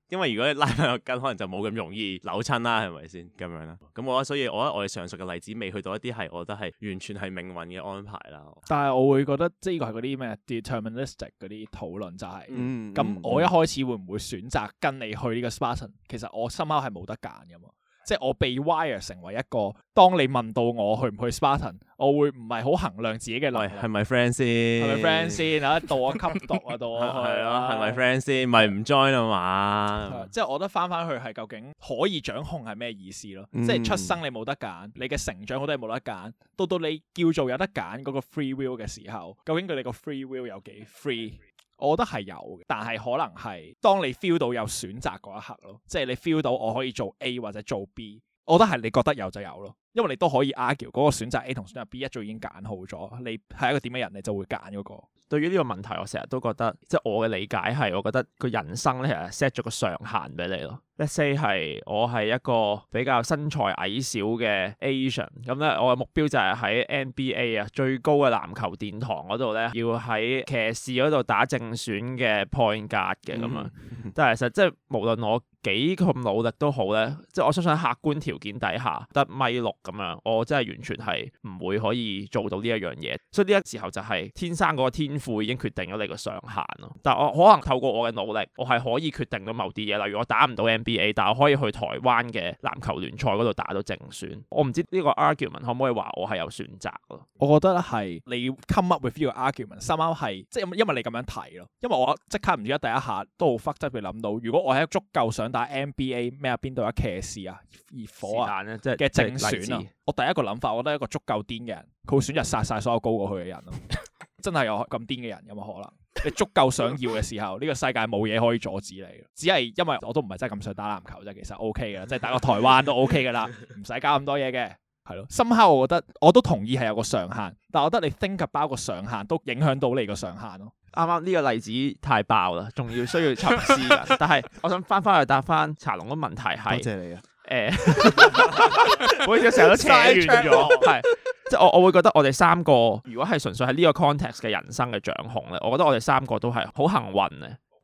因為如果你拉翻個筋，可能就冇咁容易扭親啦，係咪先咁樣啦？咁我所以我覺得我哋上述嘅例子未去到一啲係，我覺得係完全係命運嘅安排啦。但係我會覺得，即係呢個係嗰啲咩 deterministic 嗰啲討論就係、嗯，咁、嗯、我一開始會唔會選擇跟你去呢個 Spartan？、嗯嗯、其實我心口係冇得揀噶嘛。即係我被 wire 成為一個，當你問到我去唔去 Spartan，我會唔係好衡量自己嘅能力。係咪、哎、friend 先？係咪 friend 先？喺度啊，吸毒啊，度啊，係咯、 啊，係咪 friend 先？咪唔 join 啊嘛？即係我覺得返返去係究竟可以掌控係咩意思咯？嗯、即係出生你冇得揀，你嘅成長我哋都係冇得揀，到到你叫做有得揀嗰個 free will 嘅時候，究竟佢哋個 free will 有幾 free？我覺得係有嘅，但係可能係當你 feel 到有選擇嗰一刻咯，即係你 feel 到我可以做 A 或者做 B，我覺得係你覺得有就有咯，因為你都可以 argue 嗰個選擇 A 同選擇 B 一早已經揀好咗，你係一個點嘅人，你就會揀嗰個。對於呢個問題，我成日都覺得，即係我嘅理解係，我覺得個人生咧其實 set 咗個上限俾你咯。Let's say 係我係一個比較身材矮小嘅 Asian，咁咧我嘅目標就係喺 NBA 啊最高嘅籃球殿堂嗰度咧，要喺騎士嗰度打正選嘅 point guard 嘅咁樣，嗯嗯、 但係實即係無論我幾咁努力都好咧，即係我相信客觀條件底下得米六咁樣，我真係完全係唔會可以做到呢一樣嘢。所以呢個時候就係天生個天賦已經決定咗你個上限咯。但係我可能透過我嘅努力，我係可以決定到某啲嘢，例如我打唔到 M。B. A. 但我可以去台灣嘅籃球聯賽嗰度打到正選，我唔知呢個 argument 可唔可以話我係有選擇咯？我覺得係你 come up with 呢個 argument，啱啱係即係因為你咁樣提咯，因為我即刻唔知第一下都好 f c 複雜佢諗到，如果我係足夠想打 N. B. A. 咩啊邊度有騎士啊、熱火啊即係嘅正選啊，我第一個諗法，我覺得一個足夠癲嘅人，佢會選擇殺晒所有高過佢嘅人咯， 真係有咁癲嘅人有冇可能？你足夠想要嘅時候，呢、這個世界冇嘢可以阻止你。只係因為我都唔係真係咁想打籃球啫，其實 O K 噶，即係打個台灣都 O K 噶啦，唔使搞咁多嘢嘅，係咯。深刻，我覺得我都同意係有個上限，但係我覺得你 think about 個上限都影響到你個上限咯。啱啱呢個例子太爆啦，仲要需要沉思。 但係我想翻返去答返茶龍嘅問題係。誒，每次成日都扯完咗，係 斜角笑即係我我會覺得我哋三個，如果係純粹喺呢個 context 嘅人生嘅掌控咧，我覺得我哋三個都係好幸運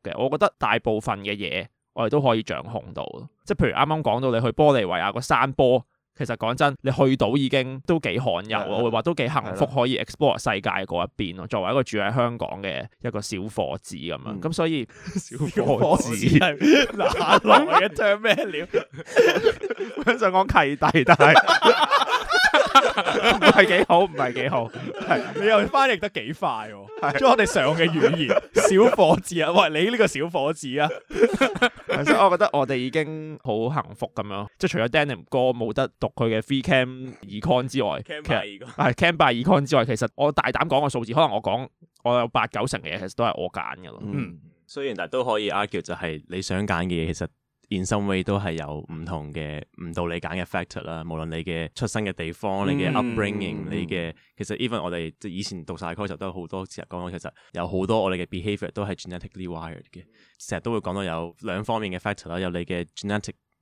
嘅。我覺得大部分嘅嘢，我哋都可以掌控到。即係譬如啱啱講到你去玻利維亞個山坡。其實講真，你去到已經都幾罕有啊！會話都幾幸福，是的 可以 explore 世界嗰一邊咯。作為一個住喺香港嘅一個小伙子咁樣，咁、嗯、所以，小伙子，嗱 來一張咩料？我想 講契弟，但係。 唔係幾好，唔係幾好。係你又翻譯得幾快，啊？係，即我哋上嘅語言，小伙子啊，喂，你呢個小伙子啊，係咪先？我覺得我哋已經好幸福咁樣，即係除咗 Danny 哥冇得讀佢嘅 Free Cam Econ 之外，Cam by Econ 之外，其實我大膽講個數字，可能我講我有八九成嘅嘢，其實都係我揀嘅咯。嗯，雖然但係都可以 argue，就係你想揀嘅嘢，其實。人生 way 都係有唔同嘅唔到你揀嘅 factor 啦，無論你嘅出生嘅地方、你嘅 upbringing、嗯、你嘅其實 even 我哋即係以前讀晒 course 都好多成日講到其實有好多我哋嘅 behavior 都係 genetically wired 嘅，成日都會講到有兩方面嘅 factor 啦，有你嘅 genetic。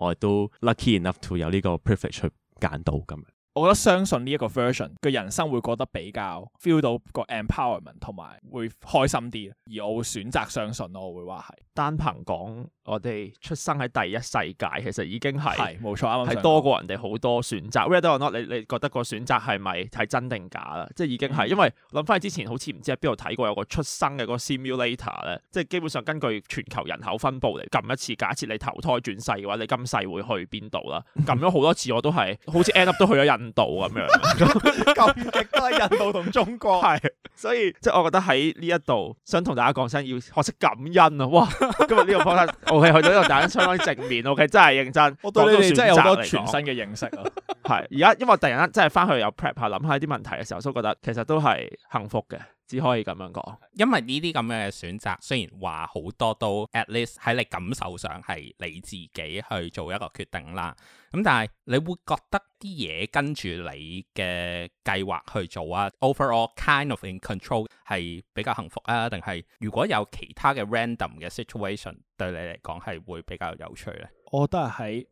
我亦都 lucky enough to 有呢個 privilege 去揀到咁樣。我覺得相信呢一個 version 嘅人生會過得比較 feel 到個 empowerment，同埋會開心啲，而我會選擇相信咯，我會話係。單憑講我哋出生喺第一世界，其實已經係係冇錯啊，係多過人哋好多選擇。Whether or not 你你覺得個選擇係咪係真定假啦？即係已經係，因為諗翻起之前，好似唔知喺邊度睇過有個出生嘅嗰個 simulator 咧，即係基本上根據全球人口分布嚟撳一次。假設你投胎轉世嘅話，你今世會去邊度啦？撳咗好多次，我都係好似 end up 都去咗印度咁樣撳 極都係印度同中國。係， 所以 即係我覺得喺呢一度想同大家講聲，要學識感恩啊！哇～ 今日呢個 podcast 我係去到呢度，第一相當正面，OK， 真係認真，我對你哋真係有好多全新嘅認識啊！ 係而家因為突然間真係翻去有 prep 下，諗下啲問題嘅時候，都覺得其實都係幸福嘅。只可以咁樣講，因為呢啲咁嘅選擇，雖然話好多都 at least 喺你感受上係你自己去做一個決定啦。咁但係你會覺得啲嘢跟住你嘅計劃去做啊，Overall kind of in control 係比較幸福啊，定係如果有其他嘅 random 嘅 situation 對你嚟講係會比較有趣呢？我都係喺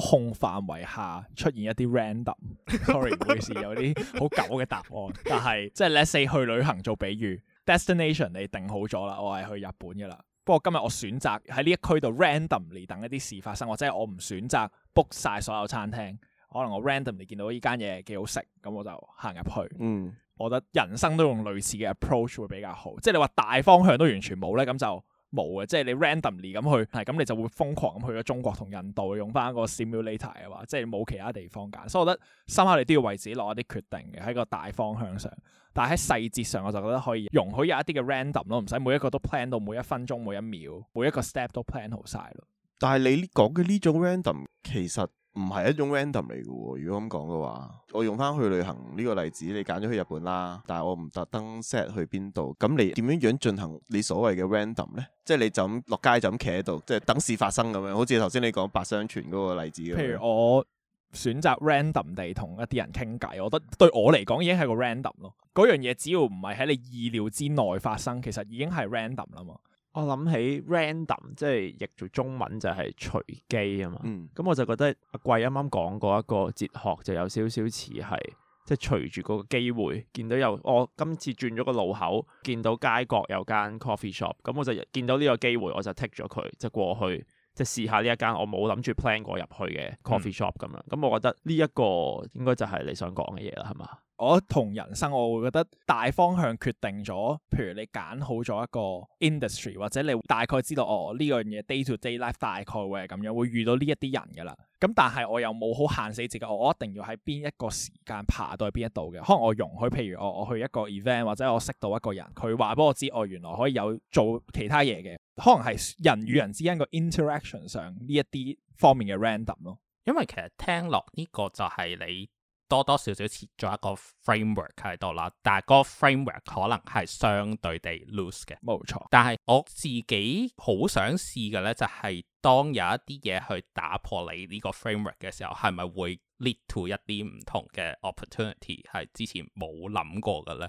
可控範圍下出現一啲 random，sorry， 唔好意思，有啲好舊嘅答案， 但係即係 let’s say 去旅行做比喻，destination 你定好咗啦，我係去日本噶啦，不過今日我選擇喺呢一區度 randomly 等一啲事發生，或者我唔選擇 book 晒，所有餐廳，可能我 randomly 見到呢間嘢幾好食，咁我就行入去。嗯，我覺得人生都用類似嘅 approach 會比較好，即係你話大方向都完全冇呢，咁就。冇啊，即係你 randomly 咁去，係咁你就會瘋狂咁去咗中國同印度用翻個 simulator 嘅話，即係冇其他地方揀，所以我覺得深下你都要為自己落一啲決定嘅喺個大方向上，但係喺細節上我就覺得可以容許有一啲嘅 random 咯，唔使每一個都 plan 到每一分鐘每一秒每一個 step 都 plan 好晒咯。但係你講嘅呢種 random 其實。唔係一種 random 嚟嘅。如果咁講嘅話，我用翻去旅行呢個例子，你揀咗去日本啦，但係我唔特登 set 去邊度，咁你點樣樣進行你所謂嘅 random 呢？即係你就咁落街就咁企喺度，即係等事發生咁樣，好似頭先你講白相傳嗰個例子咁。譬如我選擇 random 地同一啲人傾偈，我覺得對我嚟講已經係個 random 咯。嗰樣嘢只要唔係喺你意料之內發生，其實已經係 random 啦嘛。我諗起 random，即係譯做中文就係隨機啊嘛。咁、嗯嗯、我就覺得阿貴啱啱講過一個哲學，就有少少似係，即係隨住個機會，見到有我今次轉咗個路口，見到街角有間 coffee shop，咁我就見到呢個機會，我就 take 咗佢，就過去。即係試下呢一間我冇諗住 plan 過入去嘅 coffee shop 咁樣，咁、嗯、我覺得呢一個應該就係你想講嘅嘢啦，係嘛？我同人生我會覺得大方向決定咗，譬如你揀好咗一個 industry，或者你大概知道哦呢樣嘢 day to day life 大概會係咁樣，會遇到呢一啲人噶啦。咁但係我又冇好限死自己，我一定要喺邊一個時間爬到去邊一度嘅。可能我容許，譬如我我去一個 event 或者我識到一個人，佢話俾我知，我原來可以有做其他嘢嘅。可能係人與人之間個 interaction 上呢一啲方面嘅 random 咯。因為其實聽落呢個就係你。多多少少設咗一個 framework 喺度啦，但係個 framework 可能係相對地 loose 嘅，冇錯。但係我自己好想試嘅呢，就係、是、當有一啲嘢去打破你呢個 framework 嘅時候，係咪會 lead to 一啲唔同嘅 opportunity 係之前冇諗過嘅呢？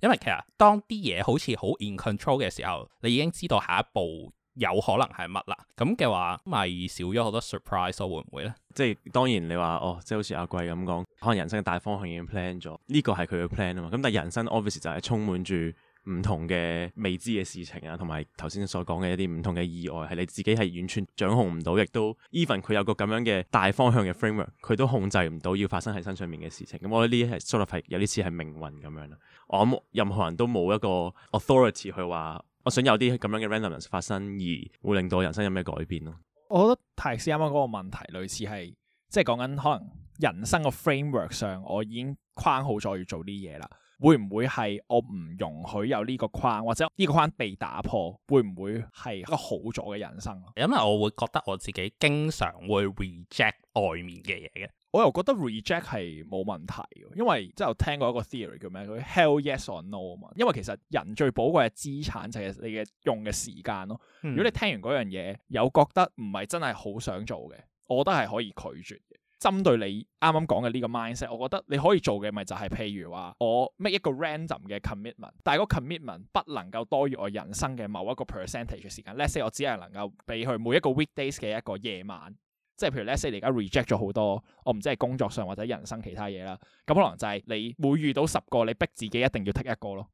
因為其實當啲嘢好似好 in control 嘅時候，你已經知道下一步。有可能係乜啦？咁嘅話咪少咗好多 surprise，會唔會呢？即係當然你，你話哦，即係好似阿貴咁講，可能人生嘅大方向已經 plan 咗，呢、呢個係佢嘅 plan 啊嘛。咁但係人生 obviously 就係充滿住唔同嘅未知嘅事情啊，同埋頭先所講嘅一啲唔同嘅意外，係你自己係完全掌控唔到，亦都 even 佢有個咁樣嘅大方向嘅 framework，佢都控制唔到要發生喺身上面嘅事情。咁我覺得呢啲係 sort of 係有啲似係命運咁樣啦。我諗任何人都冇一個 authority 去話。我想有啲咁樣嘅 randomness 發生，而會令到人生有咩改變咯？我覺得泰斯啱啱嗰個問題類似係，即係講緊可能人生個 framework 上，我已經框好咗要做啲嘢啦。會唔會係我唔容許有呢個框，或者呢個框被打破？會唔會係一個好咗嘅人生？因為，我會覺得我自己經常會 reject 外面嘅嘢嘅，我又覺得 reject 係冇問題，因為即係聽過一個 theory 叫咩？佢 hell yes or no 啊嘛。因為其實人最寶貴嘅資產就係你嘅用嘅時間咯。嗯、如果你聽完嗰樣嘢有覺得唔係真係好想做嘅，我覺得係可以拒絕。針對你啱啱講嘅呢個 mindset，我覺得你可以做嘅咪就係、是、譬如話，我 make 一個 random 嘅 commitment，但係個 commitment 不能夠多於我人生嘅某一個 percentage 嘅時間。Let’s say 我只係能夠俾佢每一個 weekdays 嘅一個夜晚，即係譬如 Let’s say 你而家 reject 咗好多，我唔知係工作上或者人生其他嘢啦，咁可能就係你每遇到十個，你逼自己一定要剔一個咯，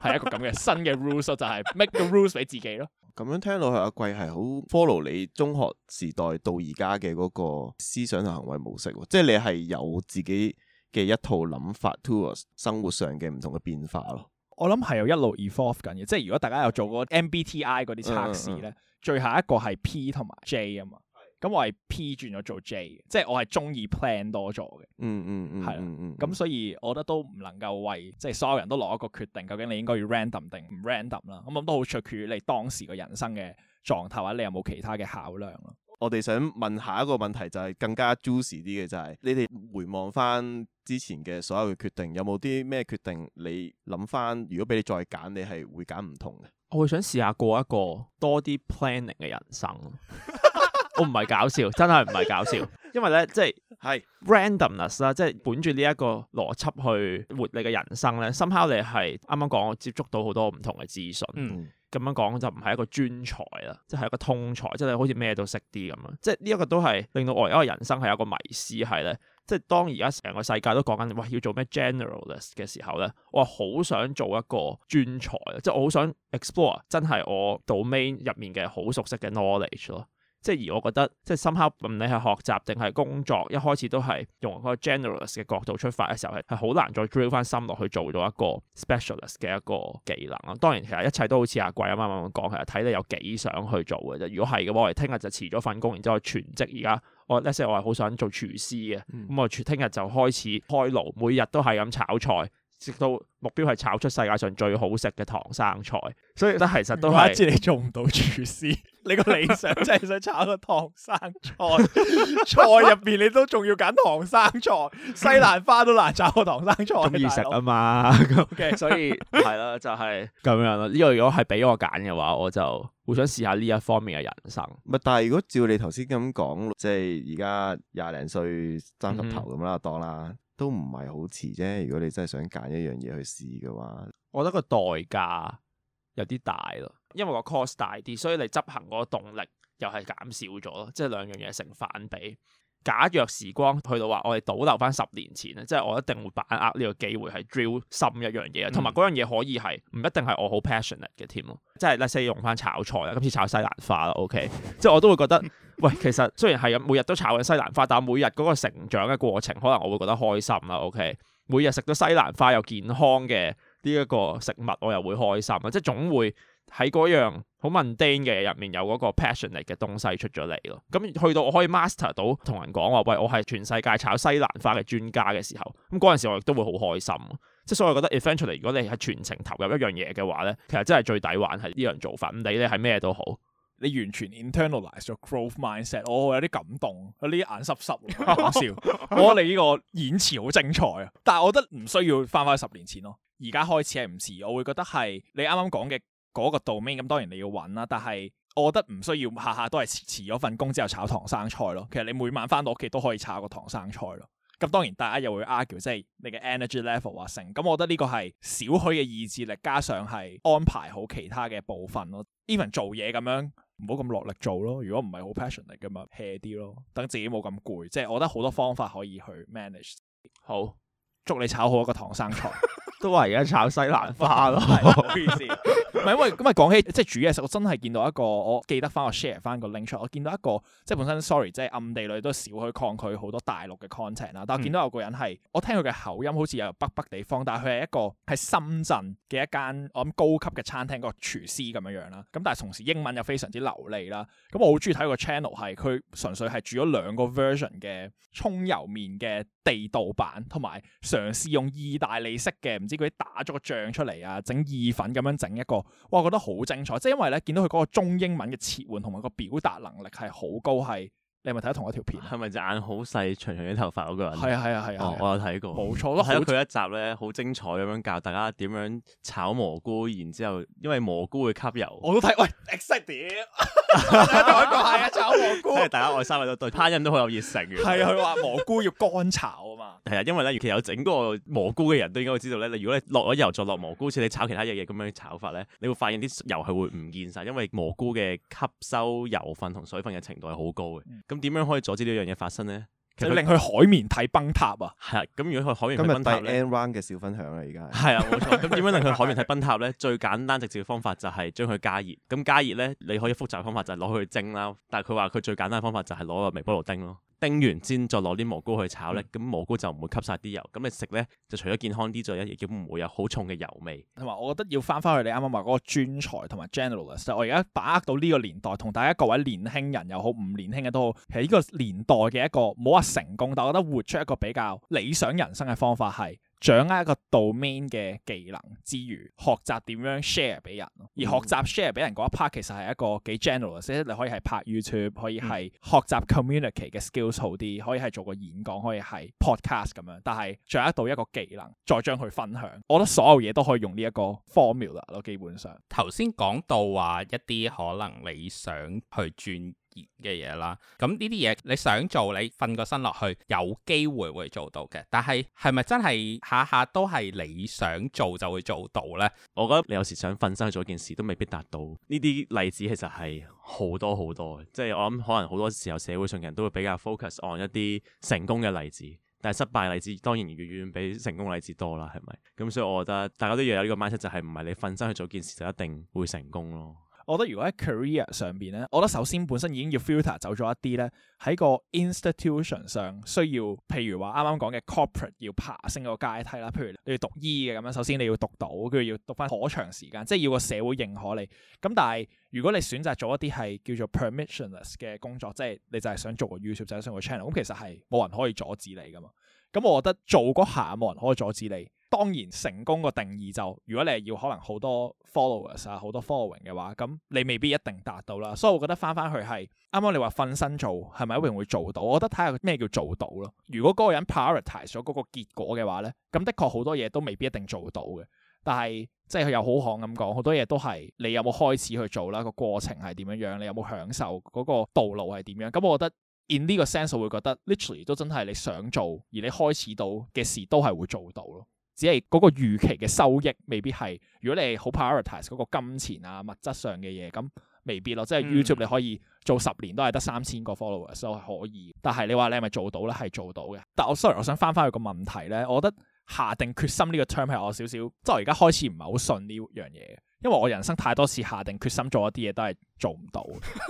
係 一個咁嘅新嘅 rules 就係 make the rules 俾自己咯。咁樣聽落去，阿貴係好 follow 你中學時代到而家嘅嗰個思想同行為模式，即係你係有自己嘅一套諗法 to us 生活上嘅唔同嘅變化咯。我諗係又一路 evolve 緊嘅，即係如果大家有做過 MBTI 嗰啲測試咧，嗯嗯嗯、最後一個係 P 同埋 J 啊嘛。咁我係 P 轉咗做 J，即係我係中意 plan 多咗嘅，嗯，嗯嗯嗯，係啦的，咁，嗯嗯、所以我覺得都唔能夠為，即係所有人都攞一個決定，究竟你應該要 random 定唔 random 啦，咁都好取決你當時嘅人生嘅狀態啊，或者你有冇其他嘅考量啊？我哋想問下一個問題就係更加 juicy 啲嘅就係你哋回望翻之前嘅所有嘅決定，有冇啲咩決定你諗翻，如果俾你再揀，你係會揀唔同嘅？我會想試下過一個多啲 planning 嘅人生。 我唔係搞笑，真係唔係搞笑。因為咧，即係係 randomness 啦，是 Random ness，即係本住呢一個邏輯去活你嘅人生咧。somehow 你係啱啱講，我接觸到好多唔同嘅資訊，咁、嗯、樣講就唔係一個專才啦，即係一個通才，即係好似咩都識啲咁啊。即係呢一個都係令到我而家人生係一個迷思係咧。即係當而家成個世界都講緊，哇，要做咩 generalist 嘅時候咧，我好想做一個專才，即係我好想 explore 真係我 domain 入面嘅好熟悉嘅 knowledge 咯。即係而我覺得，即係深刻，唔理係學習定係工作，一開始都係用嗰個 generalist 嘅角度出發嘅時候，係係好難再追翻心落去做到一個 specialist 嘅一個技能。當然，其實一切都好似阿貴啱啱啱咁講，其實睇你有幾想去做嘅啫。如果係嘅話，我哋聽日就辭咗份工，然之後全職。而家我呢時我係好想做廚師嘅，咁、嗯、我廚聽日就開始開爐，每日都係咁炒菜。直到目標係炒出世界上最好食嘅唐生菜，所以咧其實都係一次你做唔到廚師， 你個理想真係想炒個唐生菜， 菜入邊你都仲要揀唐生菜， 西蘭花都難炒個唐生菜。中意食啊嘛，OK， 所以係啦， 就係、是、咁樣啦。呢個如果係俾我揀嘅話，我就好想試下呢一方面嘅人生。咪但係如果照你、就是、頭先咁講，即係而家廿零歲三十頭咁啦，當啦。都唔係好遲啫，如果你真係想揀一樣嘢去試嘅話，我覺得個代價有啲大咯，因為個 cost 大啲，所以你執行個動力又係減少咗咯，即係兩樣嘢成反比。假若時光去到話，我哋倒流翻十年前咧，即係我一定會把握呢個機會係 drill 深一樣嘢，同埋嗰樣嘢可以係唔一定係我好 passionate 嘅添咯。即係 let's say 用翻炒菜啊，今次炒西蘭花啦，OK。 即係我都會覺得，喂，其實雖然係咁，每日都炒緊西蘭花，但係每日嗰個成長嘅過程，可能我會覺得開心啦。OK，每日食到西蘭花又健康嘅呢一個食物，我又會開心啊！即係總會喺嗰樣。好穩定嘅入面有嗰個 passion 嘅東西出咗嚟咯，咁去到我可以 master 到同人講話，喂，我係全世界炒西蘭花嘅專家嘅時候，咁嗰陣時我亦都會好開心，即係所以我覺得 eventually 如果你係全程投入一樣嘢嘅話咧，其實真係最抵玩係呢樣做法。唔理你係咩都好，你完全 internalize 咗 growth mindset，我、哦、有啲感動，有啲眼濕濕，搞笑。 我覺得你呢個演詞好精彩啊，但係我覺得唔需要翻翻十年前咯，而家開始係唔遲，我會覺得係你啱啱講嘅。嗰個 domain，咁當然你要揾啦。但係我覺得唔需要下下都係辭咗份工之後炒唐生菜咯。其實你每晚翻到屋企都可以炒個唐生菜咯。咁當然大家又會 argue，即係你嘅 energy level 啊成。咁我覺得呢個係少許嘅意志力，加上係安排好其他嘅部分咯。Even 做嘢咁樣唔好咁落力做咯。如果唔係好 passionate 嘅嘛，hea 啲咯。等自己冇咁攰。即係我覺得好多方法可以去 manage。好，祝你炒好一個唐生菜。 都話而家炒西蘭花咯，唔好意思。唔係因為咁啊，講起即係煮嘢食，我真係見到一個，我記得翻我 share 翻個 link 出。我見到一個，即係本身 sorry，即係暗地裏都少去抗拒好多大陸嘅 content 啦。但我見到有個人係，嗯、我聽佢嘅口音好似有北北地方，但係佢係一個喺深圳嘅一間我諗高級嘅餐廳嗰個廚師咁樣樣啦。咁但係同時英文又非常之流利啦。咁我好中意睇個 channel 係，佢純粹係煮咗兩個 version 嘅葱油麵嘅地道版，同埋嘗試用意大利式嘅。指佢打咗個醬出嚟啊，整意粉咁樣整一個哇，我覺得好精彩。即係因為咧，見到佢嗰個中英文嘅切換同埋個表達能力係好高，係。你係咪睇咗同一條片？係咪隻眼好細，長長嘅頭髮嗰個人？係啊係啊係啊，啊啊我有睇過，冇錯咯。睇咗佢一集咧，好精彩咁樣教大家點樣炒蘑菇，然之後因為蘑菇會吸油，我都睇。喂 exactly 同一個係啊，炒蘑菇，即係大家愛生活都對烹飪都好有熱誠嘅。係啊，佢話蘑菇要乾炒啊嘛。係 啊，因為咧，尤其有整過蘑菇嘅人都應該知道咧。你如果你落咗油再落蘑菇，似你炒其他嘢嘢咁樣炒法咧，你會發現啲油係會唔見晒，因為蘑菇嘅吸收油分同水分嘅程度係好高嘅。嗯咁點樣可以阻止呢樣嘢發生咧？就令佢海綿體崩塌啊！係啊！咁如果佢海綿體崩塌咧，今日第 N round 嘅小分享啊。而家係啊，冇錯。咁點 樣令佢海綿體崩塌咧？ 最簡單直接嘅方法就係將佢加熱。咁加熱咧，你可以複雜方法就係攞佢去蒸啦。但係佢話佢最簡單嘅方法就係攞個微波爐叮咯。叮完煎再攞啲蘑菇去炒咧，咁、嗯、蘑菇就唔會吸晒啲油。咁你食咧就除咗健康啲，再一亦都唔會有好重嘅油味。同埋，我覺得要翻返去你啱啱話嗰個專才同埋 generalist，我而家把握到呢個年代，同大家各位年輕人又好，唔年輕嘅都好，喺呢個年代嘅一個冇話成功，但我覺得活出一個比較理想人生嘅方法係，掌握一個 domain 嘅技能之餘，學習點樣 share 俾人，而學習 share 俾人嗰一 part 其實係一個幾 general 嘅，即你可以係拍 YouTube，可以係學習 community 嘅 skills 好啲，可以係做個演講，可以係 podcast 咁樣。但係掌握到一個技能，再將佢分享，我覺得所有嘢都可以用呢一個 formula 咯。基本上頭先講到話一啲可能你想去轉嘅嘢啦，咁呢啲嘢你想做，你瞓個身落去有機會會做到嘅，但係係咪真係下下都係你想做就會做到呢？我覺得你有時想瞓身去做件事都未必達到。呢啲例子其實係好多好多，即係我諗可能好多時候社會上人都會比較 focus on 一啲成功嘅例子，但係失敗例子當然遠遠比成功例子多啦，係咪？咁所以我覺得大家都要有呢個 mindset，就係唔係你瞓身去做件事就一定會成功咯。我覺得如果喺 career 上邊咧，我覺得首先本身已經要 filter 走咗一啲咧，喺個 institution 上需要，譬如話啱啱講嘅 corporate 要爬升個階梯啦，譬如你要讀醫嘅咁樣，首先你要讀到，跟住要讀翻可長時間，即係要個社會認可你。咁但係如果你選擇做一啲係叫做 permissionless 嘅工作，即係你就係想做個 YouTube 就係想個 channel，咁其實係冇人可以阻止你㗎嘛。咁我覺得做嗰下冇人可以阻止你。當然成功個定義就，如果你係要可能好多 followers 啊、好多 following 嘅話，咁你未必一定達到啦。所以我覺得返返去係啱啱你話瞓身做，係咪一定會做到？我覺得睇下咩叫做到咯。如果嗰個人 prioritise 咗嗰個結果嘅話咧，咁的確好多嘢都未必一定做到嘅。但係即係佢又好戇咁講，好多嘢都係你有冇開始去做啦，個過程係點樣，你有冇享受嗰個道路係點樣？咁我覺得。In 呢個 sense 會覺得 literally 都真係你想做，而你開始到嘅事都係會做到咯。只係嗰個預期嘅收益未必係。如果你係好 prioritize 嗰個金錢啊、物質上嘅嘢，咁未必咯。即係 YouTube 你可以做十年都係得三千個 followers，都可以。但係你話你係咪做到咧？係做到嘅。但係我 sorry 我想翻翻去個問題咧，我覺得下定決心呢個 term 係我少少，即係我而家開始唔係好信呢樣嘢。因為我人生太多次下定決心做一啲嘢都係做唔到，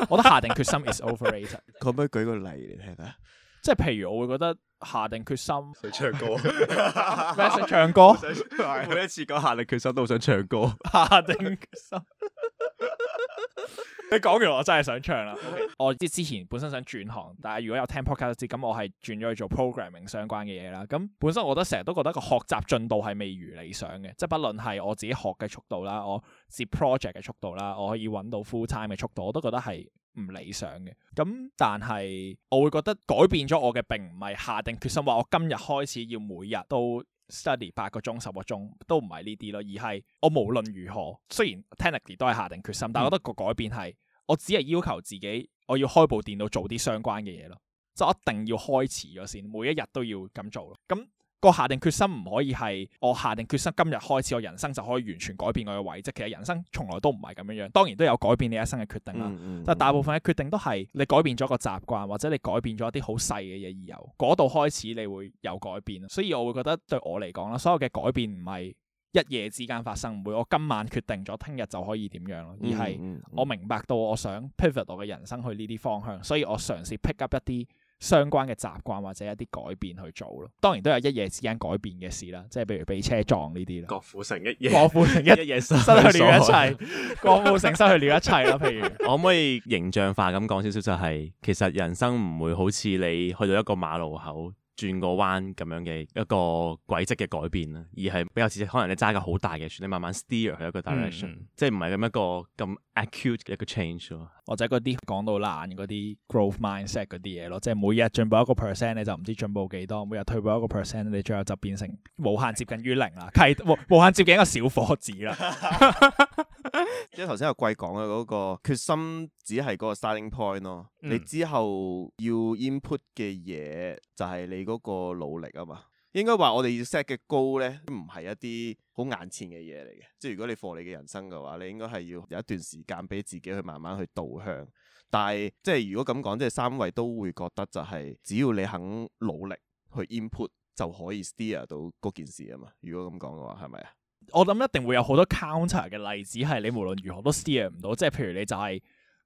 我覺得下定決心 is overrated。 可唔可以舉個例嚟聽下？即係譬如我會覺得下定決心想唱歌，唱歌想， 每一次講下定決心都好想唱歌。下定決心。 你講完我，我真係想唱啦。Okay. 我之前本身想轉行，但係如果有聽 podcast 咁我係轉咗去做 programming 相關嘅嘢啦。咁本身我覺得成日都覺得個學習進度係未如理想嘅，即係不論係我自己學嘅速度啦，我接 project 嘅速度啦，我可以揾到 full time 嘅速度，我都覺得係唔理想嘅。咁但係我會覺得改變咗我嘅，並唔係下定決心話我今日開始要每日都。study 八個鐘十個鐘都唔係呢啲咯，而係我無論如何，雖然 tenacity 都係下定決心，但係我覺得個改變係我只係要求自己，我要開部電腦做啲相關嘅嘢咯，就一定要開始咗先，每一日都要咁做咯，咁、嗯。個下定決心唔可以係我下定決心今日開始，我人生就可以完全改變我嘅位置。即其實人生從來都唔係咁樣樣，當然都有改變你一生嘅決定啦。嗯嗯嗯、但大部分嘅決定都係你改變咗個習慣，或者你改變咗一啲好細嘅嘢，而由嗰度開始你會有改變。所以我會覺得對我嚟講啦，所有嘅改變唔係一夜之間發生，唔會我今晚決定咗聽日就可以點樣，而係我明白到我想 pivot 我嘅人生去呢啲方向，所以我嘗試 pick up 一啲。相關嘅習慣或者一啲改變去做咯，當然都有一夜之間改變嘅事啦，即係譬如俾車撞呢啲啦。郭富城一夜，郭富城一夜失去了一切， 郭富城失去了一切啦。譬如，可唔可以形象化咁講少少就係、是，其實人生唔會好似你去到一個馬路口。轉個彎咁樣嘅一個軌跡嘅改變啦，而係比較似可能你揸個好大嘅船，你慢慢 steer 佢一個 direction，嗯、即係唔係咁一個咁 acute 嘅一個 change，或者嗰啲講到爛嗰啲 growth mindset 嗰啲嘢咯，即係每日進步一個 percent，你就唔知進步幾多，每日退步一個 percent，你最後就變成無限接近於零啦，無無限接近一個小伙子啦。 即係頭先阿貴講嘅嗰個決心只係嗰個 starting point 咯，嗯、你之後要 input 嘅嘢就係你嗰個努力啊嘛。應該話我哋要 set 嘅 goal 咧，唔係一啲好眼前嘅嘢嚟嘅。即係如果你放你嘅人生嘅話，你應該係要有一段時間俾自己去慢慢去導向。但係即係如果咁講，即係三位都會覺得就係只要你肯努力去 input 就可以 steer 到嗰件事啊嘛。如果咁講嘅話，係咪啊？我諗一定會有好多 counter 嘅例子，係你無論如何都 steer 唔到，即係譬如你就係、是、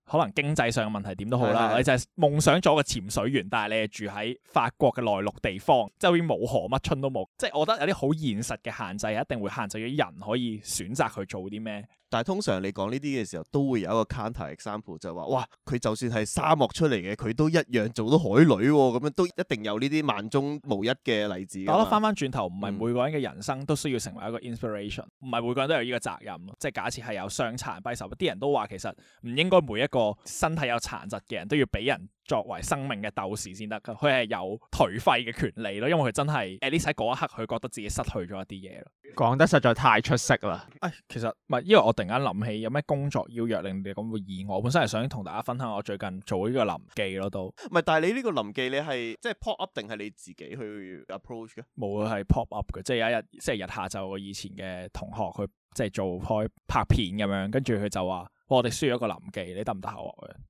可能經濟上嘅問題點都好啦，是的 你就係夢想咗個潛水員，但係你係住喺法國嘅內陸地方，周邊冇河，乜春都冇，即係我覺得有啲好現實嘅限制，一定會限制咗人可以選擇去做啲咩。但係通常你講呢啲嘅時候，都會有一個 counter example，就係話：哇，佢就算係沙漠出嚟嘅，佢都一樣做到海女喎、哦，咁樣都一定有呢啲萬中無一嘅例子。我覺得翻翻轉頭，唔係每個人嘅人生都需要成為一個 inspiration，唔係每個人都有呢個責任咯。即係假設係有傷殘受、跛手，啲人都話其實唔應該每一個身體有殘疾嘅人都要俾人，作為生命嘅鬥士先得，佢係有頹廢嘅權利咯，因為佢真係，喺呢時嗰一刻佢覺得自己失去咗一啲嘢咯。講得實在太出色啦！誒、哎，其實唔係，因為我突然間諗起有咩工作邀約令你咁會意外。我本身係想同大家分享我最近做呢個臨記咯，都唔係。但係你呢個臨記你係即係 pop up 定係你自己去 approach 嘅？冇，係 pop up 嘅，即係有一日星期日下晝，我以前嘅同學去即係做開拍片咁樣，跟住佢就話，我哋需要一個臨記，你得唔得啊？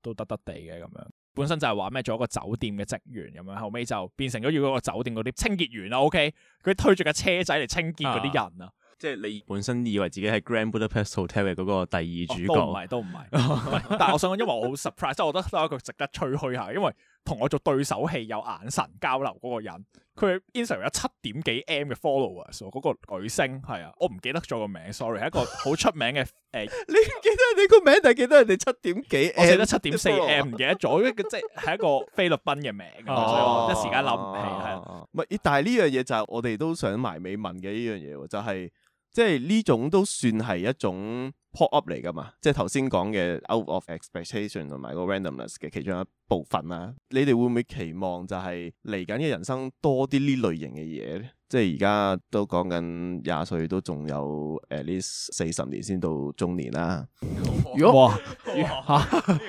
都得得地嘅咁樣。本身就係話咩做一個酒店嘅職員咁樣，後尾就變成咗要嗰個酒店嗰啲清潔員啦、啊。OK，佢推住架車仔嚟清潔嗰啲人啊。啊，即係你本身以為自己係 Grand Budapest Hotel 嘅嗰個第二主角，都唔係，都唔係。 但係我想講，因為我好 surprise，即係我覺得得一句值得吹噓下，因為同我做對手戲有眼神交流嗰個人。佢 Instagram 有七點幾 M 嘅 followers，嗰個女星係啊，我唔記得咗個名，sorry，係一個好出名嘅誒。 呃、你唔記得你個名，就係記得人哋七點幾，我記得七點四 M，唔記得咗，因為即係一個菲律賓嘅名， 所以我一時間諗唔起係啊。唔、啊、係，但係呢樣嘢就係我哋都想埋尾問嘅呢樣嘢喎，就係、是。即係呢種都算係一種 pop up 嚟㗎嘛，即係頭先講嘅 out of expectation 同埋個 randomness 嘅其中一部分啦。你哋會唔會期望就係嚟緊嘅人生多啲呢類型嘅嘢咧？即係而家都講緊廿歲都仲有，at least 四十年先到中年啦。如果哇，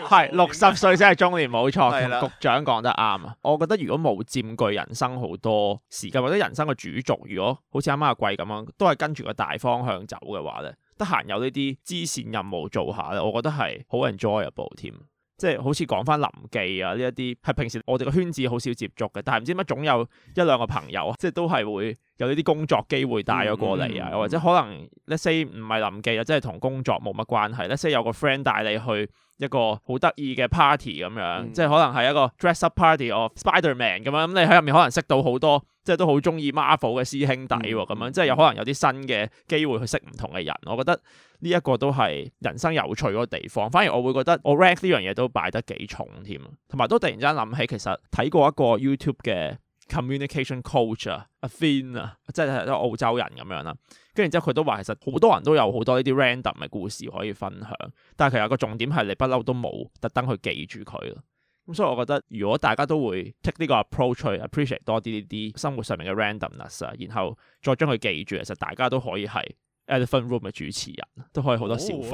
係六十歲先係中年，冇錯。局長講得啱啊！的我覺得如果冇占據人生好多時間或者人生嘅主軸，如果好似啱啱阿貴咁樣，都係跟住個大方向走嘅話咧，得閒有呢啲支線任務做下咧，我覺得係好 enjoyable 添。即係好似講返林記啊，呢一啲係平時我哋個圈子好少接觸嘅。但係唔知點解總有一兩個朋友，即係都係會。有呢啲工作機會帶咗過嚟啊，嗯嗯、或者可能、嗯、let's say 唔係臨記啦，即係同工作冇乜關係。let's、嗯、say 有個 friend 帶你去一個好得意嘅 party 咁樣，嗯、即係可能係一個 dress up party of Spiderman 咁樣。咁、嗯、你喺入面可能識到好多，即係都好中意 Marvel 嘅師兄弟喎。咁樣、嗯嗯、即係有可能有啲新嘅機會去識唔同嘅人。我覺得呢一個都係人生有趣嗰個地方。反而我會覺得我 rank 呢樣嘢都擺得幾重添，同埋都突然之間諗起，其實睇過一個 YouTube 嘅。Communication coach 啊，Athen 啊，即係一個澳洲人咁樣啦、啊。跟住之後佢都話，其實好多人都有好多呢啲 random 嘅故事可以分享。但係其實個重點係，你不嬲都冇特登去記住佢咯。咁所以我覺得，如果大家都會 take 呢個 approach 去 appreciate 多啲呢啲生活上面嘅 randomness 啊，然後再將佢記住，其實大家都可以係 Elephant Room 嘅主持人，都可以好多小分、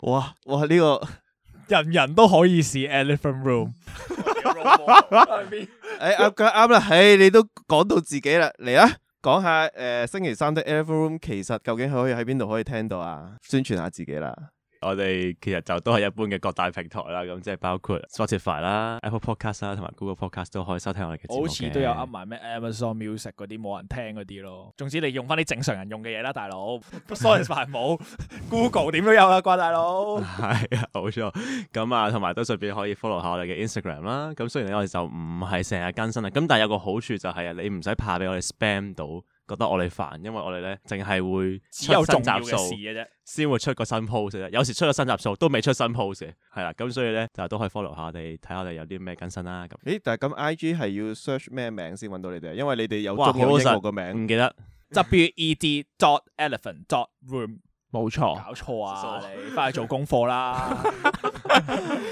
oh. 哇。哇哇呢、這個！人人都可以是 Elephant Room。喺邊？誒，阿 Gem 啱啦，誒，你都講到自己啦，嚟啊，講下誒星期三的 Elephant Room 其實究竟係可以喺邊度可以聽到啊？宣傳下自己啦。我哋其實就都係一般嘅各大平台啦，咁即係包括 Spotify 啦、Apple Podcast 啦，同埋 Google Podcast 都可以收聽我哋嘅節目。我好似都有噏埋咩 Amazon Music 嗰啲冇人聽嗰啲咯。總之你用翻啲正常人用嘅嘢啦，大佬。Spotify 冇 Google 點都有啦，瓜大佬。係啊，冇錯。咁、 哎、啊，同埋都順便可以 follow 下我哋嘅 Instagram 啦。咁雖然我哋就唔係成日更新啦，咁但係有個好處就係、是、你唔使怕俾我哋 spam 到。覺得我哋煩，因為我哋咧淨係會出新集數，先會出個新 post。有時出咗新集數都未出新 post 嘅，係啦。咁所以咧，就都可以 follow 下我哋，睇下我哋有啲咩更新啦。咁，誒，但係咁 I G 係要 search 咩名先搵到你哋啊？因為你哋有好多個名，唔記得。 wed dot elephant dot room 冇錯，搞錯啊！你翻去做功課啦。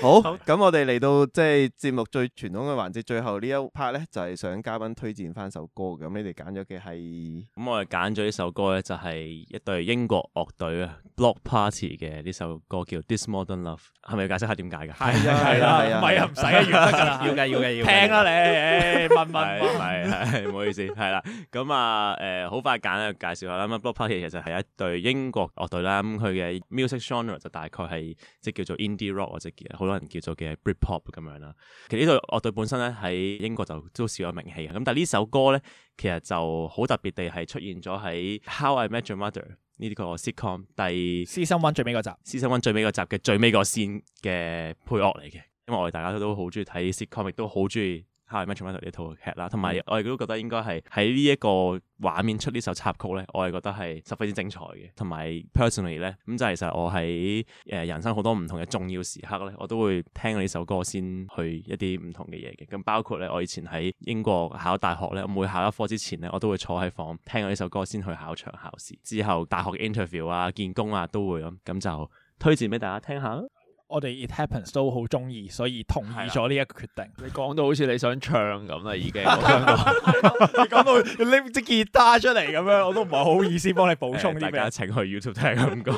好，咁我哋嚟到即係節目最傳統嘅環節，最後呢一 part 咧，就係想嘉賓推薦返首歌嘅。咁你哋揀咗嘅係，咁我哋揀咗呢首歌咧，就係一隊英國樂隊啊，Block Party 嘅呢首歌叫《This Modern Love》，係咪要解釋下點解嘅？係啊係啊係啊，唔係啊唔使啊，要嘅要嘅要嘅，聽啦你，問問問，係係唔好意思，係啦。咁啊誒，好快揀啊，介紹下啦。咁 Block Party 其實係一隊英國樂。對啦，咁佢嘅 music genre 就大概係即係叫做 indie rock 或者好多人叫做嘅 brit pop 咁樣啦。其實呢隊樂隊本身咧喺英國就都少有名氣啊。咁、嗯、但係呢首歌咧，其實就好特別地係出現咗喺《How I Met Your Mother》呢啲個 sitcom 第 season 最尾個集、season 最尾個集嘅最尾個 scene 嘅配樂嚟嘅。因為我哋大家都好中意睇 sitcom，亦都好中意。《High Maintenance》呢套劇啦，同埋我亦都覺得應該係喺呢一個畫面出呢首插曲咧，我係覺得係十分之精彩嘅。同埋 Personally 咧，咁就係其實我喺誒人生好多唔同嘅重要時刻咧，我都會聽呢首歌先去一啲唔同嘅嘢嘅。咁包括咧，我以前喺英國考大學咧，每考一科之前咧，我都會坐喺房聽呢首歌先去考場考試。之後大學 interview 啊、見工啊都會咁，咁就推薦俾大家聽下。我哋 It Happens 都好中意，所以同意咗呢一個決定。啊、你講到好似你想唱咁啦，已經。 你講到拎支吉他出嚟咁樣，我都唔係好意思幫你補充啲咩。大家請去 YouTube 聽，唔該。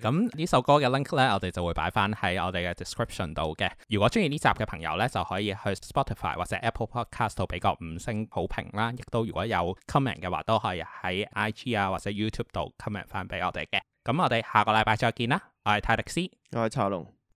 咁呢 首歌嘅 link 咧，我哋就會擺翻喺我哋嘅 description 度嘅。如果中意呢集嘅朋友咧，就可以去 Spotify 或者 Apple Podcast 度俾個五星好評啦。亦都如果有 comment 嘅話，都可以喺 IG 啊、或者 YouTube 度 comment 翻俾我哋嘅。咁我哋下個禮拜再見啦。我係泰迪斯，我係茶龍。